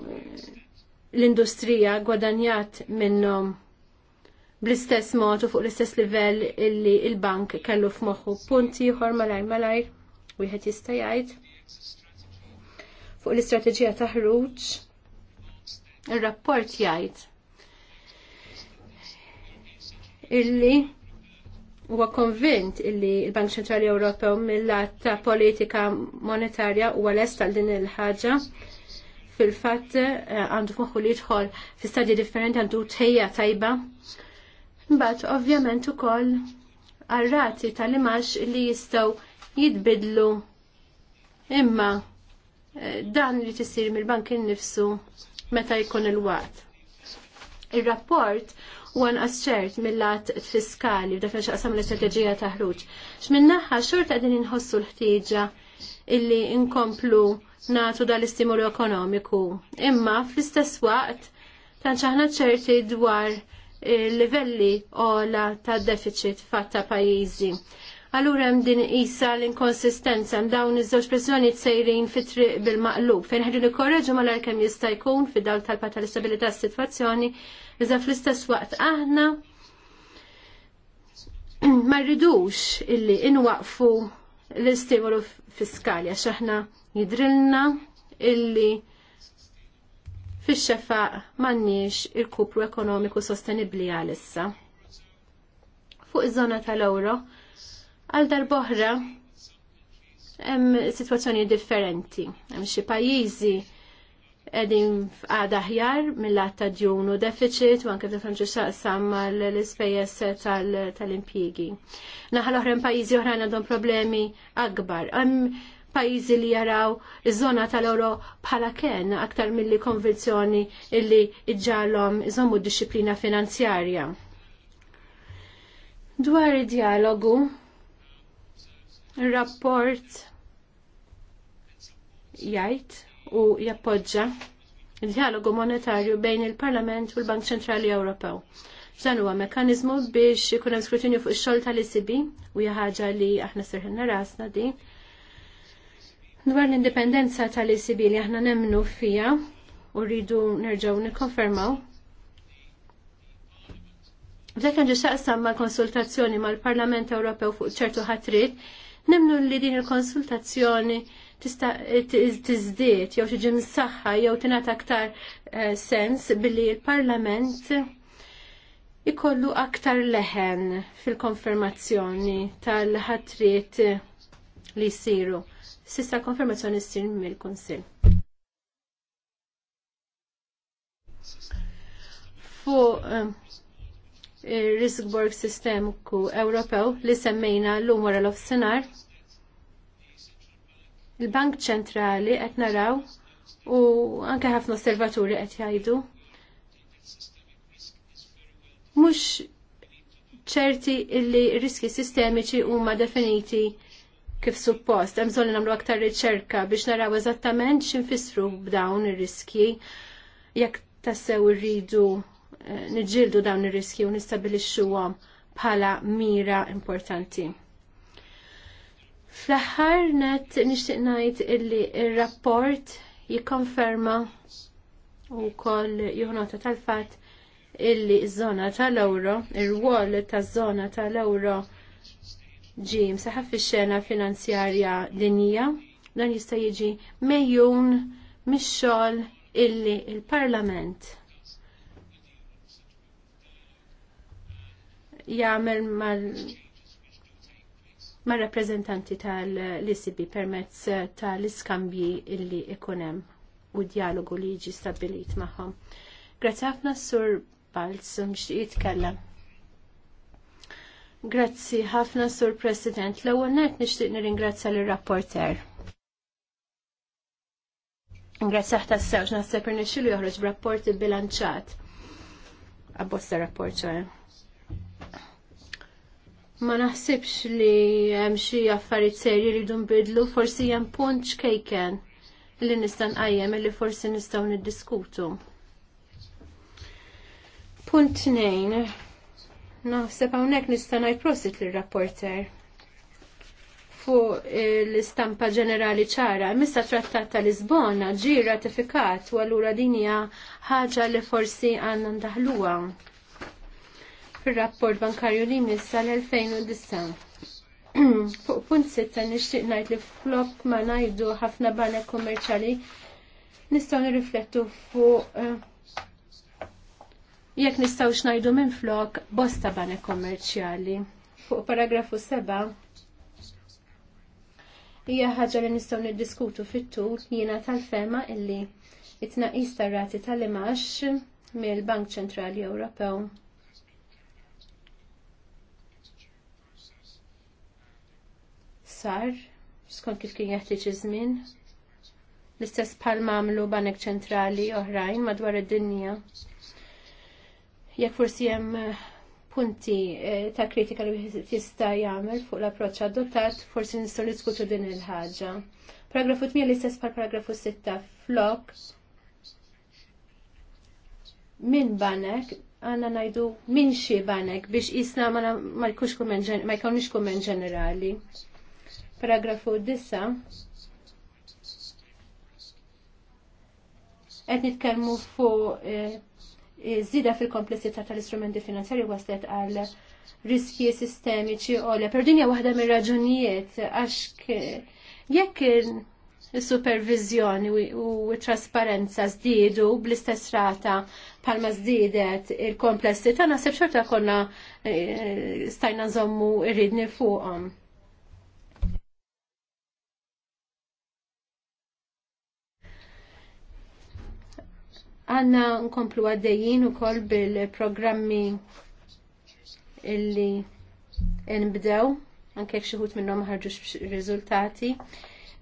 l-industrija gwadanjat minnhom bl-istess mod u fuq l-istess livell illi il-bank kellu f'moħħu punti ieħor malajr malajr wieħed jista' jgħid. Fuq l-istrateġija ta' ħruġ ir-rapport jgħid illi huwa konvint illi l-Bank Ċentrali Ewropew mill-lat ta' politika monetarja huwa lest għal din il-ħaġa fil-fatt eh, għandu moħħu li jidħol fi stadji differenti għandu tejja tajba Mbagħad ovvjament ukoll arrati tal-imax li jistgħu jitbidlu imma eh, dan li tisir mill-bank innifsu meta jkun il-waqt. Ir-rapport huwa nqas ċert mill-lat fiskali u dak xaqsam l-istrateġija ta' ħruġ. X'minnaħħa xorta qegħdin inħossu l-ħtieġa illi inkomplu natu dal-istimulu ekonomiku. Imma fl-istess waqt tanċaħna ċerti dwar livelli ola ta' deficit fatta pajjiżi. Allura hemm din qisha l-inkonsistenza hemm dawn iż-żewġ pressjoni sejrin fit-triq bil-maqlub fejn ħedu nikkorreġu malajr kemm jista' jkun fid-dawl tal tal-istabilità s-sitwazzjoni iżda fl-istess waqt aħna [clears throat] ma rridux illi inwaqfu l-istimolu fiskali għax aħna jidrilna illi fil-xefa m'għandniex il-kupru ekonomiku sostenibbli għalissa. Fuq iż-żona tal-ewro, għal darboħra hemm sitwazzjoni differenti. Hemm xi pajjiżi qegħdin f'għada aħjar mill-att ta' djun u deficit u anke f'dan xaqsam mal-ispejjeż tal-impjiegi. Naħa l-oħrajn pajjiżi oħrajn għandhom problemi akbar pajizi li jaraw iż-żona tal-oro bħala kien aktar mill-li konvenzjoni illi iġġalhom iżommu disciplina finanzjarja. Dwar id-dialogu, rapport jgħid u jappoġġa il-dialogu monetarju bejn il-Parlament u l-Bank Ċentrali Ewropew. Dan huwa mekkaniżmu biex ikun hemm skrutinju fuq ix-xogħol tal-ECB u hija ħaġa li aħna sirħilna rasna din Dwar l-indipendenza tal-ECB li aħna nemnu fija u rridu nerġaw nikkonfermaw. Dak kien ġisaqsam ma' konsultazzjoni mal-Parlament Ewropew fuq ċertu ħatrit, nemnu li din il-konsultazzjoni tizdiet jew tiġi msaħħa jew tingħat aktar eh, sens billi l-Parlament ikollu aktar leħen fil-konfermazzjoni tal-ħatrit li jsiru sista konfermazzjoni ssir mill-Kunsill. Fu ehm, ir-risk borg sistemiku Ewropew li semmejna l-lum wara l-offsenar, il-Bank ċentrali qed naraw u anke ħafna osservaturi qed jgħidu mhux ċerti illi riski sistemiċi huma definiti kif suppost. Hemm bżonn nagħmlu aktar riċerka biex naraw eżattament x'infissru b'dawn ir-riskji jekk tassew irridu eh, niġġieldu dawn ir-riskji u nistabilixxuhom bħala mira importanti. Fl-aħħar net nixtieq ngħid illi ir-rapport jikkonferma wkoll jieħu nota tal-fatt illi ż-żona tal-ewro, ir-wol taż-żona tal-ewro ġim, msaħaf fix-xena finanzjarja dinija dan jista' jiġi mejjun mix-xogħol illi il-Parlament jagħmel ma rappreżentanti tal-ISB permezz tal-iskambji illi ikun hemm u dialogu li jiġi stabbilit magħhom. Grazzi ħafna sur Balz mixtieq jitkellem. Grazzi ħafna Sur President. L-ewwel ngħid nixtieq nirringrazzja lir-rapporter. Ingrazzjaħ tas-sewġ naħseb li joħroġ b'rapport bilanċat. Abbosta rapport ċoħe. Ma naħsibx li hemm xi affarijiet serji li nbidlu, forsi hemm punt xkejken li nista' nqajjem li forsi nistgħu niddiskutu. Punt 2. Naħseb no, hawnhekk nista' ngħid prosit lir-rapporter fuq l-istampa ġenerali ċara. Missa trattat ta' Lisbona ġi ratifikat u allura din hija ħaġa li forsi għandna ndaħluha fir-rapport bankarju li missa l-2009. [clears throat] fuq punt sitta nixtieq ngħid li flok ma ngħidu ħafna banek kummerċjali nistgħu nirriflettu fuq uh, jekk nistgħu xnajdu minn flok bosta banek kommerċjali. Fuq paragrafu 7 hija ħaġa li nistgħu niddiskutu fit-tul jiena tal-fema illi it-tnaqqis tar-rati tal-imax mill-Bank Ċentrali Ewropew. Sar, skont kif kien jeħtieġ iż-żmien, l-istess bħal mamlu banek ċentrali oħrajn madwar id-dinja jekk forsi hemm eh, punti eh, ta' kritika li jista' jagħmel fuq l-approċċ adottat, forsi nistgħu niskutu din il-ħaġa. Paragrafu 8 l-istess bħal paragrafu 6 flok Min banek għanna najdu minn xi banek biex jisna ma jkunx kumen ġenerali. Paragrafu 9 qed nitkellmu fuq eh, zida fil-komplessità tal-istrumenti finanzjari waslet għal riskji sistemiċi għolja. Per dinja waħda mir raġunijiet għax jekk il-supervizjoni u trasparenza zdidu bl-istess rata palma zdidet il-komplessità, nasib xorta konna eh, stajna zommu irridni fuqhom. Għanna nkomplu għaddejjin u koll bil-programmi illi nbdew, anke xieħut minnom ħarġux riżultati.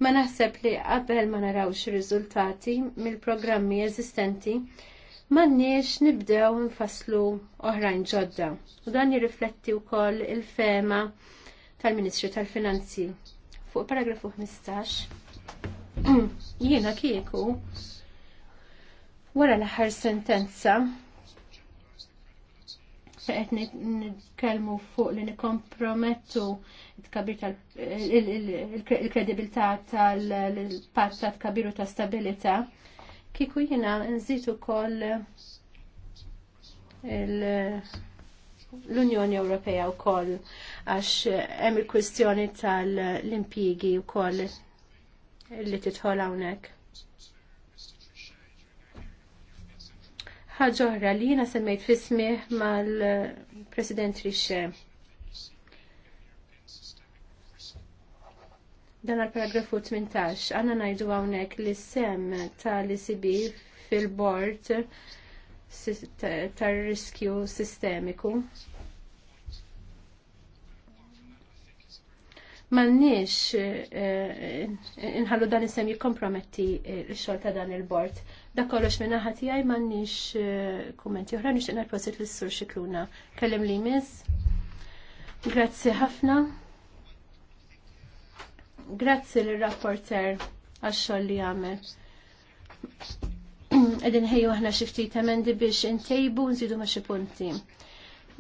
Ma naħseb li qabel ma narawx riżultati mill-programmi eżistenti, n-niex nibdew nfasslu oħrajn ġodda. U dan jirrifletti wkoll il-fema tal-Ministru tal-Finanzi. Fuq paragrafu 15, [clears throat] jiena kieku Wara l-aħħar sentenza qed nitkellmu fuq li nikkompromettu il-kredibilità tal-patt ta' tkabiru ta' stabilità. Kieku jiena nżid ukoll l-Unjoni Ewropea wkoll għax hemm il-kwistjoni tal-impjigi wkoll li tidħol hawnhekk. oħra li jina semmejt fismih mal-President Rixe. Dan għal-paragrafu 18, għanna najdu għawnek li sem tal-ICB fil-bord tar-riskju sistemiku. Mannix eh, inħallu dan isem jikkomprometti eh, il-xol ta' dan il-bord Dak kollox minna ħatijaj m'għandniex eh, kummenti oħra nixtieq narposit lis-sur Xikluna. Kellem li miss. Grazzi ħafna. Grazzi l-rapporter għax-xogħol li għamel. Edin [clears throat] ħejju aħna xi ftit emendi biex intejbu nżidu ma xi punti.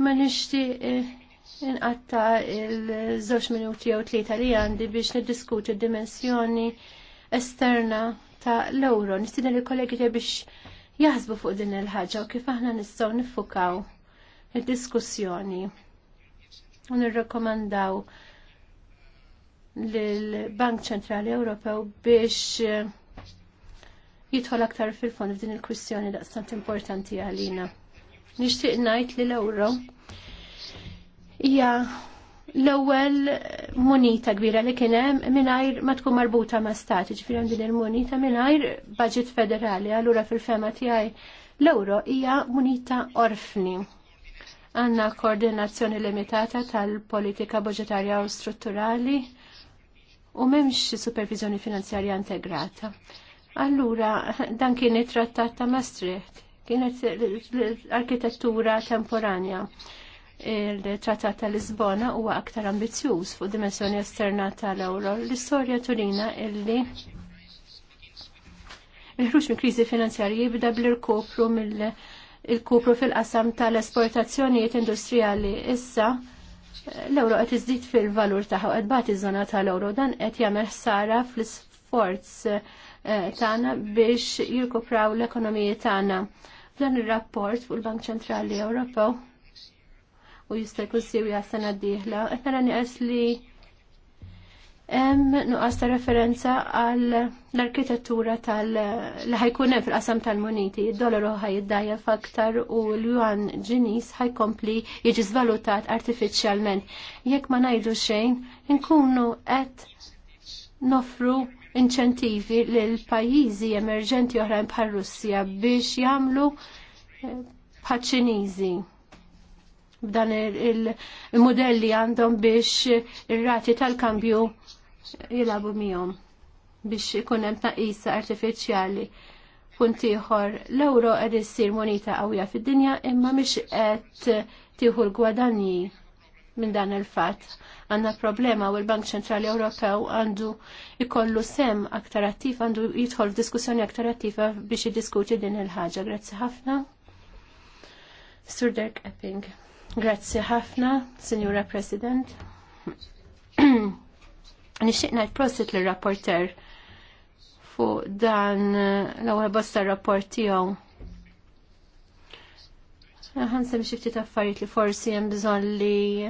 Ma nixti eh, inqatta il-żewġ minuti jew tlieta li għandi biex niddiskuti d-dimensjoni esterna ta' l ewro Nistina li kollegi biex jahzbu fuq din il-ħagġa u kif aħna nistgħu nifukaw il-diskussjoni u nirrekomandaw lill-Bank Ċentrali Ewropew biex eh, jidħol aktar fil-fond f'din il-kwistjoni daqstant importanti għalina. Nixtieq ngħid li l ewro hija l-ewwel munita kbira li kien hemm mingħajr ma tkun marbuta ma' stati, ġifieri hemm din il-munita mingħajr budget federali, allura fil-fema tiegħi l ewro hija munita orfni. għandna koordinazzjoni limitata tal-politika budgetarja u strutturali u m'hemmx supervizjoni finanzjarja integrata. Allura, dan kien it-trattat ta' Maastricht, kienet l-arkitettura temporanja il-Trattat tal-Lisbona huwa aktar ambizzjuż fuq dimensjoni esterna tal-Ewro. L-istorja turina illi il-ħruġ minn kriżi finanzjarji jibda bl-irkopru mill-kopru fil-qasam tal-esportazzjonijiet industrijali issa l ewro qed iżdid fil-valur tagħha qed bagħti iż-żona tal ewro dan qed jagħmel ħsara fl-isforz eh, tagħna biex jirkupraw l-ekonomiji tagħna. F'dan ir-rapport fuq il-Bank Ċentrali Ewropew u jista' jkun sirja sena d-dieħla. Qed nara nieqes li hemm nuqas ta' referenza għal l-arkitettura tal- li ħajkun hemm fil-qasam tal-muniti. Id-dollaru ħajiddajja faktar u l-juan ġinis ħajkompli jiġi zvalutat artifiċjalment. Jekk ma ngħidu xejn, inkunu qed nofru inċentivi l pajjiżi emerġenti oħrajn bħal Russja biex jagħmlu eh, bħal Ċiniżi b'dan il-modelli għandhom biex ir-rati tal-kambju jilabu miħom biex ikun hemm taqisa artifiċjali. kun tiħor l-euro qed issir monita qawwija fid-dinja imma mhix qed tieħu l-gwadanji minn dan il-fatt. Għandna problema u l-Bank Ċentrali Ewropew għandu ikollu sem aktar attiv, għandu jidħol f'diskussjoni aktar attiva biex jiddiskuti din il-ħaġa. Grazzi ħafna. Sir Dirk Epping. Grazzi ħafna, Signora President. [clears throat] Nixtieq ngħid prosit lir rapporter fuq dan eh, l-ewwel bosta rapport tiegħu. Ħansem xi ftit affarijiet li forsi hemm bżonn li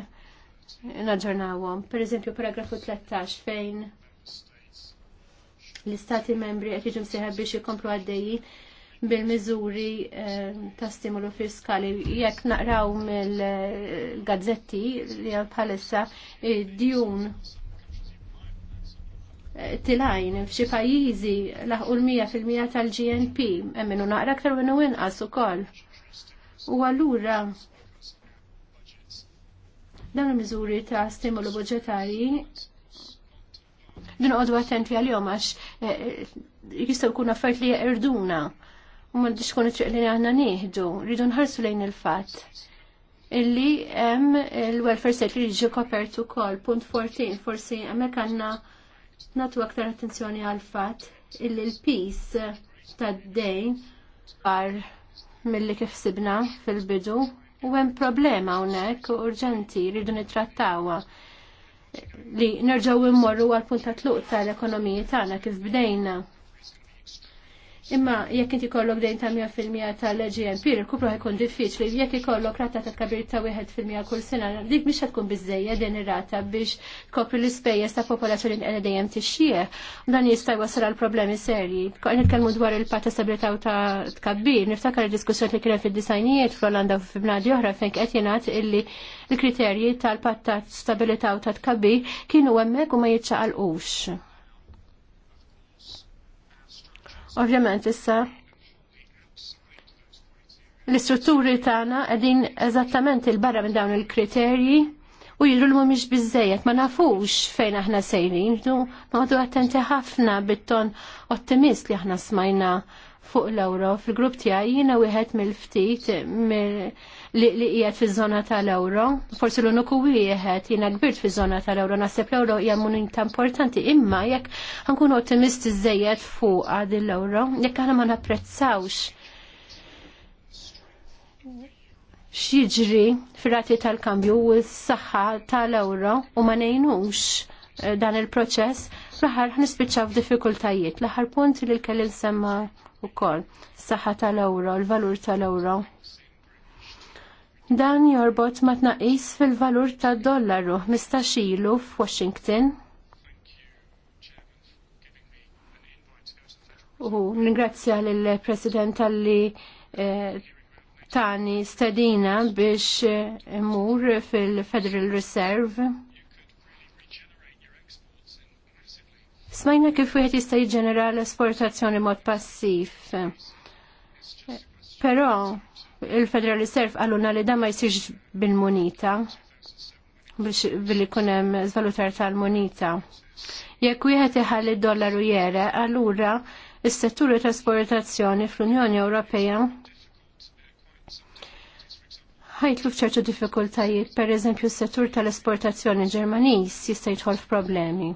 naġġornawhom. Pereżempju paragrafu 13 fejn l-istati membri qed jiġu msieħab biex ikomplu għaddejjin bil-miżuri eh, ta' stimolu fiskali. Jekk naqraw mill-gazzetti li għal bħalissa eh, djun eh, tilajn f'xi pajjiżi laħqu l-100% tal-GNP, emminu naqra aktar minnu inqas ukoll. U allura dawn il-miżuri ta' stimolu budġetarji din għodu attenti għal-jom għax jistaw kun affert li jirduna u ma tkun it-triq li aħna nieħdu, rridu nħarsu lejn il-fatt illi hemm il-welfare state li jiġi kopertu wkoll punt 14 forsi hemmhekk għandna nagħtu aktar attenzjoni għal fatt illi l-peace tad-dejn għar milli kif sibna fil-bidu u hemm problema hawnhekk urġenti rridu nittrattawha li nerġgħu immorru għal punt ta' tluq tal-ekonomiji tagħna kif bdejna Imma jekk inti kollok dejn ta' 100% tal-GNP, il-kupru ħajkun diffiċli. Jekk ikollok rata ta' kabir ta' 1% kull sena, dik mhix tkun biżejja din ir-rata biex tkopri l-ispejjeż ta' popolazzjoni qiegħda dejjem tixjieħ. Dan jista' jwassal għal problemi serji. Nitkellmu dwar il pat ta' stabilità ta' tkabbir, niftakar id-diskussjoni li kienet fid-disajnijiet fl-Olanda u f'bnadi oħra fejn qed jingħad illi l-kriterji tal patta ta' stabilità u ta' tkabbir kienu hemmhekk u ma jiċċaqalqux. Ovvjament issa l-istrutturi tagħna qegħdin eżattament il-barra minn dawn il-kriterji u jidru l biżejjed ma nafux fejn aħna sejrin, noqdu attenti ħafna bit-ton ottimist li aħna smajna fuq l-Ewro. Fil-grupp tiegħi jiena wieħed mill-ftit mill li qiegħed fi zona tal-ewro. Forsi l unuku wieħed jiena gbirt fiż-żona tal-ewro naħseb l-ewro hija munita importanti imma jekk ħankun ottimisti żejjed fuq għadil l-ewro, jekk aħna ma napprezzawx x'jiġri fir-rati tal-kambju u s-saħħa tal-ewro u ma ngħinux eh, dan il-proċess, l-aħħar ħnispiċċa f'diffikultajiet. L-aħħar punt li l-kellim semma wkoll s-saħħa tal-ewro, l-valur tal-ewro. Dan jorbot ma tnaqis fil-valur tad dollaru mistaxilu ilu f'Washington. U ningrazzja lill-President tal-li eh, tani stedina biex imur eh, fil-Federal Reserve. Smajna kif wieħed jista' jiġġenera l-esportazzjoni mod passiv. Però il-Federal Reserve għalluna li da ma jisirx bil-monita biex billi kunem zvalutar tal-monita. Jekk wieħed iħalli dollaru jere, allura is-settur trasportazzjoni fl-Unjoni Ewropea ħajtlu f'ċertu diffikultajiet, per eżempju s-settur tal-esportazzjoni Ġermaniż jista' jidħol f'problemi.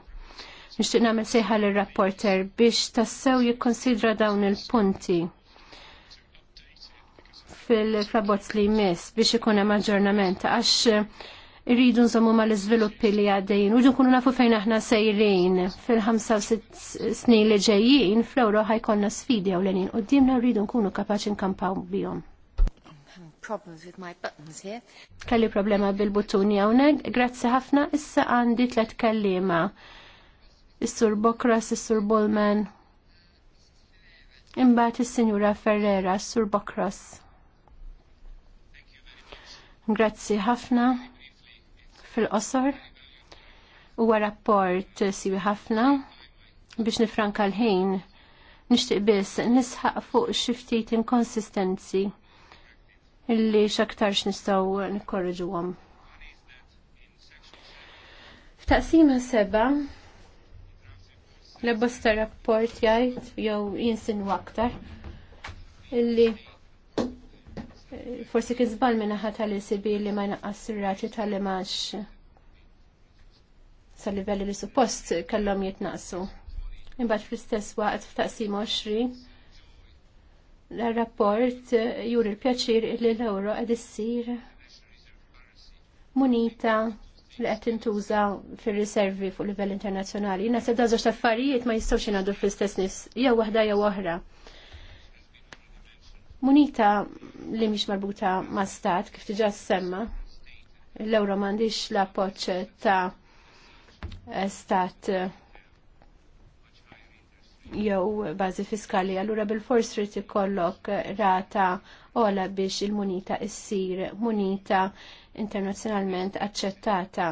Nixtieq nagħmel sejħa lir rapporter biex tassew jikkonsidra dawn il-punti fil-flabots li jmiss biex ikun hemm aġġornament għax irridu nżommu ma l-iżviluppi li għaddejn u nkunu nafu fejn aħna sejrin fil-5 snin li ġejjin fl-ewro ħajkonna sfidi ewlenin qudiemna rridu nkunu kapaċi nkampaw bihom problems with my buttons here. Kelli problema bil-buttuni hawnhekk. Grazzi ħafna. Issa għandi tlet kellima. Is-Sur Bokras, is-Sur Bullman. Imbagħad is-Sinjura Ferrera, is-Sur Bokras. Grazzi ħafna fil-qosor. Huwa rapport siwi ħafna biex nifranka l-ħin nixtieq biss nisħaq fuq xi ftit inkonsistenzi illi x'aktarx nistgħu nikkorreġuhom. F'taqsima seba' l-bosta rapport jgħid jew jinsinwa aktar illi forsi kien żball minn naħa tal-ECB li ma jnaqqas ir-rati tal-imax sal-livelli li suppost kellhom jitnaqsu. Imbagħad fl-istess waqt f'taqsim 20 l-rapport juri l-pjaċir li l ewro qed issir munita li qed intuża fir-riservi fuq livell internazzjonali. se dażox taffarijiet ma jistgħux ingħadu fl-istess nies jew waħda jew oħra. Munita li mhix marbuta ma' stat kif diġà semma l ewro m'għandix l-appoġġ ta' stat jew bażi fiskali, allura bil-fors trid ikollok rata ola biex il-munita issir munita internazzjonalment aċċettata.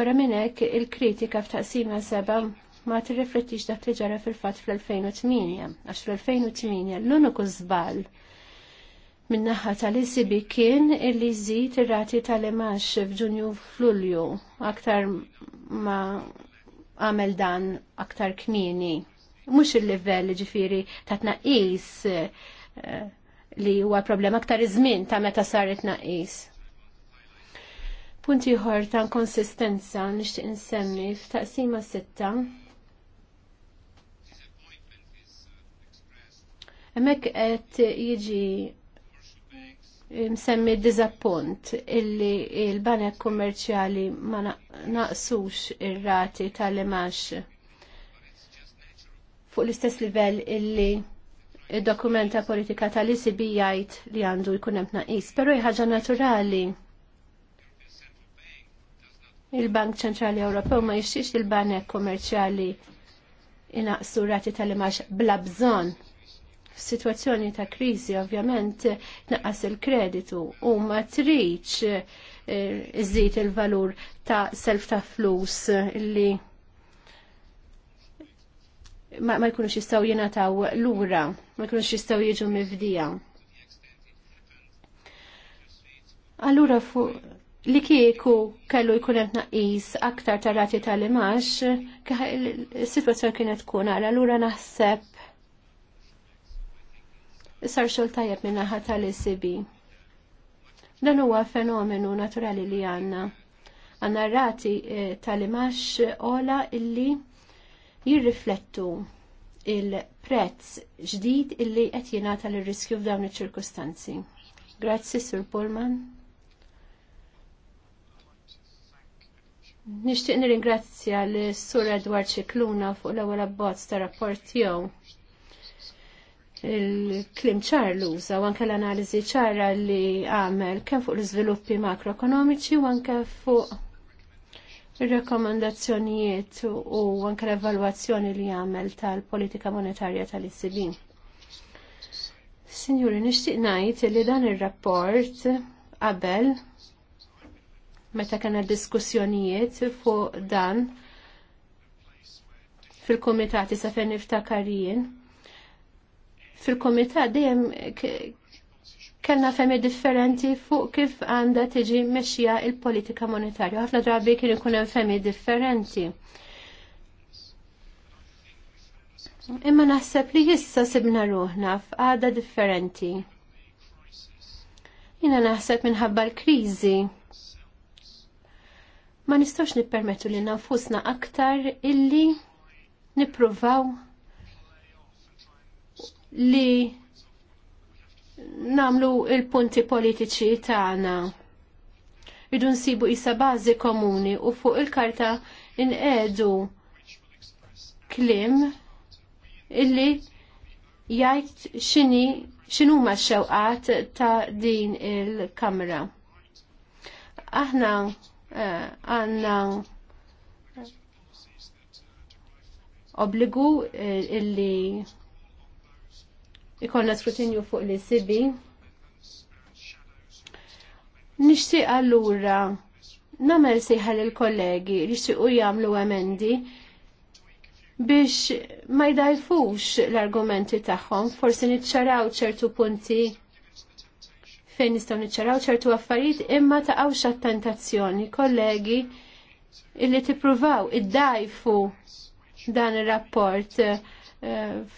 Barra minn hekk il-kritika f'taqsima seba' ma tirriflettix dak li ġara fil-fatt fl-2008, għax fl-2008 l-uniku żball min-naħa tal isibi kien illi jżid ir-rati tal-imax f'Ġunju f'Lulju aktar ma għamel dan aktar kmieni. Mhux il-livell ġifiri ta' tnaqqis eh, li huwa problem aktar iż-żmien ta' meta sar it-tnaqqis. Punti ieħor ta' konsistenza nixtieq insemmi f'taqsima sitta' Hemmhekk qed jiġi msemmi diżappunt illi il-banek kummerċjali ma naqsux ir-rati tal-imax fuq l-istess livell illi il dokumenta politika tal-ICB jgħid li għandu jkun hemm tnaqqis, però ħaġa naturali. Il-Bank Ċentrali Ewropew ma jixtiex il-banek kummerċjali inaqsu rati tal-imax bla bżonn. F'sitwazzjoni ta' kriżi ovvjament naqas il-kreditu u ma triċ eh, iżid il-valur ta' self ta' flus li ma, ma jkunux jistaw ta' l-ura, ma jkunux jistaw jieġu mifdija. Allura fu li kieku kellu jkun qed tnaqqis aktar tarati tal-imax, situazzjoni kienet tkun għal allura naħseb sar xogħol tajjeb minn naħa tal sibi. Dan huwa fenomenu naturali li għandna. Għanna rati eh, tal-imax ola illi jirriflettu il-prezz ġdid illi qed jingħata l riskju f'dawn iċ-ċirkustanzi. Grazzi, Sur Pullman. Nixtieq nirringrazzja l-Sur Edward Ċikluna fuq l-ewwel abbozz ta' rapport tiegħu il-klim ċarlu uża u anke l-analiżi ċara li għamel kemm fuq l-iżviluppi makroekonomiċi u anke fuq ir-rekomandazzjonijiet u anke l-evalwazzjoni li għamel tal-politika monetarja tal-ECB. Signori, nixtieq ngħid li dan ir-rapport qabel meta kena diskussjonijiet fuq dan fil-komitati sa' fejn niftakar fil-komitat dejjem kellna femi differenti fuq kif għandha tiġi mexxija il-politika monetarja. Ħafna drabi kien ikun hemm femi differenti. Imma naħseb li jissa sibna ruħna f'għada differenti. Jina naħseb minħabba l-kriżi. Ma nistax nippermettu li nafusna aktar illi nippruvaw li namlu il-punti politiċi tagħna. Idu nsibu isa bażi komuni u fuq il-karta inqedu klim illi jgħid xini x'inhuma x-xewqat ta' din il-kamra. Aħna eh, għandna obbligu eh, illi ikonna skrutinju fuq li sibi. Nishti allura namel siħal il-kollegi li u jamlu emendi biex ma jdajfux l-argumenti tagħhom, forsi niċċaraw ċertu punti fejn nistgħu niċċaraw ċertu affarijiet imma taqgħux għat-tentazzjoni, kollegi illi tippruvaw iddajfu dan ir-rapport uh,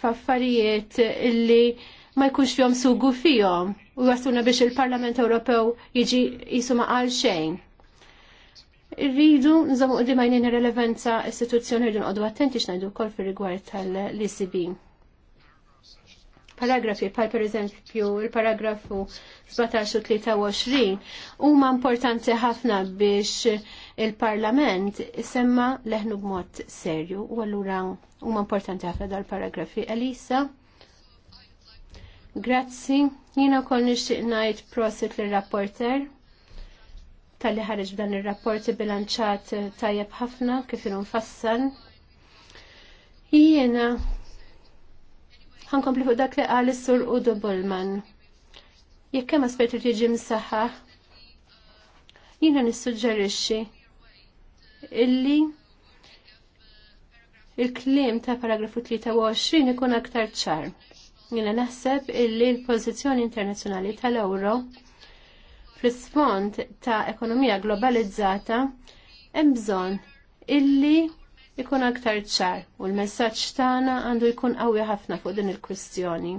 f'affarijiet illi ma jkunx fjom sugu fihom u jwastuna biex il-Parlament Ewropew jiġi jisuma għal xejn. Rridu nżommu qdim għajnejn relevanza istituzzjoni rridu nqodu attenti xnajdu wkoll fir-rigward tal-ECB. Paragrafi bħal pereżempju il-paragrafu 17 u 23 huma importanti ħafna biex Il-Parlament semma leħnu b'mod serju u allura huma importanti ħafna dal-paragrafi. Elisa, grazzi. Jina kol nixtieq ngħid prosit l rapporter tal-li ħareġ b'dan ir rapport bilanċat tajjeb ħafna kif fassan. mfassal. Jiena ħankompli fuq dak li qal is-sur Udo Bullman. Jekk hemm aspett li tiġi msaħħa, jiena nissuġġerixxi illi il-klim ta' paragrafu 23 ikun aktar ċar. Jina naħseb illi l-pozizjoni internazzjonali tal-euro fl-sfond ta' ekonomija globalizzata hemm bżonn illi ikun aktar ċar u l-messaġġ tagħna għandu jkun qawwi ħafna fuq din il-kwistjoni.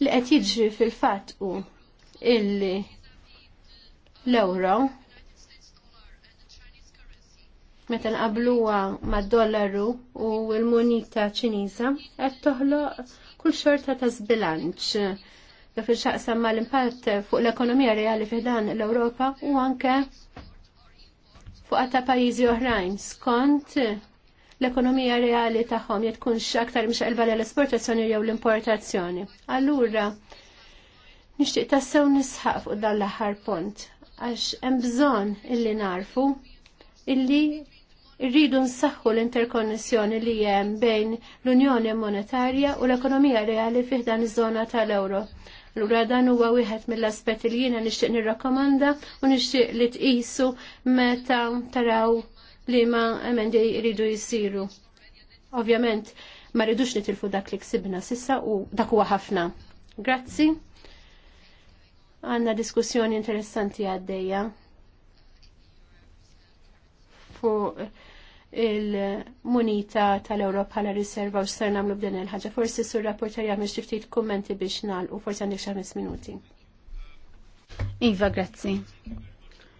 Li qed jiġri fil-fatt hu illi l-euro meta nqabluha mad-dollaru u l-munita ċiniża qed toħloq kull xorta ta' żbilanċ dak fil xaqsam ma l-impatt fuq l-ekonomija reali fi dan l-Ewropa u anke fuq ta' pajjiżi oħrajn skont l-ekonomija reali tagħhom jekk tkunx aktar mxaqilba l-esportazzjoni jew l-importazzjoni. Allura nixtieq tassew nisħaq fuq dan l-aħħar punt għax hemm bżonn illi narfu illi Irridu nsaħħu l-interkonnessjoni li hemm bejn l-Unjoni Monetarja u l-ekonomija reali fih dan iż-żona tal ewro Lura dan huwa wieħed mill-aspetti li jiena nixtieq nirrakkomanda u nixtieq li tqisu meta taraw li ma emendi jridu jisiru. Ovvjament, ma rridux nitilfu dak li ksibna sissa u dak huwa ħafna. Grazzi. Għanna diskussjoni interessanti għaddejja fuq il-munita tal-Ewropa la riserva u s-ser namlu b'din il-ħagġa. Forsi sur rapporter jgħamil xiftit kummenti biex nal u forsi għandek xaħmis minuti. Iva, grazzi.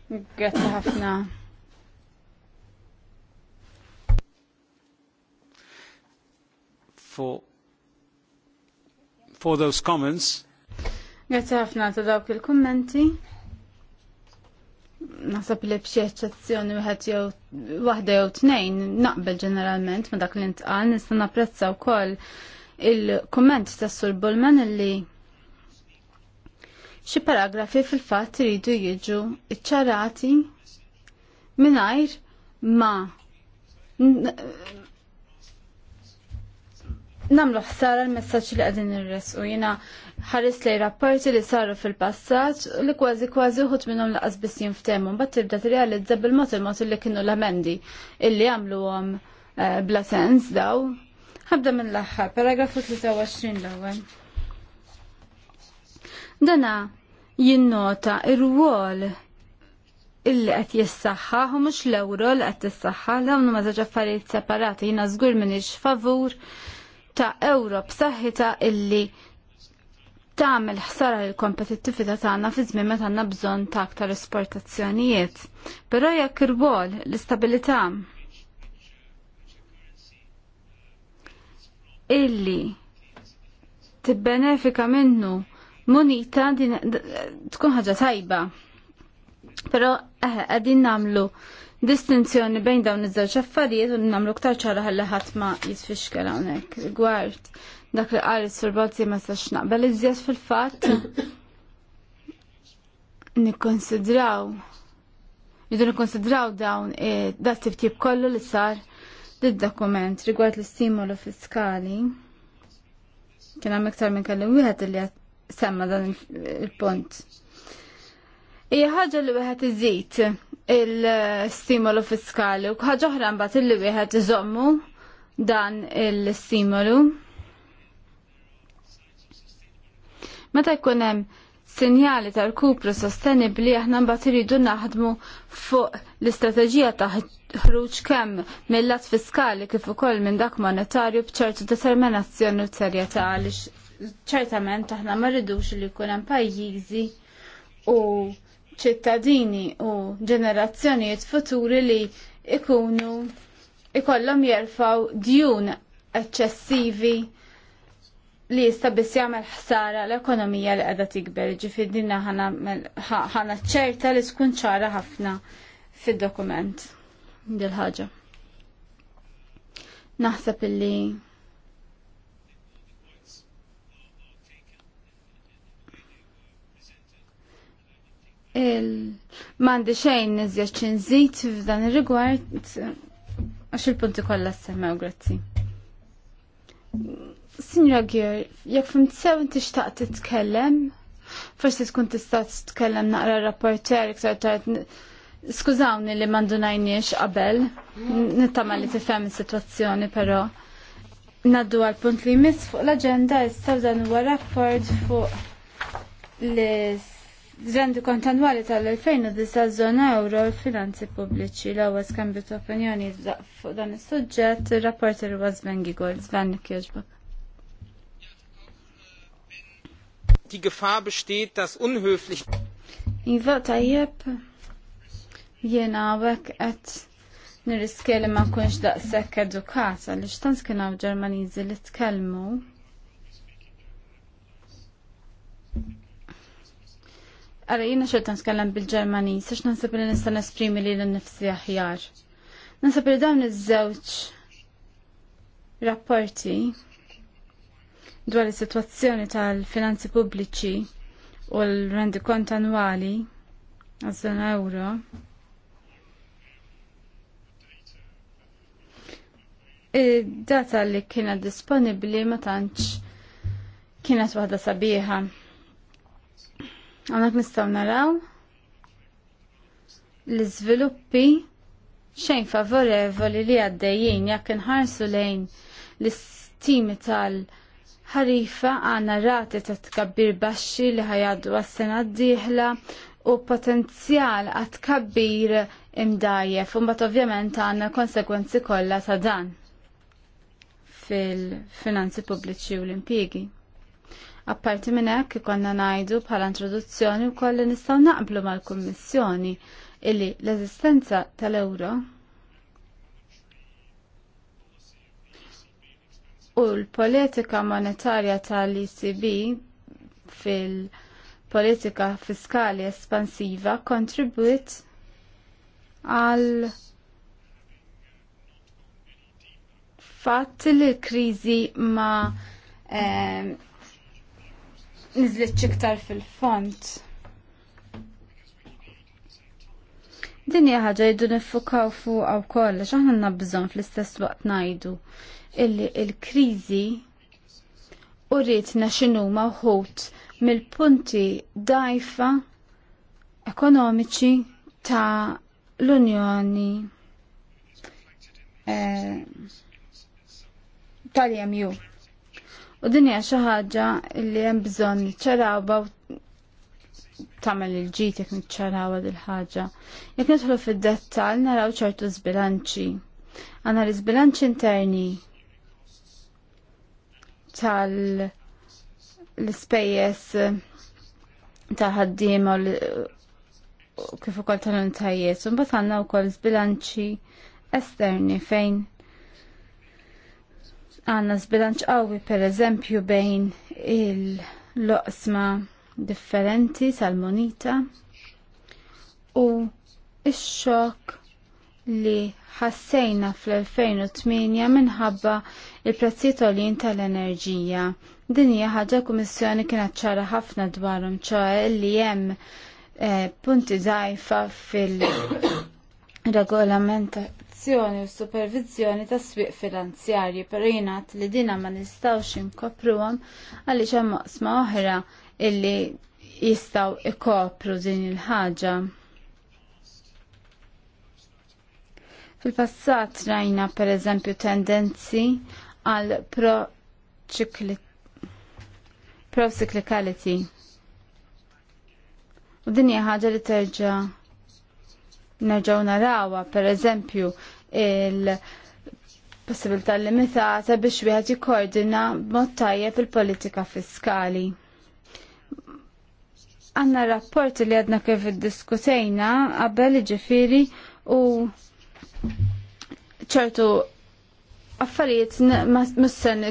Grazzi ħafna. For, for those comments. Grazzi ħafna ta' dawk il-kummenti. Nasab li b'xi eċċezzjoni wieħed jew waħda jew tnejn naqbel ġeneralment ma' dak li ntqal nista' napprezza wkoll il-kumment ta' Sur Bullman li xi paragrafi fil-fatt iridu jiġu iċċarati mingħajr ma namlu ħsara l-messagġ li għadin u Jina ħaris li rapporti li saru fil passat li kważi kważi uħut minnhom laqas biss jinftehmu, bat tibda tirrealizza bil-mod il mot li kienu l-amendi illi għamluhom eh, bla sens daw. Ħabda minn l-aħħar, paragrafu 23 l-ewwel. Dana jinnota ir-wol illi qed jissaħħa u mhux l-ewro li qed tissaħħa l-għamlu ma' affarijiet separati jiena żgur minix favur favur ta' euro b'saħħita illi tagħmel ħsara l kompetittività tagħna fi żmien meta għandna bżonn ta' aktar esportazzjonijiet. Però jekk irwol l-istabilità illi tibbenefika minnu monita din tkun ħaġa tajba. Però eħe eh, qegħdin nagħmlu distinzjoni bejn dawn iż-żewġ affarijiet u nagħmlu ktar ċara ħalli ħadd ma jisfixkel hawnhekk. Rigward dak li qal is-surbozzi ma sax naqbel iżjed fil-fatt [coughs] nikkonsidraw jidu nikkonsidraw dawn dat tiftib kollu li sar lid-dokument rigward l-istimolu fiskali. Kien hemm iktar minn kelli wieħed li semma dan il-punt. Hija ħaġa li wieħed iżid il-stimolu fiskali u kħagħuħra mbagħad illi wieħed iżommu dan il-stimolu. Meta jkun hemm sinjali tal-kupru sostenibli aħna mbagħad iridu naħdmu fuq l-istrateġija ta' ħruġ kemm mill-lat fiskali kif ukoll minn dak monetarju b'ċertu determinazzjoni u serjetà għaliex ċertament aħna ma rridux li jkun hemm pajjiżi u ċittadini u ġenerazzjonijiet futuri li ikunu ikollhom jerfaw djun eċċessivi li jista' biss jagħmel ħsara l-ekonomija li qiegħda tikber. Ġifieri dinna ħana ċerta li tkun ċara ħafna fid-dokument dil ħaġa. Naħseb illi Mandi xejn nizjaċ ċinżit f'dan ir-rigward għax il-punti kollha semmew grazzi. Signora Gjer, jekk fimt sew tixtaq titkellem, forsi tkun tista' titkellem naqra rapporter iktar tard Skużawni li mandunajniex qabel, nittama li tifhem is-sitwazzjoni però. Naddu għal punt li jmiss fuq l agenda issa dan huwa rapport fuq l rendi kontanwali tal-2009 zona euro l-finanzi pubbliċi l ewwel skambju ta' opinjoni fuq dan is-suġġett ir-rapporter huwa Sven Gigol. Sven Kirchbach. Die Gefahr besteht, dass unhöflich Iva tajjeb jiena għawek qed niriskeli ma kunx daqshekk edukata li xtans kien hawn Ġermaniżi li tkellmu Għara jina xorta nitkellem bil-Ġermani, sax nansab li nista nesprimi li l-nifsi aħjar. Nansab li dawn iż-żewġ rapporti dwar is-sitwazzjoni tal-finanzi pubbliċi u l-rendi kont annwali għaż-żona euro. il data li kiena disponibbli ma tantx kienet waħda sabiħa. Għonek nistaw naraw l sviluppi xejn favorevoli li għaddejjien jekk inħarsu lejn l-istimi tal- ħarifa għana rati ta' tkabbir baxxi li ħajadu għas-sena d-dieħla u potenzjal għat tkabbir imdajjef u mbagħad ovvjament għandna konsekwenzi kollha ta' dan fil-finanzi pubbliċi u l-impjiegi. Apparti minn hekk ikonna ngħidu bħala introduzzjoni wkoll li nistgħu naqblu mal-Kummissjoni illi l-eżistenza tal-ewro u l-politika monetarja tal-ECB fil-politika fiskali espansiva kontribwit għal fatt li l-krizi ma eh, nizlet ċiktar fil-font. Din hija ħaġa jdu nifukaw fuq għaw kollox, aħna nabżon bżonn fl-istess waqt ngħidu illi l-kriżi u rrit x'inhu mawħut mill-punti dajfa ekonomiċi ta' l-Unjoni eh, tal-EMU. U din hija xi ħaġa li hemm bżonn niċċarawha u tagħmel il-ġid jekk niċċarawha dil ħaġa. Jekk nidħlu fid-dettall naraw ċertu żbilanċi. Għandna l-iżbilanċ interni tal l-ispejjeż ta' ħaddiema u kif ukoll tal-untajiet, u mbagħad għandna wkoll żbilanċi esterni fejn għanna zbilanċ qawwi per eżempju bejn il-loqsma differenti tal-monita u ix-xok li ħassejna fl-2008 minħabba il-prezzijiet għolin tal-enerġija. Din hija ħaġa kummissjoni kienet ċara ħafna dwarhom ċoħe li hemm eh, punti dajfa fil-regolament regolamentazzjoni u supervizjoni ta' swieq finanzjarji, per jenat li dina ma nistawx inkopruhom għaliex hemm oqsma oħra illi jistaw ikopru din il-ħaġa. Fil-passat rajna per eżempju tendenzi għal pro-cyclicality. Pro u din hija ħaġa li terġa' nerġaw narawa, per eżempju, il- possibilità limitata biex wieħed jikkoordina b'mod tajjeb il-politika fiskali. Għanna rapport li għadna kif iddiskutejna qabel ġifiri u ċertu affarijiet mussen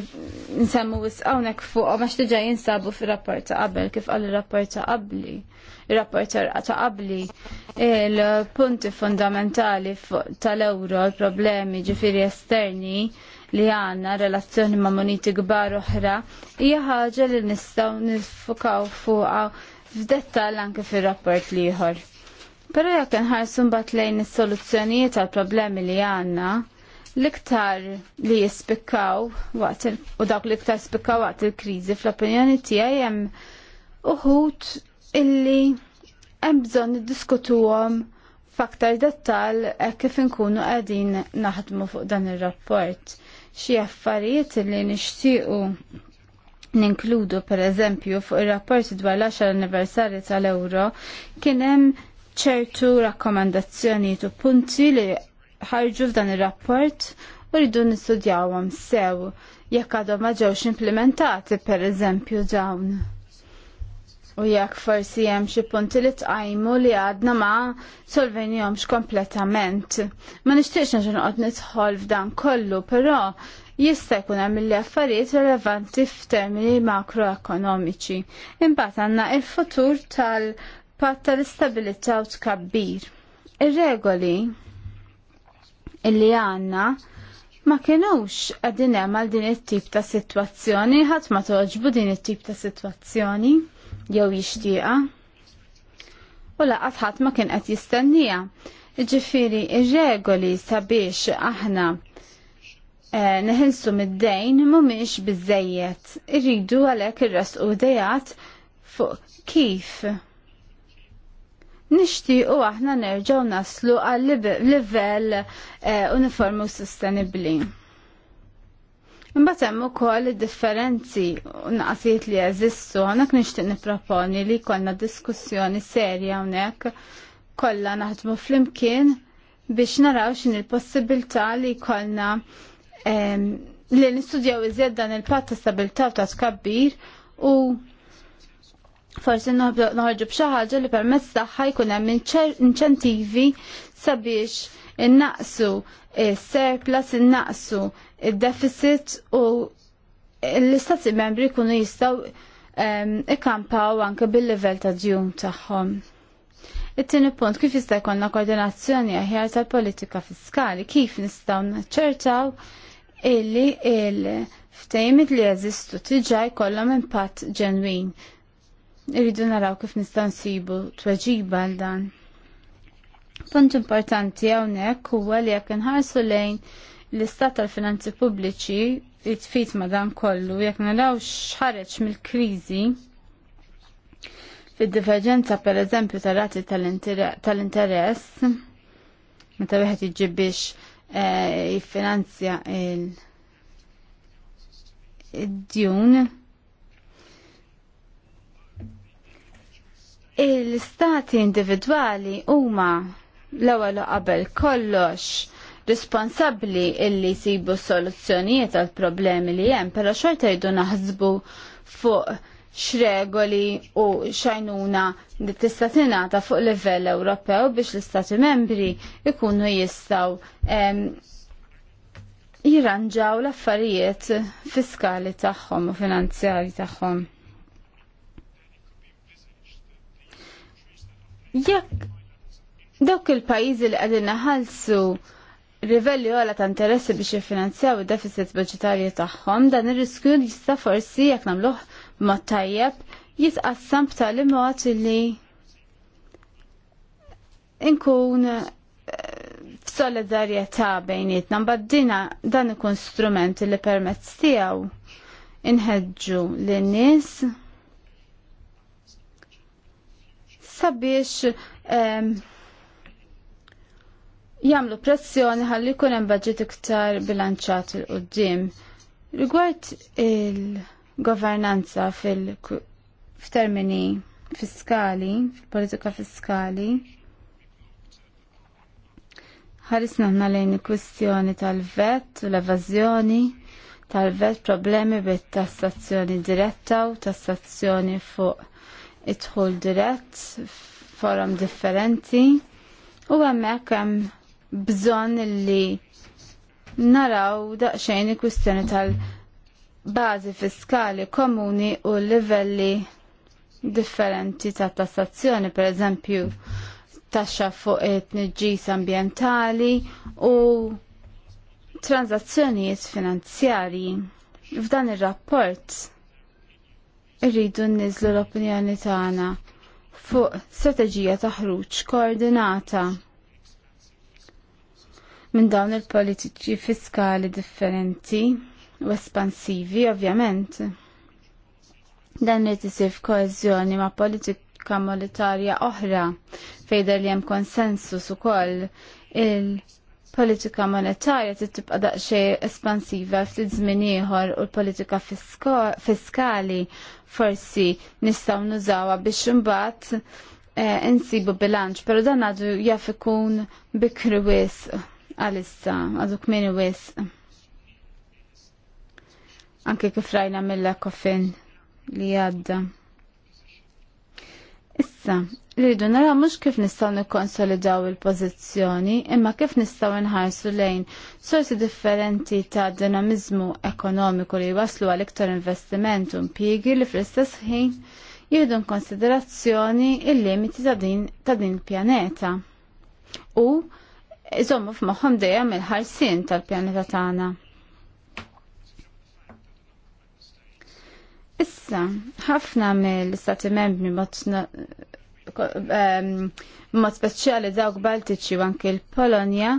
nsemmu hawnhekk fuq għax diġà jinsabu fir rapport qabel kif qal rapport rapporta qabli il-rapporter ta' qabli il-punti fundamentali tal-euro, il-problemi ġifiri esterni li għanna relazzjoni ma' moniti gbar oħra, hija ħaġa li nistaw nifukaw fuqa f'dettal anke fil-rapport liħor. Pero jekk nħarsu mbagħad lejn is-soluzzjonijiet għall problemi li għandna, l-iktar li jispikkaw waqt u dawk l-iktar spikkaw waqt il-kriżi fl-opinjoni tiegħi hemm uħud illi hemm bżonn niddiskutuhom f'aktar dettal hekk kif inkunu qegħdin naħdmu fuq dan ir-rapport. Xi affarijiet li nixtiequ ninkludu pereżempju fuq ir-rapport dwar l-10 anniversarju tal-Ewro kien hemm ċertu rakkomandazzjonijiet u punti li ħarġu f'dan ir-rapport u rridu nistudjawhom sew jekk għadhom ma ġewx implementati pereżempju dawn. U jekk forsi hemm xi punti li tqajmu li għadna ma solvenjomx kompletament. Ma nixtiex noqgħod nidħol f'dan kollu, però jista' jkun hemm mill affarijiet relevanti f'termini makroekonomiċi. Imbagħad għandna il-futur tal-patt tal-istabilità u tkabbir. Ir-regoli illi għandna ma kienux għadin hemm għal din it-tip ta' sitwazzjoni ħadd ma toġbu din it-tip ta' sitwazzjoni jew jixtieqa u laqas ħadd ma kien qed jistennija. Ġifiri, ir-regoli sabiex aħna eh, neħilsu mid-dejn mumiex bizzejiet. Irridu għalek ir-ras u dejat fuq kif. Nishti u aħna nerġaw naslu għal livell eh, u sostenibbli. Imbagħad hemm ukoll differenzi u naqsijiet li jeżistu, hawnhekk nixtieq nipproponi li jkollna diskussjoni serja hawnhekk kollha naħdmu flimkien biex naraw xin il-possibilità li jkollna li nistudjaw iżjed dan il pat ta' stabilità u ta' tkabbir u forsi noħorġu b'xi ħaġa li permezz tagħha jkun hemm inċentivi sabiex innaqsu surplus innaqsu il-deficit u l-istati membri kunu jistaw ehm, ikkampaw anke bil-level ta' djum tagħhom. It-tieni punt kif jista' jkollna koordinazzjoni aħjar tal-politika fiskali, kif nistgħu naċċertaw illi il-ftejmit li jeżistu tiġa jkollhom impatt ġenwin. Irridu naraw kif nistgħu nsibu tweġiba għal dan. Punt importanti hawnhekk huwa li jekk inħarsu lejn l-istat tal-finanzi pubbliċi jitfit ma dan kollu jekk naraw xħareċ mill-kriżi fid-diverġenza per eżempju tal-rati tal-interess meta wieħed jiġi biex eh, jiffinanzja il-djun il-stati individwali huma l-ewwel qabel kollox responsabli illi jisibu soluzzjonijiet għal problemi li hemm, però xorta jdu naħsbu fuq x'regoli u xajnuna li tista' tingħata fuq livell Ewropew biex l-Istati membri ikunu jistgħu ehm, jirranġaw l-affarijiet fiskali tagħhom u finanzjari tagħhom. Jekk dawk il-pajjiżi li qegħdin naħalsu rivelli għala ta' interessi biex jiffinanzjaw id-deficit budgetarji tagħhom, dan ir-riskju jista' forsi jekk nagħmluh b'mod tajjeb jitqassam b'tali mod li inkun eh, f'solidarjetà bejnietna mbaddina dan ikun strument li permezz tiegħu inħeġġu lin-nies sabiex ehm, Jamlu pressjoni ħalli jkun hemm budget iktar bilanċat il qudiem Rigward il-governanza fil-termini fiskali, fil-politika fiskali, ħarisna ħna lejn il-kwistjoni tal-vet u l-evażjoni tal-vet problemi bit tassazzjoni diretta u tassazzjoni fuq idħul dirett forum differenti u għemmek hemm bżonn li naraw daqsxejn il-kwistjoni tal bazi fiskali komuni u livelli differenti ta' tassazzjoni, per eżempju, taxxa fuq it-tniġġis ambjentali u tranzazzjonijiet finanzjarji. F'dan ir-rapport irridu nniżlu l-opinjoni tagħna fuq strateġija ta' ħruġ koordinata minn dawn il-politiċi fiskali differenti u espansivi, ovvjament. Dan li tisir koezjoni ma' politika monetarja oħra fejder li hemm konsensus ukoll il-politika monetarja tibqa' daqsxejn espansiva ftit żmien ieħor u l-politika fiskali forsi nistgħu nużawha biex imbagħad eh, insibu bilanċ, pero dan għadu jaf ikun bikri wisq għalissa, għadu kmini wis. Anke kif rajna mill koffin li għadda. Issa, rridu nara mhux kif nistgħu nikkonsolidaw il-pożizzjoni, imma kif nistgħu nħarsu lejn sorsi differenti ta' dinamiżmu ekonomiku li waslu għal iktar investiment u impjiegi li fl-istess ħin jieħdu konsiderazzjoni il-limiti ta' din ta' din pjaneta. U iżommu f'moħħom dejjem il-ħarsin tal-pjaneta tagħna. Issa, ħafna mill-istati membri mod ehm, speċjali dawk Baltiċi u anke l-Polonja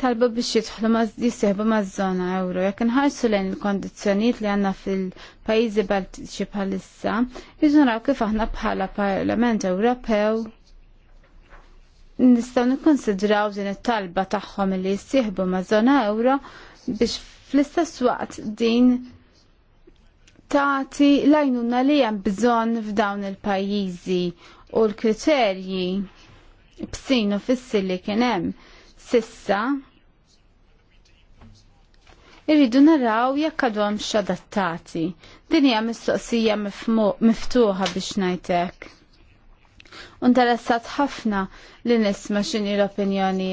talbu biex jidħlu jissieħbu maż-żona euro. Jekk inħarsu lejn il-kondizzjonijiet li għandna fil-pajjiżi Baltiċi bħalissa, jiżu naraw kif aħna bħala Parlament Ewropew nistgħu nikkonsidraw din it-talba tagħhom li jissieħbu maż-żona euro biex fl-istess waqt din tagħti lajnuna li hemm bżonn f'dawn il-pajjiżi u l-kriterji b'sinu fissi li kien hemm sissa irridu naraw jekk għadhom xadattati. Din hija mistoqsija miftuħa biex ngħidlek interessat ħafna li nisma xini l-opinjoni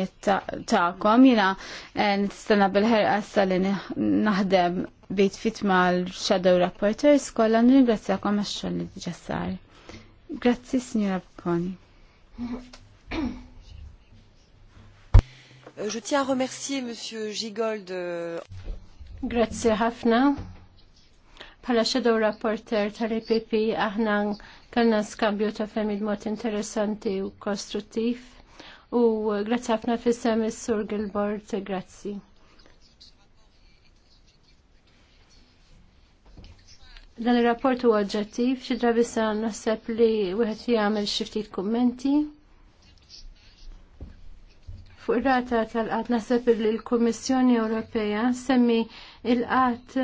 ta'kom. Jina eh, nistana bil ħerqassa li naħdem bit fit l shadow Rapporteurs kolla nirgrazzjakom għax-xogħol li ġessar. Grazzi, signora Bocconi. Euh, je tiens à remercier Monsieur Gigold. Euh, Grazie ħafna. Pala Shadow rapporter tal-EPP aħna Kellna skambju ta' femid mod interessanti u kostruttiv. U grazzi ħafna fissem is-Sur Gilbert, grazzi. Dan ir-rapport huwa oġġettiv, xi drabi sa naħseb li wieħed jagħmel xi ftit kummenti. Fuq ir-rata tal-qatt naħseb li l-Kummissjoni Ewropea semmi il-qatt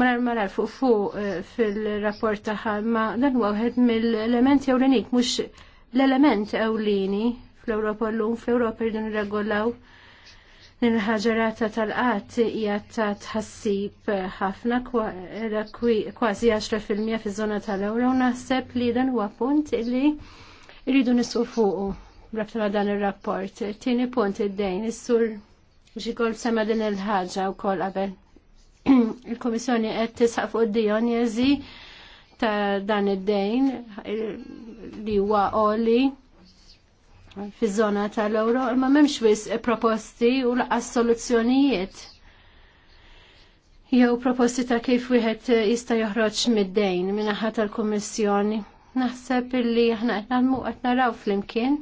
marar marar fuq fuq eh, fil-rapport taħħa ma dan għawħed mill-elementi ewlenik mhux l-element ewlieni fl-Ewropa llum fl-Ewropa rridu regolaw nil ħaġerata tal qat hija ta' tħassib ħafna kważi 10% fil żona tal u naħseb li dan huwa punt li rridu nisqu fuqu rabta ma' dan ir-rapport. Tieni punt id-dejn is-sur biex sema din il-ħaġa wkoll qabel [clears throat] Il-Komissjoni qed tisħaq fuq id-dijonjezi ta' dan id-dejn li huwa oli fiż-żona tal-Ewro, imma m'hemmx wisq proposti u laqas soluzzjonijiet. Jew proposti ta' kif wieħed jista' joħroġ mid-dejn minaħa tal-Kummissjoni. Naħseb illi aħna qed nagħmlu qed naraw flimkien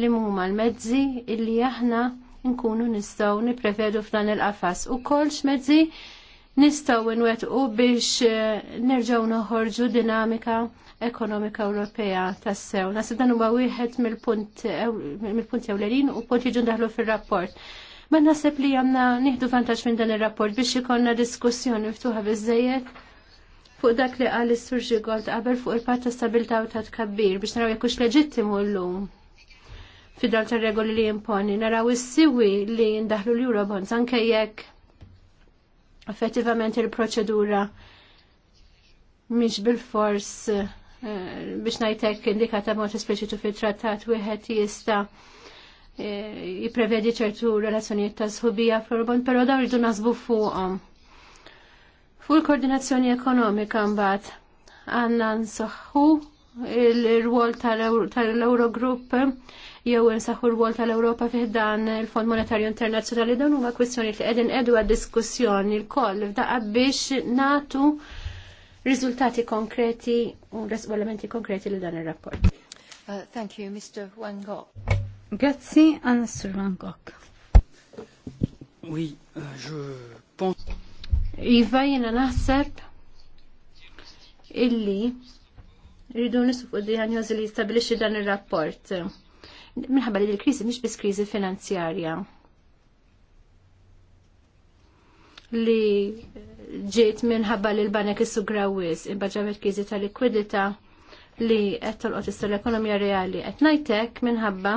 li huma l-mezzi illi aħna nkunu nistgħu nipprevedu f'dan il-qafas u kolx mezzi nistaw nwettqu biex eh, nerġaw noħorġu dinamika ekonomika Ewropea tas sew. Nasib dan huwa wieħed mill-punti mil ewlerin u punti ġun daħlu fir-rapport. Ma nasib li għamna nieħdu vantaġġ minn dan ir-rapport biex ikonna diskussjoni ftuħa biżejjed fuq dak li qal is-surġi gold qabel fuq il-pat ta' stabilta u ta' tkabbir biex naraw jekk hux leġittimu llum fid fidal tar regoli li jimponi, naraw is-siwi li ndaħlu l-Eurobonds anke jekk effettivament il-proċedura mhix bil-fors eh, biex ngħidlek indikata mod espliċitu fit-trattat wieħed jista' eh, jipprevedi ċertu relazzjonijiet ta' sħubija fl urbon però dawn rridu naħsbu fuqhom. Fuq il-koordinazzjoni ekonomika mbagħad għandna nsaħħu il-rwol tal-Eurogroup tal jew insaħu l-wol tal-Ewropa fiħdan il-Fond Monetarju Internazzjonali dawn huma kwistjoni li qegħdin qegħdu għad-diskussjoni l-koll f'daqqa biex natu riżultati konkreti u elementi konkreti li dan ir-rapport. Uh, thank you, Mr. Wang Gogh. Grazzi, Mr. Wang Gogh. Oui, uh, je pense... Iva jena naħseb illi rridu nisfu diħanjoz li jistabilixi dan il-rapport minħabba li l-kriżi mhix biss kriżi finanzjarja li ġiet minħabba li l-banek issu grawis imba ġabet kriżi ta' likwidità li qed tolqot issa l-ekonomija reali. Qed ngħidlek minħabba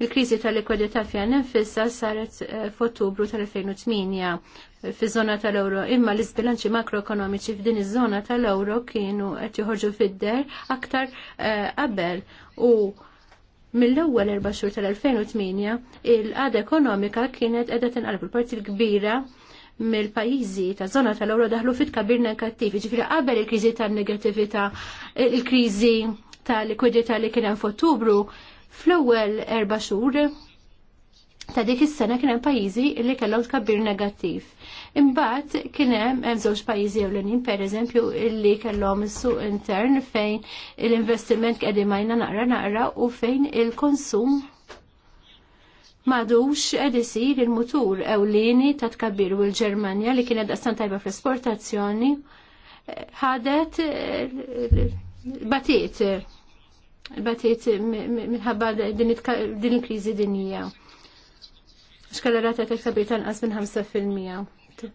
il-kriżi tal-likwidità fiha ninfissa saret eh, f'Ottubru tal-2008 fiż-żona tal-euro imma l-isbilanċi makroekonomiċi f'din iż-żona tal-euro kienu qed joħorġu fid-der aktar eh, qabel u Mill-ewwel erba' xhur tal-2008 il-qada ekonomika kienet qiegħda tinqalb il-parti l-kbira mill-pajjiżi ta' żona tal-ewro daħlu fit kabir negattiv, jiġifieri qabel il-kriżi tan-negattività, il-kriżi tal-likwidità li kien hemm f'Ottubru, fl-ewwel erba' xhur ta' dik is-sena kien hemm pajjiżi li kellhom tkabbir negattiv. Imbagħad kien hemm hemm żewġ pajjiżi ewlenin pereżempju li kellhom is-suq intern fejn l-investiment qegħdin majna naqra naqra u fejn il-konsum madux qed isir il-mutur ewlieni ta' tkabbir u l-Ġermanja li kienet daqsan tajba fl-esportazzjoni ħadet batiet batiet minħabba din il-kriżi dinija xkalla rata ta' ktabir tanqas minn 5%.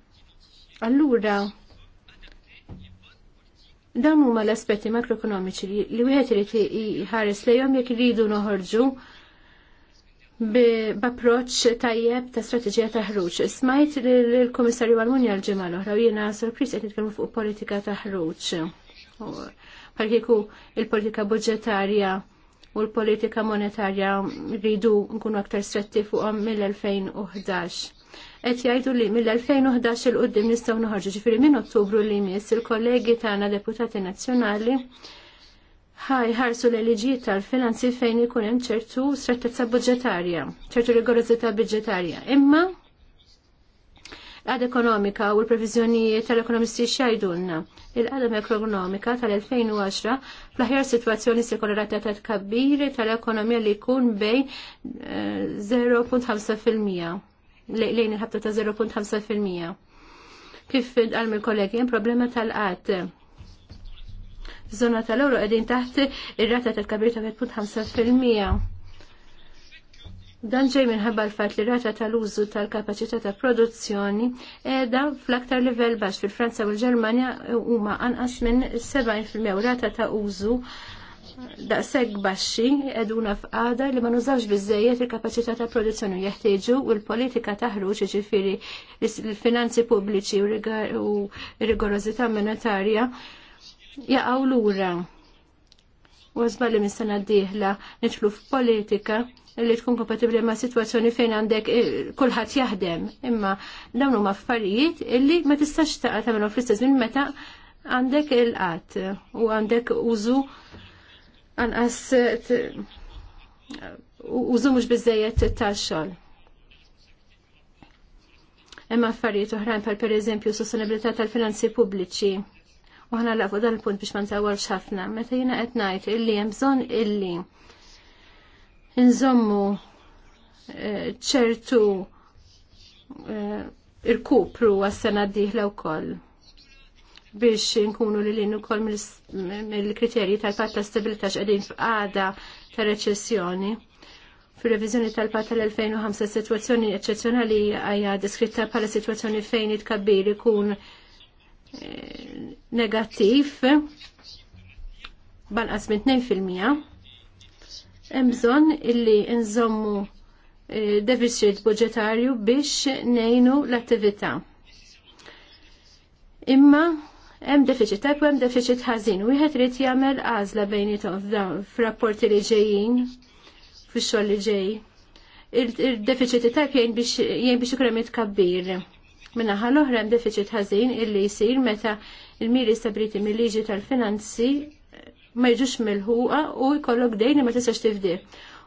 Allura, dan huma l-aspetti makroekonomiċi li wieħed irid jħares lejhom jekk iridu noħorġu b'approċċ tajjeb ta' strateġija ta' ħruġ. Smajt l-Komissarju Almunja l-ġimgħa l-oħra u jiena sorpriż qed nitkellmu fuq politika ta' ħruġ. Parkiku il-politika budġetarja u l-politika monetarja rridu nkunu aktar stretti fuqhom mill-2011. Qed jgħidu li mill-2011 il qoddim nistgħu noħorġu ġifiri minn Ottubru li jmiss il-kollegi tagħna deputati nazzjonali ħaj ħarsu l-eliġijiet tal-finanzi fejn ikun hemm ċertu strettezza budġetarja, ċertu rigorożità budġetarja. Imma għad ekonomika u l-previżjonijiet tal-ekonomisti xajdulna. Il-għadha makroekonomika tal-2010 fl-aħjar situazzjoni se jkun ta' kabbiri tal-ekonomija li jkun bejn 0.5% eh, lejn il-ħabta ta' 0.5%. Kif għal mill kollegi problema tal għad Zona tal-euro għedin taħt ir-rata tal-kabir ta' 1.5%. Dan ġej minħabba l-fat li rata tal-użu tal-kapacità ta' produzzjoni edha fl-aktar livell baxx fil-Franza u l-Ġermanja huma anqas minn 70% rata ta' użu daqshekk baxxi eduna f'qada li ma nużawx biżejjed il-kapaċità ta' produzzjoni jeħtieġu u l-politika taħruġ ġifieri l-finanzi pubbliċi u rigorożità monetarja jaqgħu lura. Wasba li mis-sena d-dieħla nidħlu f'politika politika li tkun kompatibli ma' situazzjoni fejn għandek eh, kulħadd jaħdem. Imma dawn huma affarijiet illi ma tistax taqa' tagħmelhom fl-istess minn meta għandek il-qatt u għandek użu anqas eh, użu mhux biżejjed tax-xogħol. Imma affarijiet oħrajn bħal pereżempju sostenibilità tal-finanzi pubbliċi u ħana laqfu dan punt biex ma nsawwarx ħafna. Meta jiena qed ngħid illi hemm bżonn illi nżommu eh, ċertu eh, irkupru għas-sena d-dieħla wkoll biex nkunu li l innu ukoll mill-kriterji tal-patt ta' stabilità x'qegħdin f'qagħda ta' reċessjoni. Fir-reviżjoni tal pat tal-2005 sitwazzjoni eċċezzjonali għaja deskritta bħala sitwazzjoni fejn it-kabbir ikun eh, negattiv banqas minn 2 fil-mija hemm bżonn illi nżommu eh, deficit budgetarju biex nejnu l-attività. Imma hemm deficit tajb u hemm deficit ħażin. Wieħed irid jagħmel għażla bejnietom f'rapporti li ġejjin fix-xogħol li ġej. Il-deficit tajb jgħin biex ikun hemm itkabbir. naħa l-oħra hemm deficit ħażin illi jsir meta l miri stabriti mill-liġi tal-finanzi ma jġux mill-ħuqa u jkollok dejni ma tistax tifdi.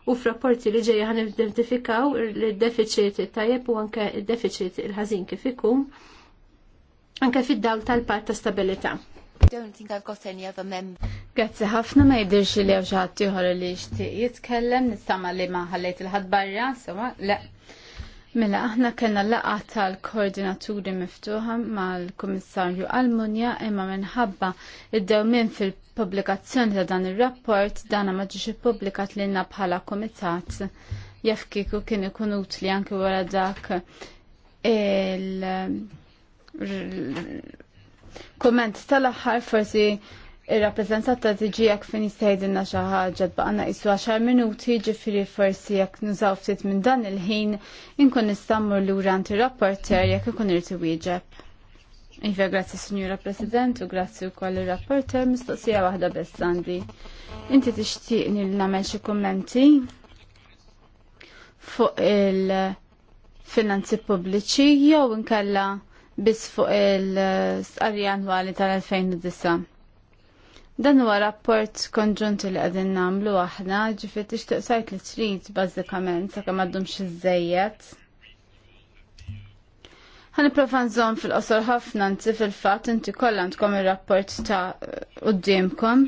U f'rapporti li ġeja ħan identifikaw il-deficit tajjeb u anke il-deficit il ħazin kif ikun anke fid-dawl tal part ta' stabilita. Don't think I've got any other member. Grazzi ħafna ma jidirx li għaw xaħat juħor li jishtiq jitkellem, nistama li ma ħallejt il-ħad barra, sewa, le. Mela, aħna kellna laqa tal-koordinaturi miftuħa mal-Kummissarju Almunja imma minħabba id-dewmin fil pubblikazzjoni ta' dan ir-rapport dana ma ġiex ippubblikat lilna bħala kumitat jaf kieku kien ikun utli anke wara dak il komment tal-aħħar forsi il rappreżentant ta' tiġi jekk fin jistgħidilna xi ħaġa baqgħna qisu 10 minuti ġifieri forsi jekk nużaw ftit minn dan il-ħin inkun nistammur lura anti rapporter jekk ikun irid iwieġeb. Iva, grazzi Signora President u grazzi u kolli rapporter mistoqsija wahda sandi Inti tixtieq nil-namel xi kummenti fuq il-finanzi pubbliċi jew inkella biss fuq il-sqarri annwali tal-2009. Dan huwa rapport konġunt li qegħdin nagħmlu aħna, ġifier tixtieq sajt li trid bażikament sakemm għaddhomx iżejjed. Ħaniprofa nżomm fil-qosor ħafna nti fil-fatt inti kollha għandkom ir-rapport ta' qudiemkom.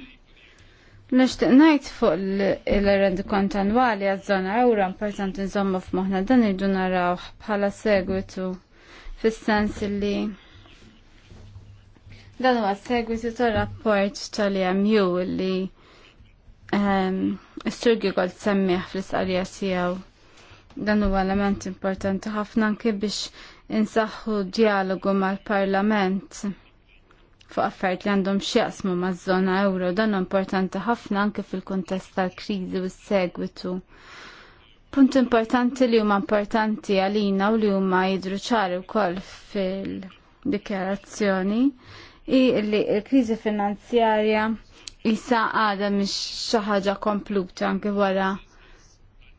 Nixtieq ngħid fuq il-rendi kont annwali għaż-żona ewra importanti nżommu f'moħħna dan irdu naraw bħala segwitu fis-sens li dan huwa segwitu tar-rapport tal-EMU li ehm, s-surgi kol semmiħ fl-isqarja tiegħu. Dan huwa element importanti ħafna anke biex insaħħu dialogu mal-Parlament fuq affarijiet li għandhom x'jaqsmu maż-żona euro dan importanti ħafna anke fil-kuntest tal-kriżi u s-segwitu. Punt importanti li huma importanti għalina u li huma jidru ċari wkoll fil-dikjarazzjoni i li l-kriżi finanzjarja issa għadha mhix xi ħaġa kompluta anke wara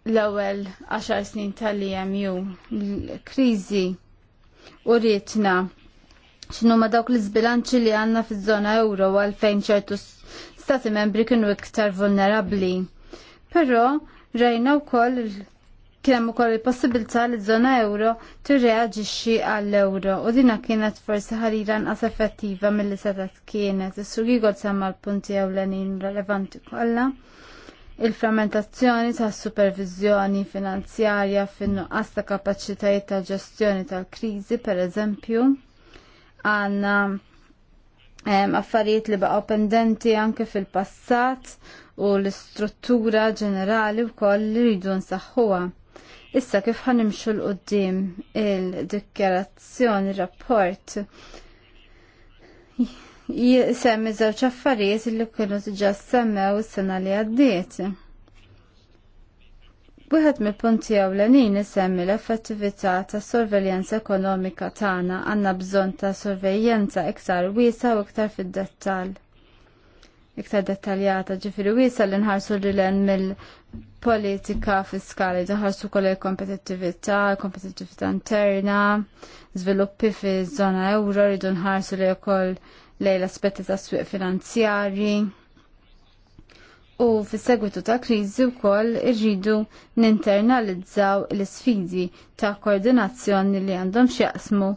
l-ewwel 10 snin tal-EMU. L-kriżi u rietna x'nu ma dawk l-izbilanċi li għanna fiż-żona euro għalfejn ċertu stati membri kienu iktar vulnerabli. Però rajna wkoll u ukoll il-possibilità li żona euro tirreaġixxi għall-euro u dina kienet forsi ħarira nqas effettiva milli setat kienet. Is-sur għod semma l-punti ewlenin relevanti kollha il frammentazzjoni ta' supervizjoni finanzjarja fin-nuqqas ta' kapaċitajiet ta' ġestjoni tal-kriżi, per eżempju, għanna affarijiet li baqgħu pendenti anke fil-passat u l-istruttura ġenerali wkoll li rridu nsaħħuha. Issa kif ħanimxu l-qoddim il-dikjarazzjoni, rapport semmi żewġ affarijiet li kienu diġà semmew is-sena li għaddiet. Wieħed mill-punti ewlenin isemmi l-effettività ta' sorveljanza ekonomika tagħna għandna bżonn ta' sorveljanza iktar wiesa u iktar fid-dettall. Iktar dettaljata ġifieri wiesa li nħarsu rilen mill-politika fiskali taħarsu kol il-kompetittività, kompetittività interna, żviluppi fi żona euro rridu nħarsu li wkoll lej l-aspetti ta' swieq finanzjari u fis segwitu ta' kriżi wkoll irridu ninternalizzaw l isfidi ta' koordinazzjoni li għandhom x'jaqsmu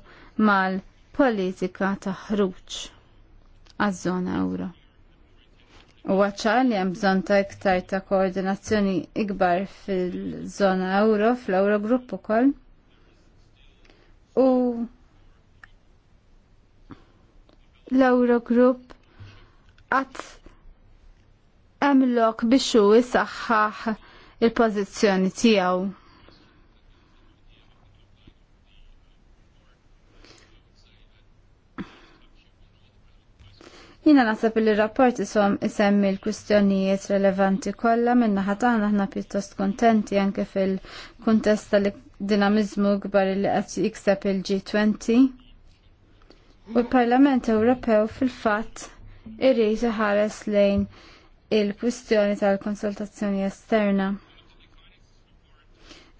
mal-politika ta' ħruġ għaż-żona euro. U għacċar li hemm bżonn ta' iktar ta' koordinazzjoni ikbar fil-żona euro, fl-euro grupp ukoll. U l-Eurogroup għat emlok biex u jisaxħaħ il-pozizjoni tijaw. Jina nasab li rapport isom isemmi l-kwistjonijiet relevanti kollha minna ħatana ħna pjuttost kontenti anke fil kontesta li dinamizmu gbar li qed jikseb il-G20. U l-Parlament Ewropew fil-fatt irrid iħares lejn il-kwistjoni tal-konsultazzjoni esterna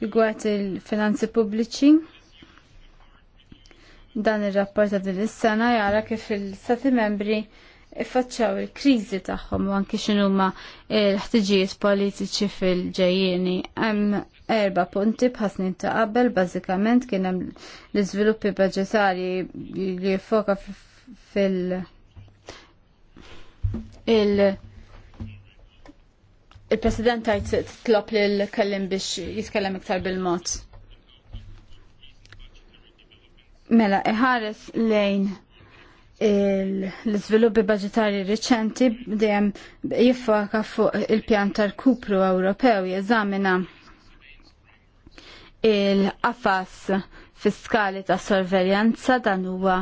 rigward il-finanzi pubbliċi. Dan ir-rapport ta' din is-sena jara kif il-Stati membri iffaċċaw il-kriżi tagħhom u anki x'inhuma l-ħtiġijiet politiċi fil-ġejjieni. Hemm erba punti bħasnin ta' qabel bażikament kien hemm l-iżviluppi budġetarji li jiffoka fil- il- il-President għajt tlop li l-kellim biex jitkellem iktar bil-mod. Mela, iħares lejn l-izviluppi budgetari riċenti dejjem jiffoka fuq il-pjan tal-kupru Ewropew jeżamina il-qafas fiskali ta' sorveljanza dan huwa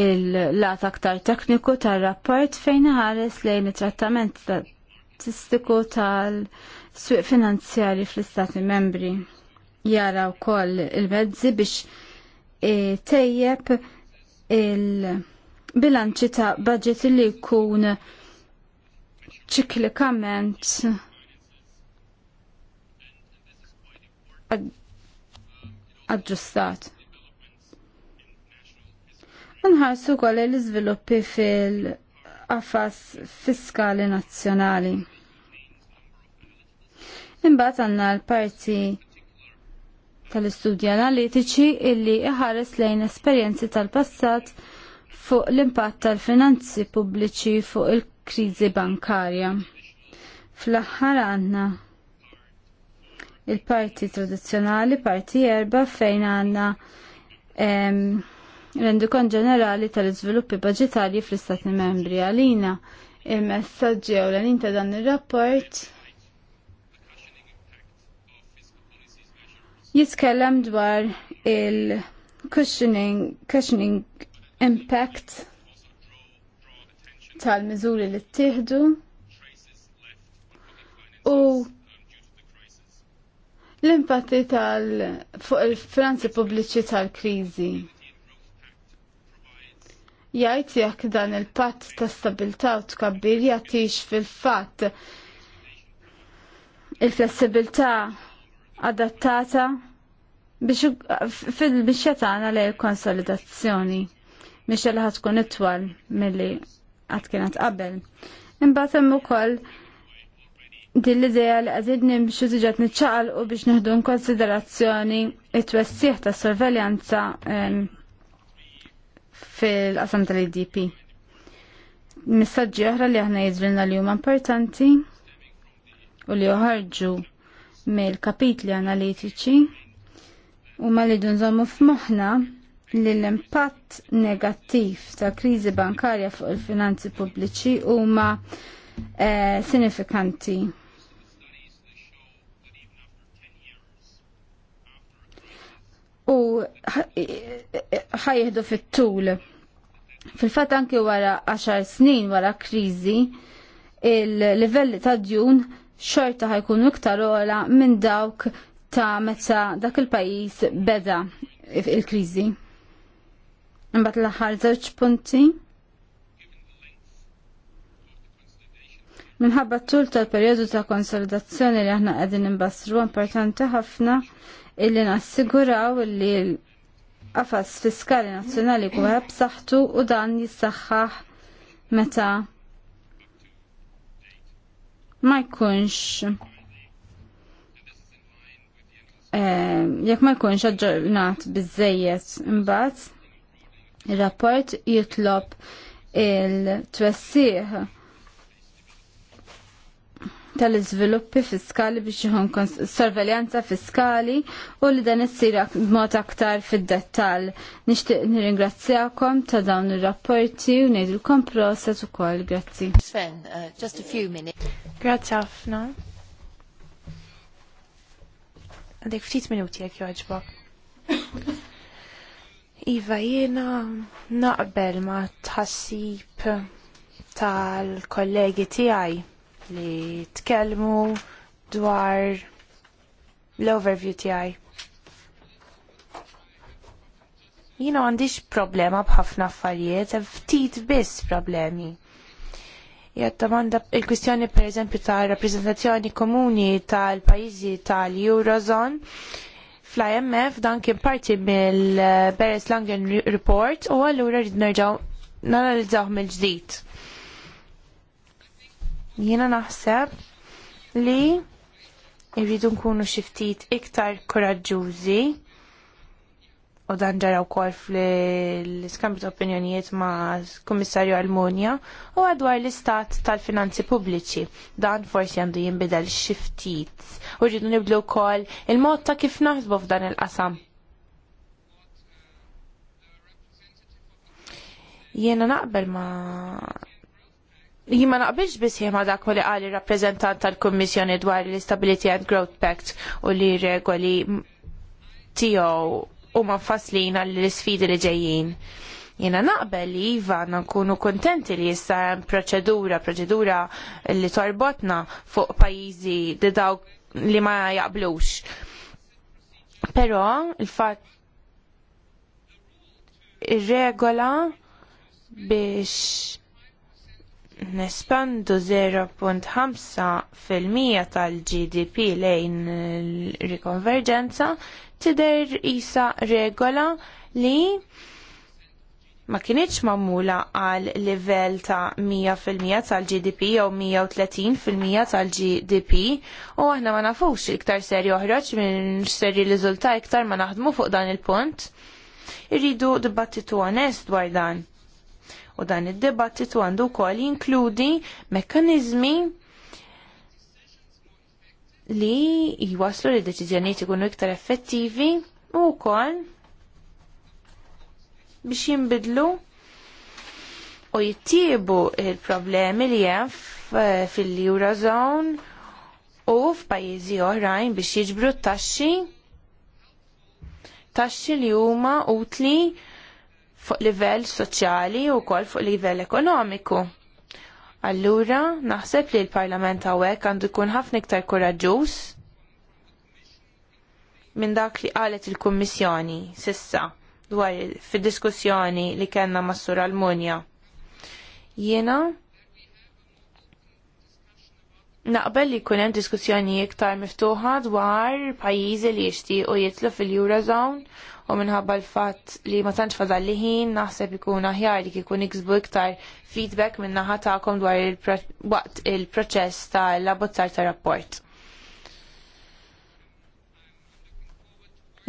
il-lat aktar tekniku tar-rapport fejn ħares lejn it-trattament statistiku tal-swieq finanzjari fl-Istati membri. Jara wkoll il-mezzi biex eh, tejjeb il-, -il bilanċi ta' budget li jkun ċiklikament aġġustat. Nħarsu kol l-izviluppi fil-qafas fiskali nazzjonali. Imbagħad għandna l-parti tal-istudji analitiċi illi iħares lejn esperjenzi tal-passat tal passat fuq l-impatt tal-finanzi pubbliċi fuq il-kriżi bankarja. Fl-aħħar għandna il-parti tradizzjonali, parti erba fejn għandna rendikon ehm, ġenerali tal-iżviluppi budġetarji fl-Istati membri għalina il-messagġi u l-għalin ta' dan il-rapport jitkellem dwar il-cushioning impact tal-miżuri li ttieħdu u l-impatti tal fuq il-finanzi pubbliċi tal-kriżi. Jgħid jekk dan il-patt ta' stabilta u tkabbir jagħtix fil-fatt il-flessibilità adattata biex fil-bixxetana lejn il-konsolidazzjoni miex li ħatkun twal milli għad kienet qabel. Imbagħad hemm ukoll din l-idea li għazidni biex tiġat nċaqal u biex neħdu konsiderazzjoni it-twessieħ ta' sorveljanza fil-qasam tal-IDP. Missagġi oħra li aħna jizrilna li huma importanti u li joħarġu mill-kapitli analitiċi u ma li dunżommu f'moħna li l-impatt negattiv ta' kriżi bankarja fuq il-finanzi pubbliċi huma eh, sinifikanti. U ħajħdu fit-tul. Fil-fatt anki wara 10 snin wara kriżi, il-livelli ta' djun xorta ħajkun iktar ola minn dawk ta' meta dak il-pajis beda il-kriżi. Imbagħad l-aħħar żewġ punti. Minħabba t-tul tal-perjodu ta' konsolidazzjoni li aħna qegħdin imbasru importanti ħafna illi nassiguraw illi l-qafas fiskali nazzjonali kwa b'saħħtu u dan jissaħħaħ meta ma jkunx eh, jekk ma jkunx aġġornat biżejjed imbagħad Il-rapport jitlob il twessiħ tal-izviluppi fiskali biex jħon sorveljanza fiskali u li dan issir mod aktar fid-dettal. Nixtieq nirringrazzjakom ta' dawn ir-rapporti u ngħidilkom proset ukoll grazzi. Sven, uh, just a few minutes. Grazzi ħafna. Għandek ftit minuti jekk joħġbok. Iva jiena naqbel ma tħassib tal-kollegi tiegħi li tkellmu dwar l-overview tiegħi. Jena għandix problema bħafna affarijiet, ftit biss problemi. Jattamanda il-kwistjoni per eżempju tal rappresentazzjoni komuni tal-pajizi tal-Eurozone fl-IMF dan kien parti mill-Beres Langen Report u għallura rrid nerġaw nanalizzawh mill-ġdid. Jiena naħseb li irridu nkunu xi ftit iktar koraġġużi u dan ġara wkoll fl-iskambju ta' opinjonijiet ma' Kummissarju Almunja u għadwar l-istat tal-finanzi pubbliċi. Dan forsi għandu jinbidel xi ftit u rridu nibdlu wkoll il-mod ta' kif naħsbu f'dan il-qasam. Jiena naqbel ma' Jima naqbilx biss ma dak li għali rappresentant rappreżentant tal-Kummissjoni dwar l-Stability and Growth Pact u li regoli tiegħu u ma faslina l-sfidi li ġejjin. Jena naqbel li Iva nkunu kontenti li jissa proċedura, proċedura li torbotna fuq pajizi di daw li ma jaqblux. Pero il-fat ir-regola biex nespandu 0.5% tal-GDP lejn rikonverġenza tidher isa regola li ma kienieċ magħmula għal livell ta' 100% tal-GDP jew 130% tal-GDP u aħna ma nafux iktar ser joħroġ minn ser riżulta iktar ma naħdmu fuq dan il-punt. Irridu dibattitu onest dwar dan u dan id debattitu għandu wkoll jinkludi mekkaniżmi li jwaslu li deċiżjonijiet ikunu iktar effettivi u wkoll biex jinbidlu u jittiebu il-problemi li hemm fil-Eurozone u f'pajjiżi oħrajn biex jiġbru t-taxxi taxxi li huma utli fuq livell soċjali u wkoll fuq livell ekonomiku. Allura, naħseb li l-Parlament hawnhekk għandu jkun ħafna iktar koraġġuż minn dak li qalet il-Kummissjoni sissa dwar fid-diskussjoni li kellna massur Sur Almunja. Jiena naqbel li kunem diskussjoni iktar miftuħa dwar pajjiżi li jixtiequ jitlu fil-Eurozone u minħabba l-fatt li ma tantx fadal li ħin naħseb ikun aħjar li kikun iksbu iktar feedback minna naħa tagħkom dwar il-waqt il-proċess tal-abbozzar ta' rapport.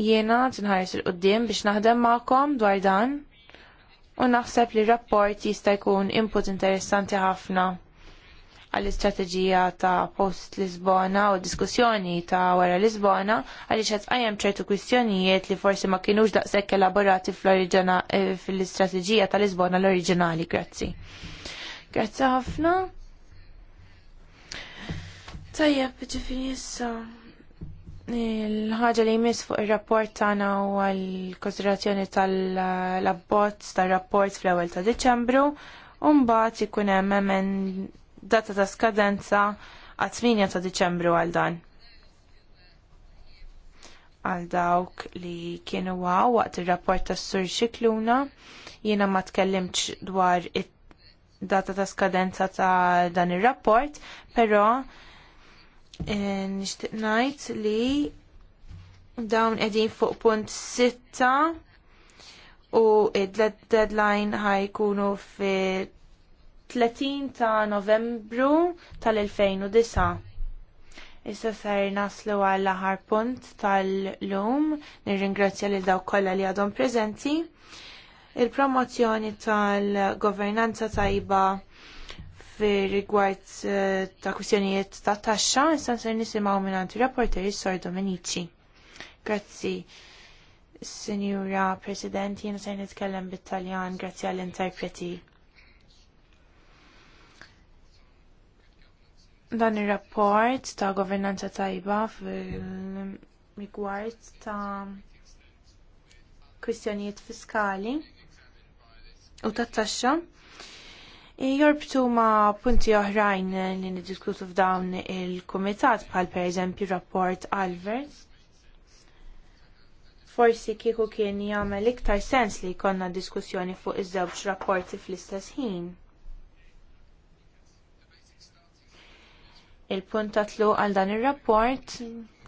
Jiena tinħares il-qoddim biex naħdem magħkom dwar dan u naħseb li rapport jista' jkun input interessanti ħafna għall-istrateġija ta' post Lisbona u diskussjoni ta' wara Lisbona għaliex qed qajjem ċertu kwistjonijiet li forsi ma kinux daqshekk elaborati eh, fil-istrateġija ta' Lisbona l-oriġinali. Grazzi. Grazzi ħafna. Tajjeb, ġifini issa il-ħaġa li jmiss fuq ir-rapport tana u għal konsiderazzjoni tal-abbozz tar-rapport fl ewel ta' Diċembru u mbagħad ikun hemm data ta' skadenza għat 8 ta' Diċembru għal dan. Għal dawk li kienu għaw waqt il-rapport ta' Sur Xikluna, jiena ma tkellimx dwar data ta' skadenza ta' dan il-rapport, pero eh, nishtiq najt li dawn edin fuq punt 6 u id-deadline ħajkunu fi 30 ta' novembru tal-2009. Issa ser naslu għall aħar punt tal-lum, nirringrazzja lil dawk kollha li għadhom preżenti. Il-promozzjoni tal-governanza tajba fir rigward eh, ta' kwistjonijiet ta' taxxa, issa ser nisimgħu minn rapporteri is-Sor Domenici. Grazzi. Sinjura President, jiena se nitkellem bit-Taljan grazzi għall-interpreti. dan ir-rapport ta' governanza tajba fil migwart ta' kwistjonijiet fiskali u ta' taxxa jorbtu ma' punti oħrajn li niddiskutu f'dawn il-kumitat bħal pereżempju rapport Albert. Forsi kieku kien jagħmel iktar sens li jkollna diskussjoni fuq iż-żewġ rapporti fl-istess ħin. Il-punt ta' tlu għal dan ir-rapport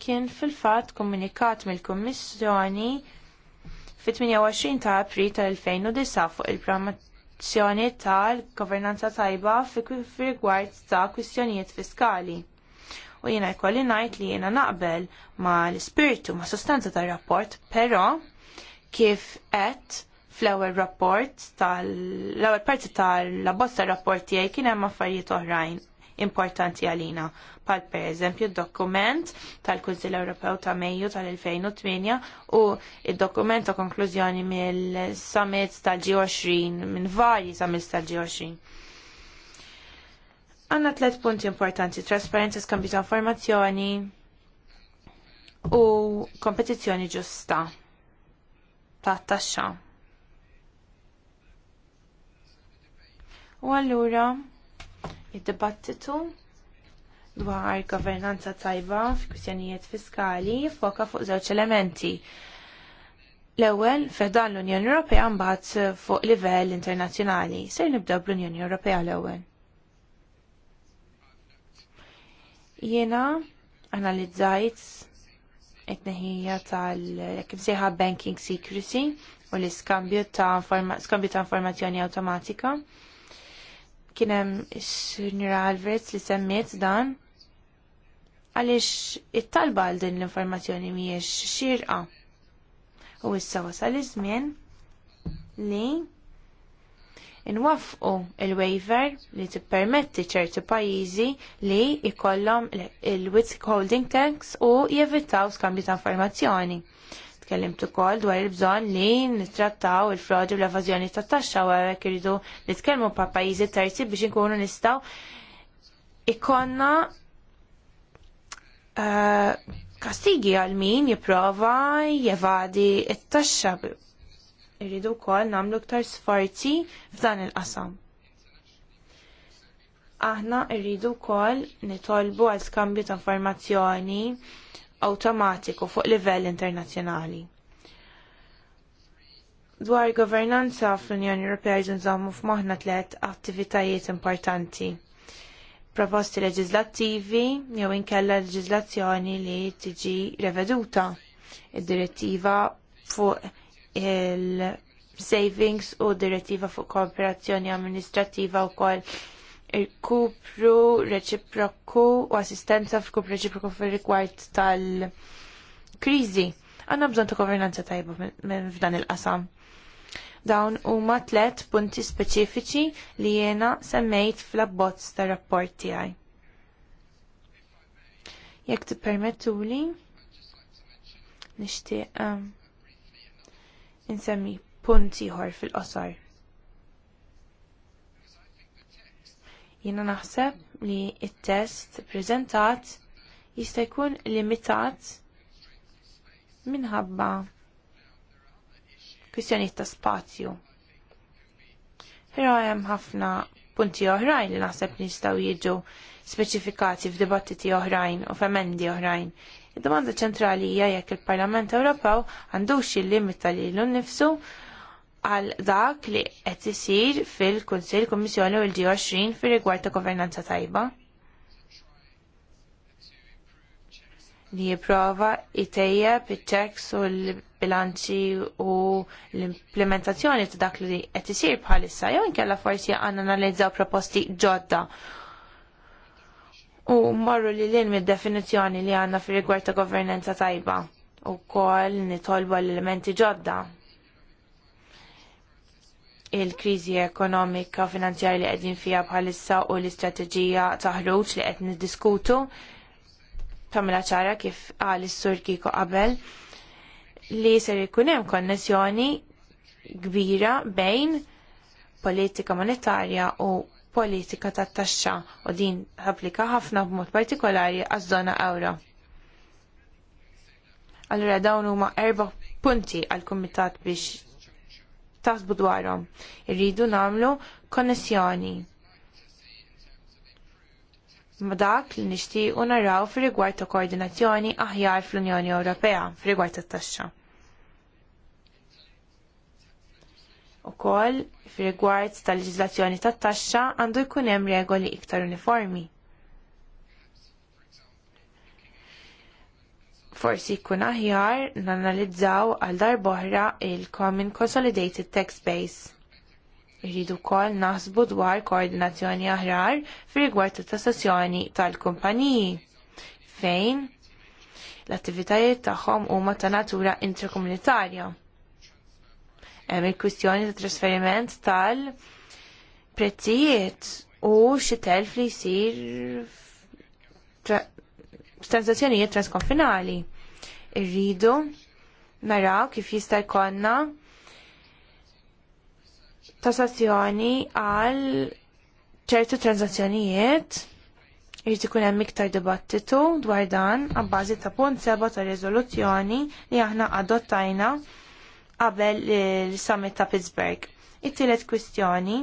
kien fil-fatt komunikat mill-Kummissjoni fit-28 ta' Apri tal-2009 fuq il-programmazzjoni tal-governanza tajba fil-rigward ta' kwistjonijiet fiskali. U jiena jkolli ngħid li jiena naqbel ma' l-ispirtu ma' sostanza tar-rapport, però kif qed fl-ewwel rapport tal-ewwel parti tal-abbozz rapport tiegħi kien hemm affarijiet oħrajn importanti għalina. Pal per eżempju dokument tal-Kunsill Ewropew ta' Mejju tal-2008 u il-dokument ta' konklużjoni mill-summit tal-G20 minn varji summits tal-G20. Għanna tlet punti importanti, trasparenza skambju ta' informazzjoni u kompetizzjoni ġusta ta' taxxa. U allura Id-dibattitu dwar governanza tajba f'kwistjonijiet fiskali foka fuq żewġ elementi. L-ewwel f'dan l-Unjoni Ewropea mbagħad fuq livell internazzjonali. Ser nibda bl-Unjoni Ewropea l-ewwel. Jiena analizzajt it-neħija tal kif sejħa banking secrecy u l-iskambju ta' skambju ta' informazzjoni awtomatika kienem s-Sinjura Alvarez li semmiet dan għaliex it-talba għal din l-informazzjoni mhijiex xirqa. U issa wasal iż-żmien li nwaffqu il-waiver li tippermetti ċerti pajjiżi li jkollhom il-withholding tax u jevitaw skambju ta' informazzjoni tkellimt ukoll dwar il-bżonn li nittrattaw il-frodi u l-evażjoni tat-taxxa u hekk iridu nitkellmu pa' pajjiżi terzi biex inkunu nistgħu ikonna eh, kastigi għal min jipprova jevadi it-taxxa irridu wkoll nagħmlu iktar sforzi f'dan il-qasam. Aħna rridu wkoll nitolbu għal skambju ta' informazzjoni awtomatiku fuq livell internazzjonali. Dwar governanza fl-Unjoni Ewropea jżinżammu f'moħħna tliet attivitajiet importanti. Proposti leġiżlattivi jew inkella leġiżlazzjoni li tiġi reveduta. Id-direttiva fuq il-savings u direttiva fuq kooperazzjoni amministrattiva wkoll il-kupru reċiproku u assistenza f'kup reċiproku fil-rigward tal-krizi. Għanna bżon ta' governanza tajba minn f'dan il-qasam. Dawn huma matlet punti speċifiċi li jena semmejt fl-abbozz ta' rapport tiegħi. Jekk tippermettuli, nixtieq um, insemmi punti ħor fil qasar Jiena naħseb li t test preżentat jista' jkun limitat minħabba kwistjonijiet ta' spazju. Però hemm ħafna punti oħrajn li naħseb nistgħu jiġu speċifikati f'dibattiti oħrajn u f'emendi oħrajn. Id-domanda ċentrali hija jekk il-Parlament Ewropew għandux il-limita lilu nnifsu għal dak li qed isir fil-Kunsill Kummissjoni u l-G20 fir-rigward ta' governanza tajba. Li jipprova jtejjeb iċ-ċeks u l-bilanċi u l-implementazzjoni ta' dak li qed isir bħalissa jew inkella forsi għandna analizzaw proposti ġodda u marru li l-in mid-definizzjoni li għandna fir-rigward ta' governanza tajba u kol nitolbu l-elementi ġodda il-kriżi ekonomika finanzjarja li qegħdin fija bħalissa u l-istrateġija ta' ħruġ li qed niddiskutu tagħmilha ċara kif qal is-sur Kiko qabel li ser ikun hemm konnessjoni kbira bejn politika monetarja u politika tat taxxa u din applika ħafna b'mod partikolari għaż-żona euro. Allura dawn huma erba' punti għall kumitat biex tasbu dwarhom. Irridu nagħmlu konnessjoni. Ma dak li nixtiequ naraw fir-rigward ta' koordinazzjoni aħjar fl-Unjoni Ewropea fir-rigward tat-taxxa. koll fir-rigward tal-leġiżlazzjoni tat-taxxa għandu jkun hemm regoli iktar uniformi. forsi jkun aħjar nanalizzaw għal darboħra il-Common Consolidated Tax Base. Irridu wkoll naħsbu dwar koordinazzjoni aħrar fi rigward tat tassazzjoni tal-kumpaniji fejn l-attivitajiet tagħhom huma ta' natura intrakomunitarja. Hemm il-kwistjoni ta' trasferiment tal-prezzijiet u xi telf li jsir transazzjonijiet transkonfinali. Irridu naraw kif jista' jkollna tasazzjoni għal ċertu transazzjonijiet Irrid ikun hemm iktar dibattitu dwar dan abbażi ta' punt seba ta' riżoluzzjoni li aħna adottajna qabel il-summit ta' Pittsburgh. It-tielet kwistjoni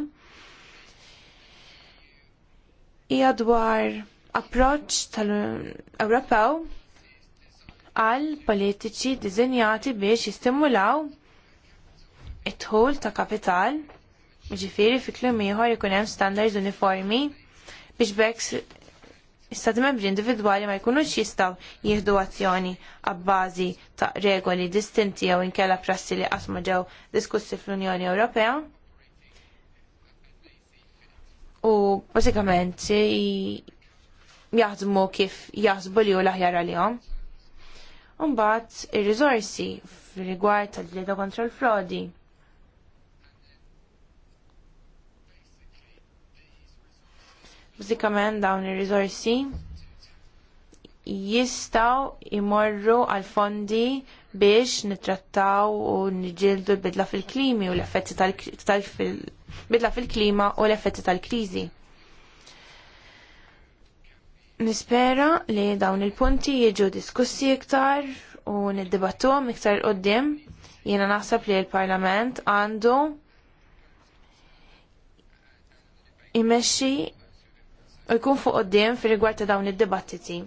hija dwar approċċ tal-Ewropew għal politiċi dizenjati biex jistimulaw it-tħul ta' kapital, ġifiri fi klum ieħor ikun hemm standards uniformi biex bekk istati membri individwali ma jkunux jistaw jieħdu azzjoni għabbażi ta' regoli distinti jew inkella prassi li qasma ġew diskussi fl-Unjoni Ewropea. U basikament jaħdmu kif jaħsbu li u l-aħjar għalihom. Umbat ir-riżorsi f'rigward tal-ġlieda kontra l-frodi. Bażikament dawn ir rizorsi jistaw imorru għal fondi biex nitrattaw u niġildu l-bidla fil-klimi u l-effetti tal-bidla fil-klima u l-effetti tal-krizi. tal bidla fil klima u l effetti tal kriżi Nispera li dawn il-punti jiġu diskussi iktar u niddibattuhom iktar qoddim. Jiena naħseb li l-Parlament għandu imexxi u jkun fuq qoddim fir rigward ta' dawn id-dibattiti.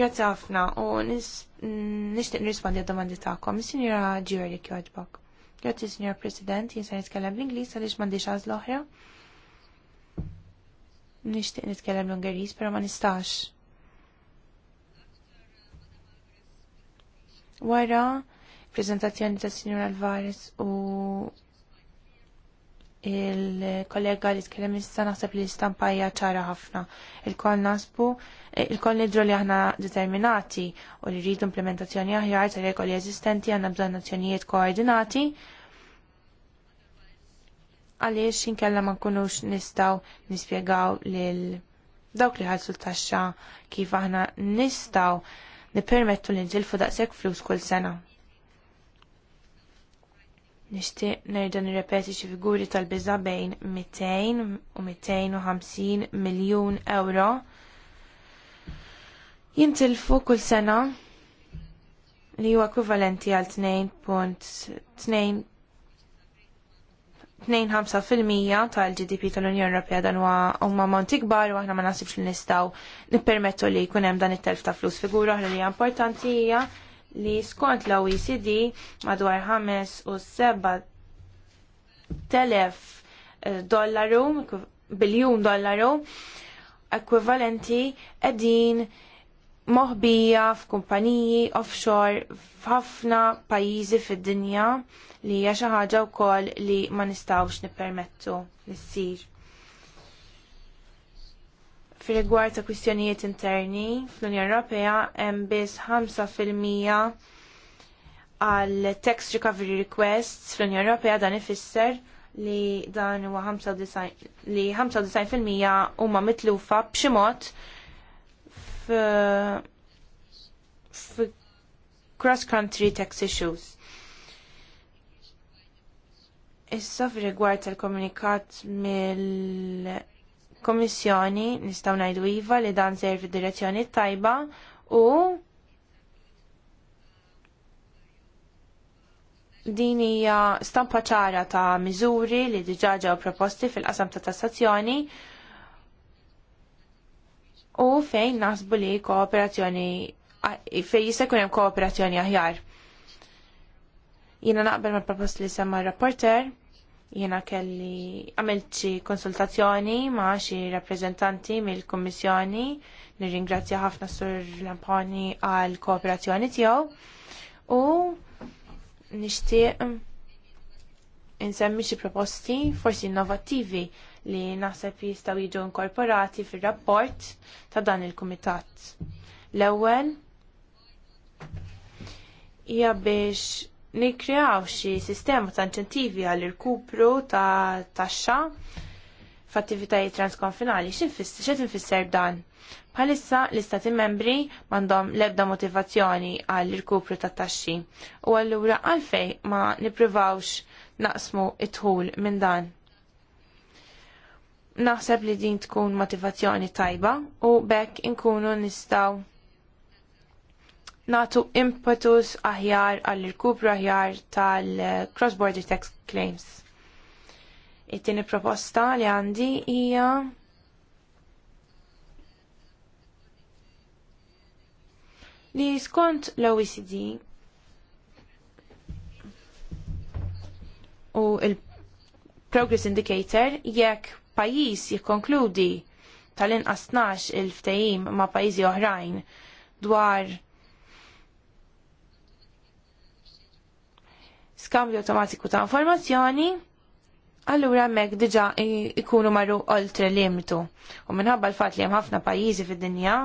Grazzi ħafna u nixtieq nirrispondi għad-domandi tagħkom. Is-Sinjora Ġiweri kjoġbok. Grazzi, Sinjora President, jinsa nitkellem l-Ingliż għaliex m'għandix għażla oħra nixtieq nitkellem l-Ungeriż però ma nistax. Wara prezentazzjoni ta' Sinjur Alvarez u il-kollega li tkellem issa naħseb li l-istampajja ċara ħafna. Il-koll nasbu, il-koll nidru li aħna determinati u li rridu implementazzjoni aħjar tal regoli eżistenti għandna bżonn nazzjonijiet koordinati għaliex inkella ma nkunux nistaw nispjegaw lil dawk li ħalsu taxxa kif aħna nistaw nippermettu li nġilfu daqshekk flus kull sena. Nixtieq nerda nirrepeti xi figuri tal-biża bejn 200 u 250 miljun euro jintilfu kull sena li huwa ekwivalenti għal 2.2 2.5% tal-GDP tal-Unjoni Ewropea dan huwa huma mont ikbar u aħna ma nasibx li nistgħu nippermettu li jkun hemm dan it-telf ta' flus. Figura oħra li hija importanti hija li skont l-OECD madwar 5 u 7 telef eh, dollaru, biljun dollaru, ekwivalenti qegħdin moħbija f'kumpaniji offshore f'ħafna pajjiżi fid-dinja li hija xi ħaġa wkoll li ma nistgħux nippermettu li ssir. Fir-rigward ta' kwistjonijiet interni fl-Unjoni Ewropea hemm biss 5% għal tax recovery requests fl-Unjoni Ewropea dan ifisser li dan huwa 95% li 95% huma mitlufa b'xi mod cross country tax issues. Issa rigward tal-komunikat mill-Komissjoni nistgħu ngħidu iva li dan sejr fid-direzzjoni tajba u din hija stampa ċara ta' miżuri li diġà ġew proposti fil-qasam ta' tassazzjoni u fejn nasbu li kooperazzjoni fejn jista' jkun hemm kooperazzjoni aħjar. Jiena naqbel mal-propost li semma r-rapporter, jiena kelli għamilt xi konsultazzjoni ma' xi rappreżentanti mill-Kummissjoni, nirringrazzja ħafna Sur Lamponi għal kooperazzjoni tiegħu u nixtieq insemmi xi proposti forsi innovattivi li naħseb jistgħu jiġu inkorporati fir-rapport ta' dan il-kumitat. L-ewwel hija biex nikreaw xi sistema ta' inċentivi għall irkupru ta' taxxa f'attivitajiet transkonfinali. X'infisser infisser dan? Bħalissa l-istati membri m'għandhom l-ebda motivazzjoni għall irkupru ta' taxxi u allura għalfej ma nippruvawx naqsmu it dħul minn dan. Naħseb li din tkun motivazzjoni tajba u bekk inkunu nistaw natu impetus aħjar għall-irkupru aħjar tal-cross-border tax claims. It-tieni proposta li għandi hija li skont l-OECD u il-Progress Indicator jekk pajjiż jikkonkludi tal-inqas 12 il-ftehim ma' pajjiżi oħrajn dwar skambju automatiku ta' informazzjoni, allura mek diġa ikunu marru oltre limitu. U minħabba l-fat li hemm ħafna pajjiżi fid-dinja,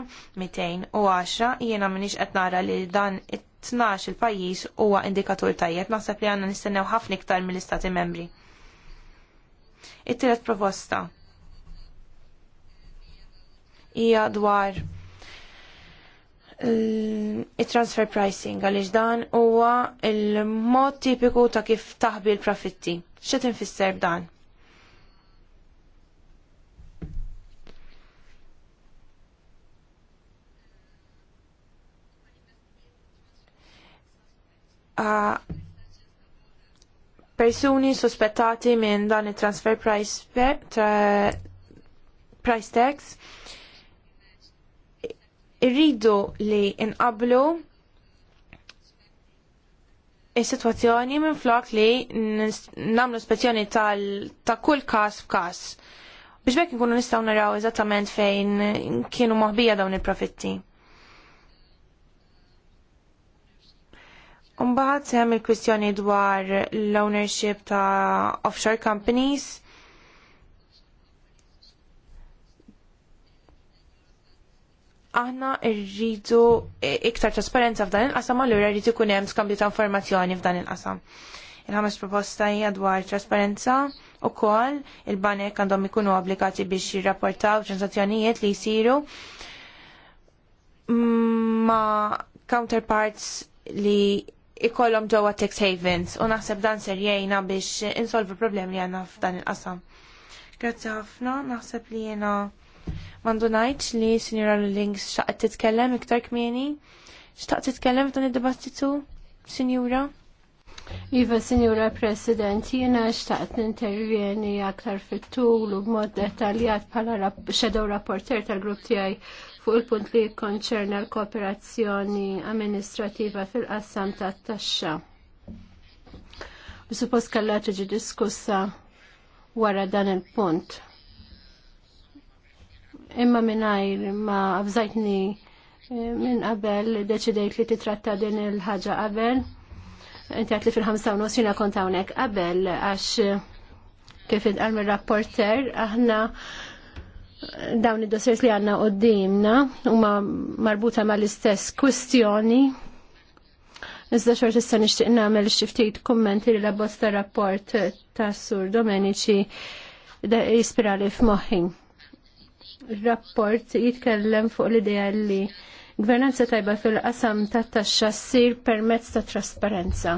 210, jiena minix qed nara li dan 12 il-pajjiż huwa indikatur tajjeb, naħseb li għandna nistennew ħafna iktar mill-istati membri. It-tielet proposta hija dwar mm, il-transfer pricing għaliex dan huwa il-mod tipiku ta' kif taħbi l-profitti. X'qed infisser b'dan? Ah, persuni sospettati minn dan il-transfer price, tra, price tax irridu li inqablu is-sitwazzjoni minn flok li namlu spezzjoni tal ta' kull każ f'każ. Biex bekk nkunu nistgħu naraw eżattament fejn kienu moħbija dawn il-profitti. Umbaħat sehem il-kwistjoni dwar l-ownership ta' offshore companies. Aħna rridu iktar trasparenza f'dan il-qasam, allura rridu ikun hemm skambju ta' informazzjoni f'dan il-qasam. Il-ħames proposta hija dwar trasparenza u il-banek għandhom ikunu obbligati biex jirrapportaw transazzjonijiet li jisiru ma counterparts li ikollhom ġewwa tax havens u naħseb dan ser jgħinna biex insolvu problemi li għandna f'dan il-qasam. Grazzi ħafna, naħseb li jiena m'għandu ngħid li Sinjura Lulings xaqet titkellem iktar kmieni. Xtaqt titkellem f'dan id-dibattitu, Sinjura? Iva, Sinjura President, jiena xtaqt nintervjeni aktar fit-tul u b'mod detaljat bħala shadow rapporter tal-grupp tiegħi fuq il-punt li konċerna l-kooperazzjoni amministrativa fil-qassam ta' taxxa. Suppost kalla tiġi diskussa wara dan il-punt. Imma minnajr ma avżajtni eh, minn qabel deċidejt li titratta din il-ħaġa qabel. Inti għatli fil-ħamsa jina konta kont hawnhekk qabel għax kif intqal rapporter aħna dawn id-dossiers li għanna u huma marbuta mal-istess kwistjoni. Iżda xort issa nixtieq nagħmel xi ftit kummenti li bosta rapport ta' Sur Domenici jispirali f'moħħi. Rapport jitkellem fuq l-idea li gvernanza tajba fil-qasam ta' taxxa ssir permezz ta' trasparenza.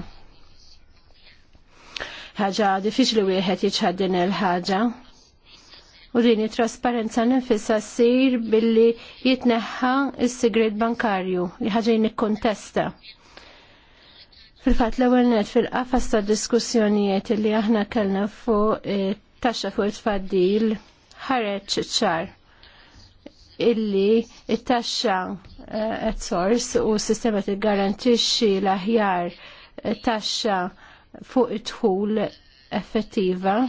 Ħaġa diffiċli wieħed jiġħaddin il-ħaġa U din it-trasparenza nifissa ssir billi jitneħħa s-sigret bankarju li ħaġa nikkontesta. Fil-fat l-ewwel net fil-qafas ta' diskussjonijiet li aħna kellna fuq eh, taxxa fuq it-tfaddil ħareġ ċar illi it-taxxa eh, at u s-sistema tiggarantixxi l-aħjar eh, taxxa fuq it-tħul effettiva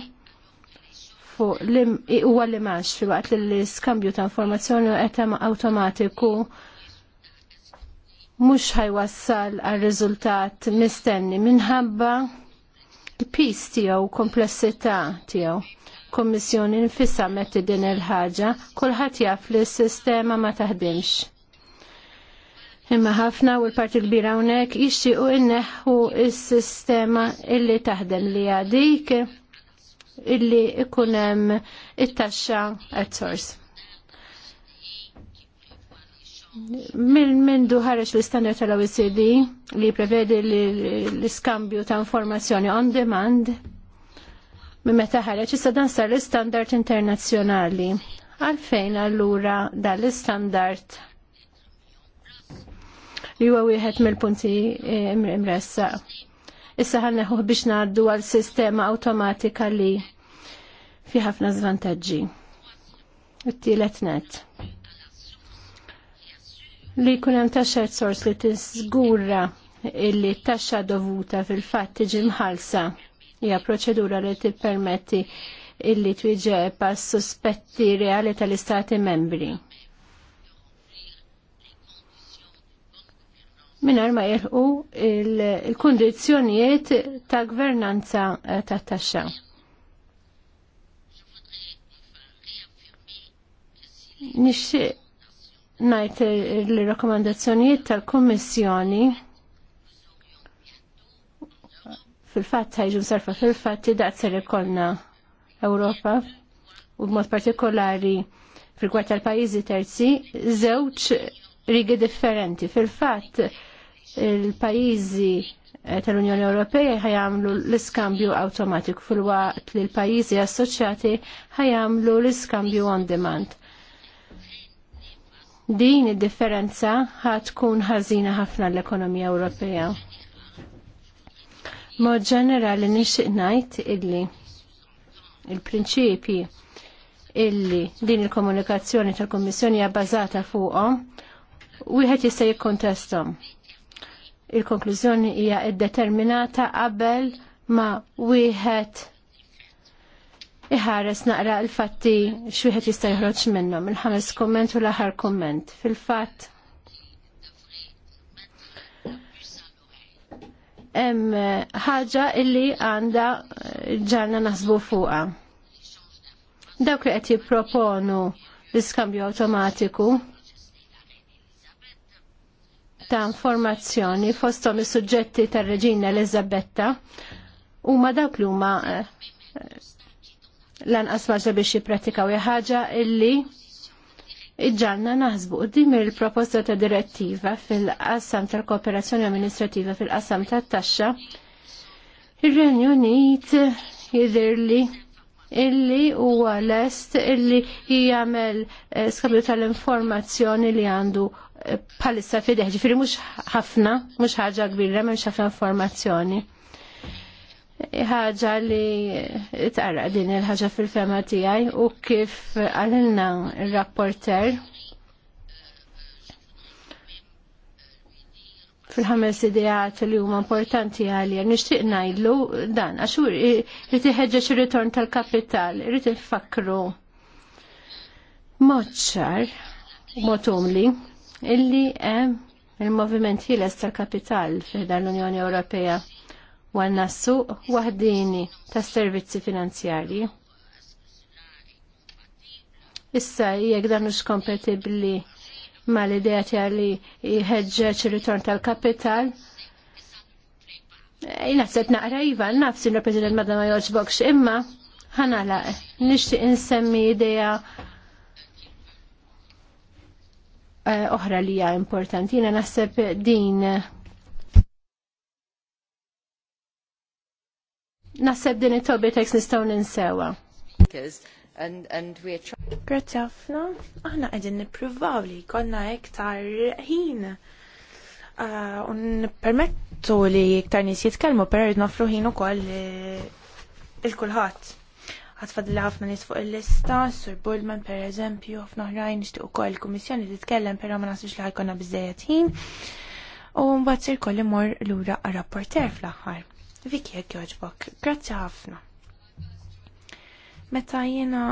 nafu li huwa li fi waqt li l-iskambju ta' informazzjoni u qed awtomatiku mhux ħajwassal għal riżultat mistenni minħabba l-pis tiegħu komplessità tiegħu. Kommissjoni nfissa metti din il-ħaġa, kulħadd jaf li s-sistema ma taħdimx. Imma ħafna u l-parti kbira hawnhekk jixtiequ inneħħu s-sistema illi taħdem li għadik illi ikun hemm it-taxxa at source. Min mindu ħareġ l-istandard tal-OECD li prevedi l-iskambju ta' informazzjoni on demand minn meta ħareġ issa dan sar l-istandard internazzjonali. Għalfejn allura dan l-istandard li huwa wieħed mill-punti imressa. Im Issa ħanneħu biex ngħaddu għal sistema awtomatika li fi ħafna zvantagġi. It-tielet net. Li jkun hemm taxxa source li tiżgura illi taxxa dovuta fil-fatt tiġi mħalsa hija proċedura li tippermetti illi twieġeb għas-suspetti reali tal-istati membri minar ma jirħu il-kondizjonijiet ta' gvernanza eh, ta' taxxa. Nixtieq ngħid il-rakkomandazzjonijiet tal-Kummissjoni fil-fatt ħajġu sarfa fil-fatt daqs ser ikollna Ewropa u b'mod partikolari fil-kwart tal-pajjiżi terzi żewġ rigi differenti. Fil-fatt il-pajizi eh, tal-Unjoni Ewropea ħajamlu l-iskambju automatik fil-waqt li l-pajizi assoċjati ħajamlu l-iskambju on demand. Din id-differenza ħatkun ħażina ħafna l-ekonomija Ewropea. Mod ġenerali nixtieq ngħid illi il-prinċipji illi din il-komunikazzjoni tal kummissjoni hija bbażata fuqhom wieħed jista' jikkontestom il-konklużjoni hija determinata qabel ma wieħed iħares naqra l-fatti xwieħed jista' jħroġ minnhom il-ħames kumment u l-aħħar kumment. Fil-fatt hemm ħaġa illi għandha ġarna naħsbu fuqha. Dawk li qed jipproponu l-iskambju awtomatiku ta' informazzjoni fostom is-suġġetti tar-Reġina u huma dawk li huma eh, lanqas asmaġa biex jippratikaw ħaġa illi iġġalna naħsbu qdim il-proposta ta' direttiva fil-qassam tal-kooperazzjoni amministrativa fil-qassam tat-taxxa ir-Renju Unit jidhirli illi huwa lest illi jagħmel eh, skabju tal-informazzjoni li għandu palissa fideħ, ġifiri mux ħafna, mux ħagġa kbira, memx ħafna informazzjoni. ħagġa li tara din il-ħagġa fil-fema tijaj u kif għalilna il-rapporter fil-ħames idejat li huma importanti għalija nixtieq ngħidlu dan għax irid iħeġġeġ ir-ritorn tal-kapital, irid infakru mod ċar, mod umli illi hemm il-moviment ħieles tal-kapital fiħdan l-Unjoni Ewropea u għanna suq waħdini ta' servizzi finanzjarji. Issa jekk dan mhux kompatibbli mal-idea tiegħi li jħeġġeġ ir-ritorn tal-kapital, eh, set naqra iva, nafsi l-President Madama Joġbokx, imma ħanala, nixtieq insemmi idea Eh, oħra li hija importanti. Jiena naħseb din naħseb din it-tobi tekst nistgħu ninsewa. Grazzi ħafna, aħna qegħdin nippruvaw li jkollna iktar ħin. Ah, U nippermettu li iktar nies jitkellmu, però jrid nofru ħin ukoll eh, il-kulħadd ħatfadli ħafna nies fuq il-lista, Sur Bullman per eżempju, ħafna nishtiq nixtieq ukoll il-Kummissjoni titkellem però ma naħsibx li ħajkonna bizzejet ħin. U mbagħad sir kolli mor lura rapporter fl-aħħar. Viki jekk jogħġbok. Grazzi ħafna. Meta jiena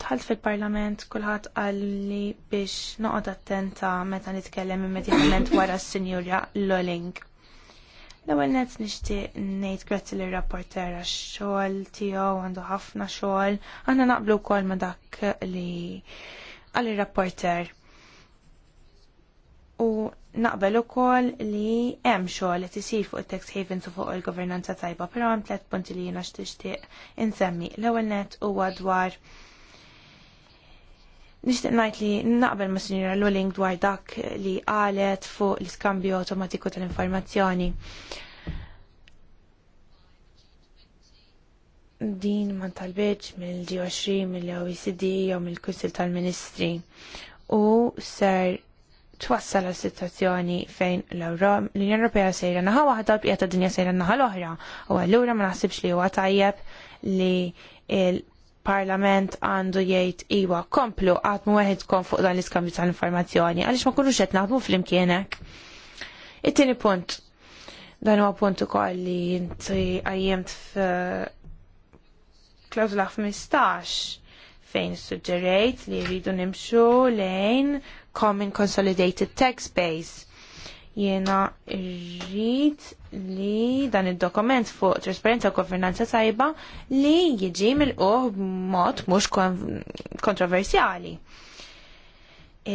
tħalt fil-parlament kulħadd għalli biex noqgħod attenta meta nitkellem immedjatament wara s-sinjura Loling. L-ewwel nett nixtieq ngħid grazzi lir rapporter għax-xogħol tiegħu għandu ħafna xogħol. Aħna naqblu wkoll ma' dak li għal ir-rapporter. U naqbel ukoll li hemm xogħol qed isir fuq it-tax havens u fuq il-governanza tajba, però hemm tliet punti li jiena xtixtieq insemmi. L-ewwel nett huwa dwar Nishtiq najt li naqbel ma' Sinjura Luling dwar dak li qalet fuq l-iskambju automatiku tal-informazzjoni. Din ma talbiċ mill-G20, mill-OECD jew mill-Kunsil tal-Ministri u ser twassal la situazzjoni fejn l-Unjoni Ewropea sejra naħa waħda bqija ta' dinja sejra naħa l-oħra. U allura ma naħsibx li huwa tajjeb li parlament għandu jgħid iwa komplu għatmu weħedkom fuq dan l-iskambju tal-informazzjoni għaliex ma kunux qed naħdmu flimkienek. It-tieni punt. Dan huwa punt ukoll li inti għajjemt klawzula 15 fejn suġġerejt li jridu nimxu lejn Common Consolidated Tax Base Jiena rrid li dan id-dokument fuq trasparenza u governanza tajba li jiġi mill u mod mhux kontroversjali.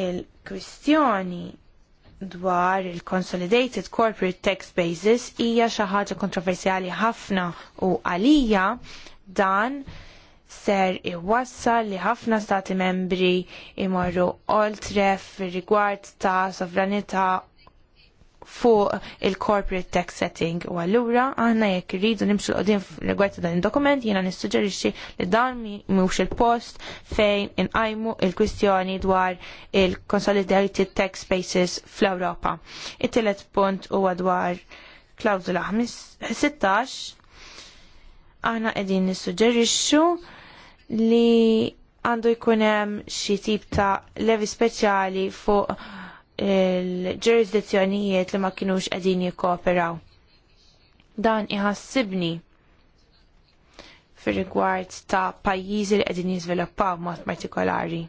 Il-kwistjoni dwar il-Consolidated Corporate Tax Basis hija xi ħaġa kontroversjali ħafna u għalija dan ser iwassal li ħafna stati membri imorru fil rigward ta' sovranità fuq il-corporate tax setting u allura aħna jekk irridu nimxu l-qodin rigward dan il-dokument jiena nissuġġerixxi li dan mhux il-post fejn inqajmu il-kwistjoni dwar il-consolidated tax spaces fl-Ewropa. It-tielet punt huwa dwar klawzula 16 aħna qegħdin nissuġġerixxu li għandu jkun hemm xi tip ta' levi speċjali fuq il-ġurisdizzjonijiet li ma kienux qegħdin jikkooperaw. Dan iħassibni fir-rigward ta' pajjiżi li qegħdin jizviluppaw mod partikolari.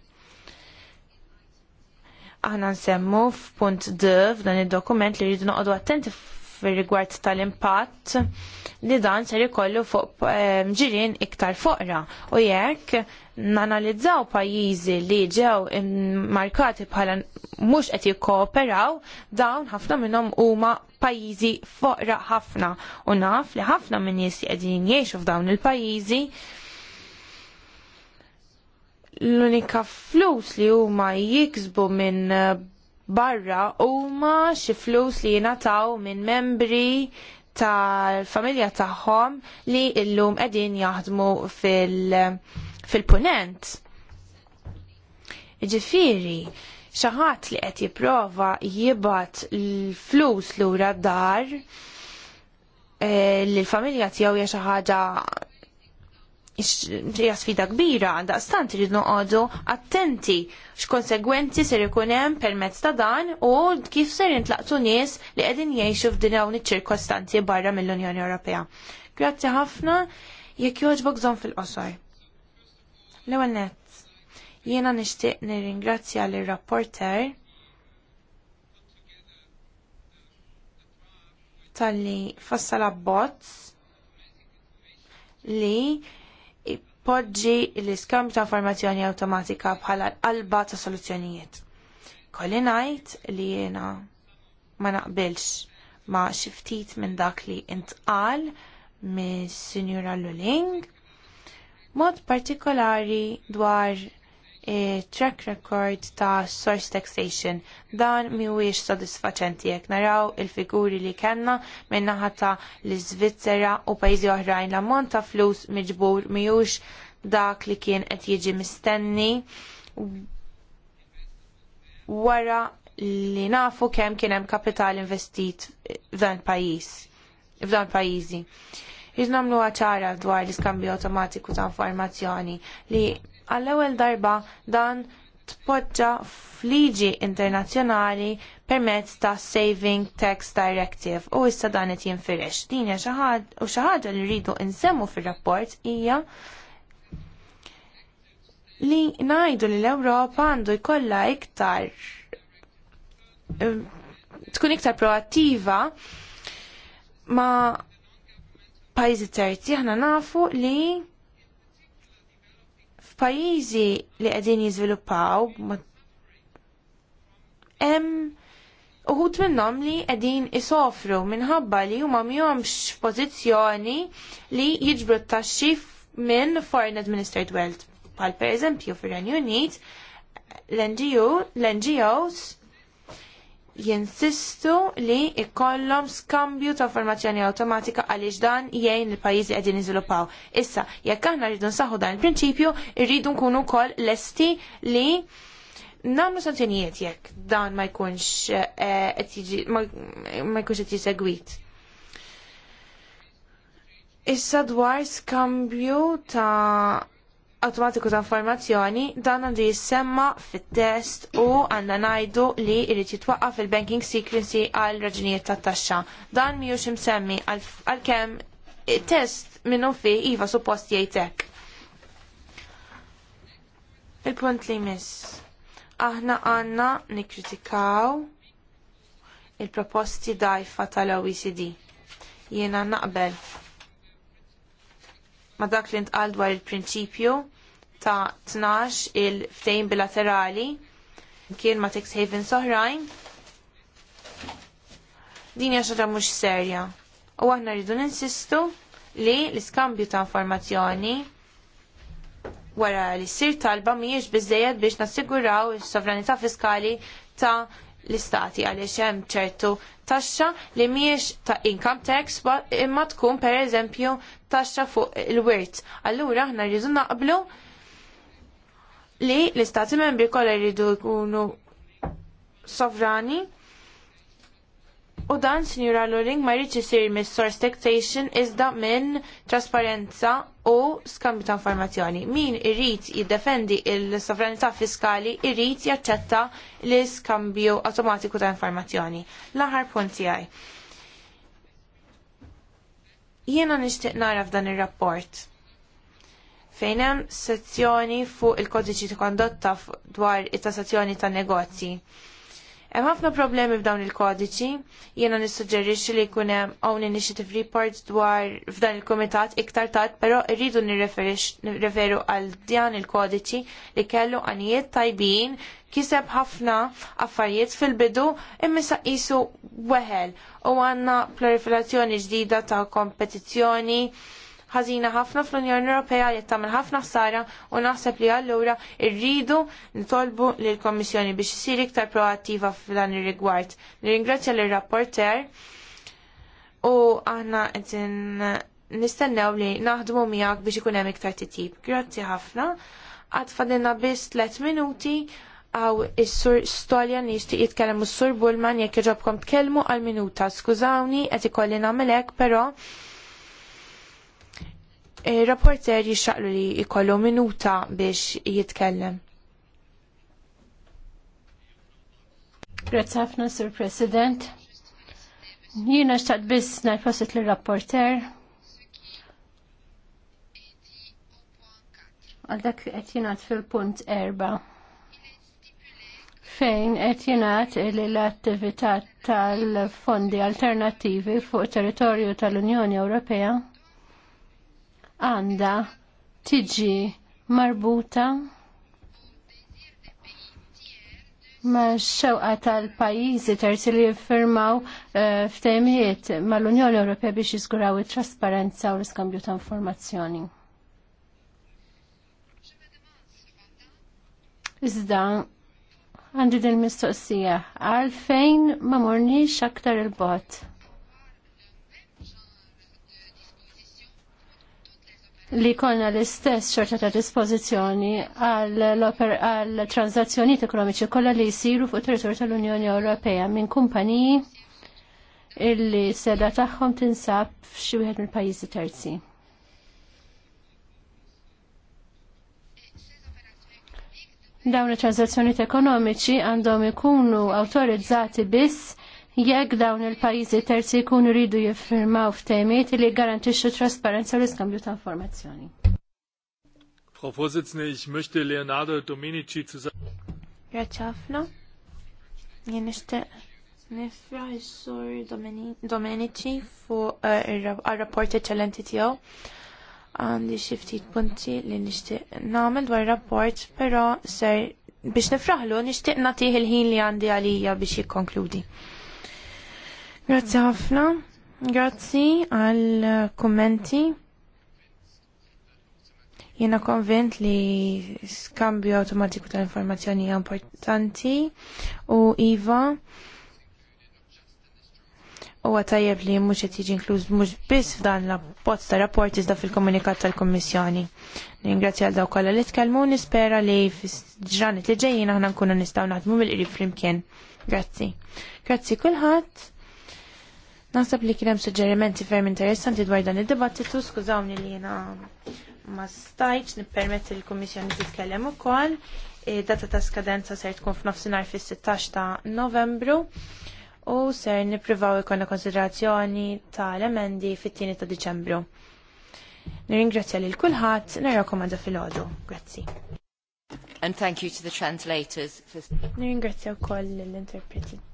Aħna nsemmu f'punt D f'dan id-dokument li rridu noqogħdu attenti fir-rigward tal-impatt li dan ser ikollu fuq ehm, ġirien iktar foqra u jekk nanalizzaw pajjiżi li ġew markati bħala mhux qed jikkooperaw dawn ħafna minnhom huma pajjiżi foqra ħafna u naf li ħafna minn nies qegħdin jgħixu f'dawn il-pajjiżi l-unika flus li huma jiksbu minn barra huma xi flus li jingħataw minn membri tal-familja tagħhom li llum qegħdin jaħdmu fil-punent. Fil Ġifiri, xaħat li qed jipprova jibat l-flus lura d-dar e, li l-familja tiegħu hija xi ħaġa hija sfida kbira għandha stant irid noqogħdu attenti x'konsegwenzi ser ikun hemm permezz ta' dan u kif ser intlaqtu nies li qegħdin jgħixu f'din hawn iċ-ċirkostanzi barra mill-Unjoni Ewropea. Grazzi ħafna jekk jogħġbok bżonn fil-qosor. L-ewwel nett, jiena nixtieq nirringrazzja lir-rapporter tal-li fassala bozz li poġġi l-iskam ta' informazzjoni awtomatika bħala l-qalba ta' soluzzjonijiet. Kolli ngħid li jena ma naqbilx ma xi ftit minn dak li intqal mis-Sinjura Luling, mod partikolari dwar track record ta' source taxation. Dan miwiex sodisfaċenti jekk naraw il-figuri li kellna min-naħa ta' l-Iżvizzera u pajjiżi oħrajn l-ammont ta' flus miġbur miwiex dak li kien qed jiġi mistenni wara li nafu kemm kien hemm kapital investit f'dan pajjiż f'dan pajjiżi. Iżnomlu ċara dwar l-iskambju awtomatiku ta' informazzjoni li għall-ewwel darba dan tpoġġa f'liġi internazzjonali permezz ta' Saving Tax Directive u issa dan qed jinfirex. Din hija u xi ħaġa li rridu nsemmu fir-rapport hija li ngħidu li l-Ewropa għandu jkollha iktar tkun iktar proattiva ma' pajjiżi terzi aħna nafu li F'pajjiżi li qegħdin jiżviluppaw hemm uħut minnhom li qegħdin isofru minħabba li huma m'jomx pożizzjoni li jiġbru t-taxxi minn Foreign Administered Wealth. Bħal pereżempju fir-Renju Unit l-NGO, l-NGOs jinsistu li ikollhom skambju ta' formazzjoni automatika għaliex dan jgħin il-pajjiżi għedin iżviluppaw. Issa, jekk aħna rridu nsaħħu dan il-prinċipju, rridu nkunu wkoll lesti li nagħmlu sanzjonijiet jekk dan ma jkunx eh, ma jkunx qed jisegwit. Issa dwar skambju ta' automatiku ta' informazzjoni dan għandu jissemma fit-test u għandna ngħidu li jrid jitwaqqaf il-banking secrecy għal raġunijiet tat taxxa. Dan mhijiex imsemmi għalkemm test minnu fi iva suppost jajtek. Il-punt li miss. Aħna għanna nikritikaw il-proposti dajfa tal-OECD. Jena naqbel ma dak li ntqal dwar il-prinċipju ta' 12 il-ftejn bilaterali kien ma' Tex Haven soħrajn. Din hija xaġa mhux serja. U aħna rridu ninsistu li l-iskambju ta' informazzjoni wara li ssir talba mhijiex bizzejed biex nassiguraw is-sovranità fiskali ta' l-istati għaliex hemm ċertu taxxa li mhijiex ta' income tax imma tkun pereżempju taxxa fuq il-wirt. Allura aħna rridu naqblu li l-istati membri kollha jridu jkunu sovrani u dan Sinjura Luring ma jridx isir mis source taxation iżda minn trasparenza u skambju ta' informazzjoni. Min irrid jiddefendi il-sovranità fiskali irrid jaċċetta l-iskambju automatiku ta' informazzjoni. L-aħħar punt tiegħi. Jiena nixtieq nara f'dan ir-rapport fejn hemm sezzjoni fuq il-kodiċi ta' kondotta dwar it-tassazzjoni ta' negozji. Hemm ħafna problemi f'dawn il-kodiċi, jiena nissuġġerixxi li jkun hemm hawn initiative reports dwar f'dan il-kumitat iktar tard, però rridu nirreferu għal dan il-kodiċi li kellu għanijiet tajbin kiseb ħafna affarijiet fil-bidu imma qisu weħel u għandna proliferazzjoni ġdida ta' kompetizzjoni ħażina ħafna fl-Unjoni Ewropea li tagħmel ħafna ħsara u naħseb li allura rridu nitolbu lill kommissjoni biex isir iktar proattiva f'dan ir-rigward. Nirringrazzja lir rapporter u aħna qed nistennew li naħdmu miegħek biex ikun hemm iktar titjib. Grazzi ħafna. Għad fadilna biss 3 minuti għaw il-sur stolja nishti jitkellem il-sur Bullman jekk jogħġobkom tkellmu għal-minuta. Skużawni, għet ikolli namelek, pero Il-rapporter jixxaqlu li jkollu minuta biex jitkellem. Grazie ħafna, Sir President. Jiena xtaqt biss najfosit l-rapporter. Għal dak li qed jingħad fil-punt erba' fejn qed jingħad li l-attività tal-fondi alternattivi fuq territorju tal-Unjoni Ewropea għandha tiġi marbuta ma' xewqa tal-pajjiżi terzi li jiffirmaw eh, ftehmijiet mal-Unjoni Ewropea biex jiżguraw it-trasparenza u l-iskambju ta' informazzjoni. Iżda għandi din mistoqsija għalfejn ma morniex aktar il-bot. li konna l-istess xorta ta' dispożizzjoni għal transazzjonijiet ekonomiċi kollha li jsiru fuq territorju tal-Unjoni Ewropea minn kumpaniji illi seda tagħhom tinsab f'xi wieħed mill-pajjiżi terzi. Dawn it-transazzjonijiet ekonomiċi għandhom ikunu awtorizzati biss jekk dawn il-pajjiżi terzi jkunu ridu jiffirmaw f'temiet li garantixxu trasparenza u l-iskambju ta' informazzjoni. Frau Vorsitzende, ich möchte Leonardo Domenici zu sagen. Grazie Afna. Jien nixtieq nifraħ is-sur Domenici fuq eh, ir-rapport eċċellenti tiegħu. Għandi xi ftit punti li nixtieq nagħmel dwar rapport, però ser biex nifraħlu nixtieq nagħtih il-ħin li għandi għalija biex jikkonkludi. konkludi Grazzi ħafna. Grazzi għal kommenti. Jena konvent li skambju automatiku ta' informazzjoni importanti u Iva huwa tajjeb li mhux qed jiġi inkluż mhux biss f'dan l-abbozz ta' rapport iżda fil-komunikat tal-Kummissjoni. Ningrazzja għal daw kollha li tkellmu nispera li f'ġranet ġranet li ġejjin aħna nkunu nistgħu naħdmu mill-qrib flimkien. Grazzi. Grazzi kulħadd. Nasab li kien hemm suġġerimenti ferm interessanti dwar dan id-dibattitu, skużawni li jena ma stajtx nippermetti l-Kummissjoni titkellem ukoll. E, data ta' skadenza ser tkun f'nofsinhar fis-16 ta' Novembru u ser nippruvaw ikonna konsiderazzjoni tal-emendi fit-tieni ta' Diċembru. Nirringrazzja lil kulħadd, narakom għadha fil-ħodu. Grazzi. And thank you to the translators. For... Nirringrazzja wkoll l-interpreti.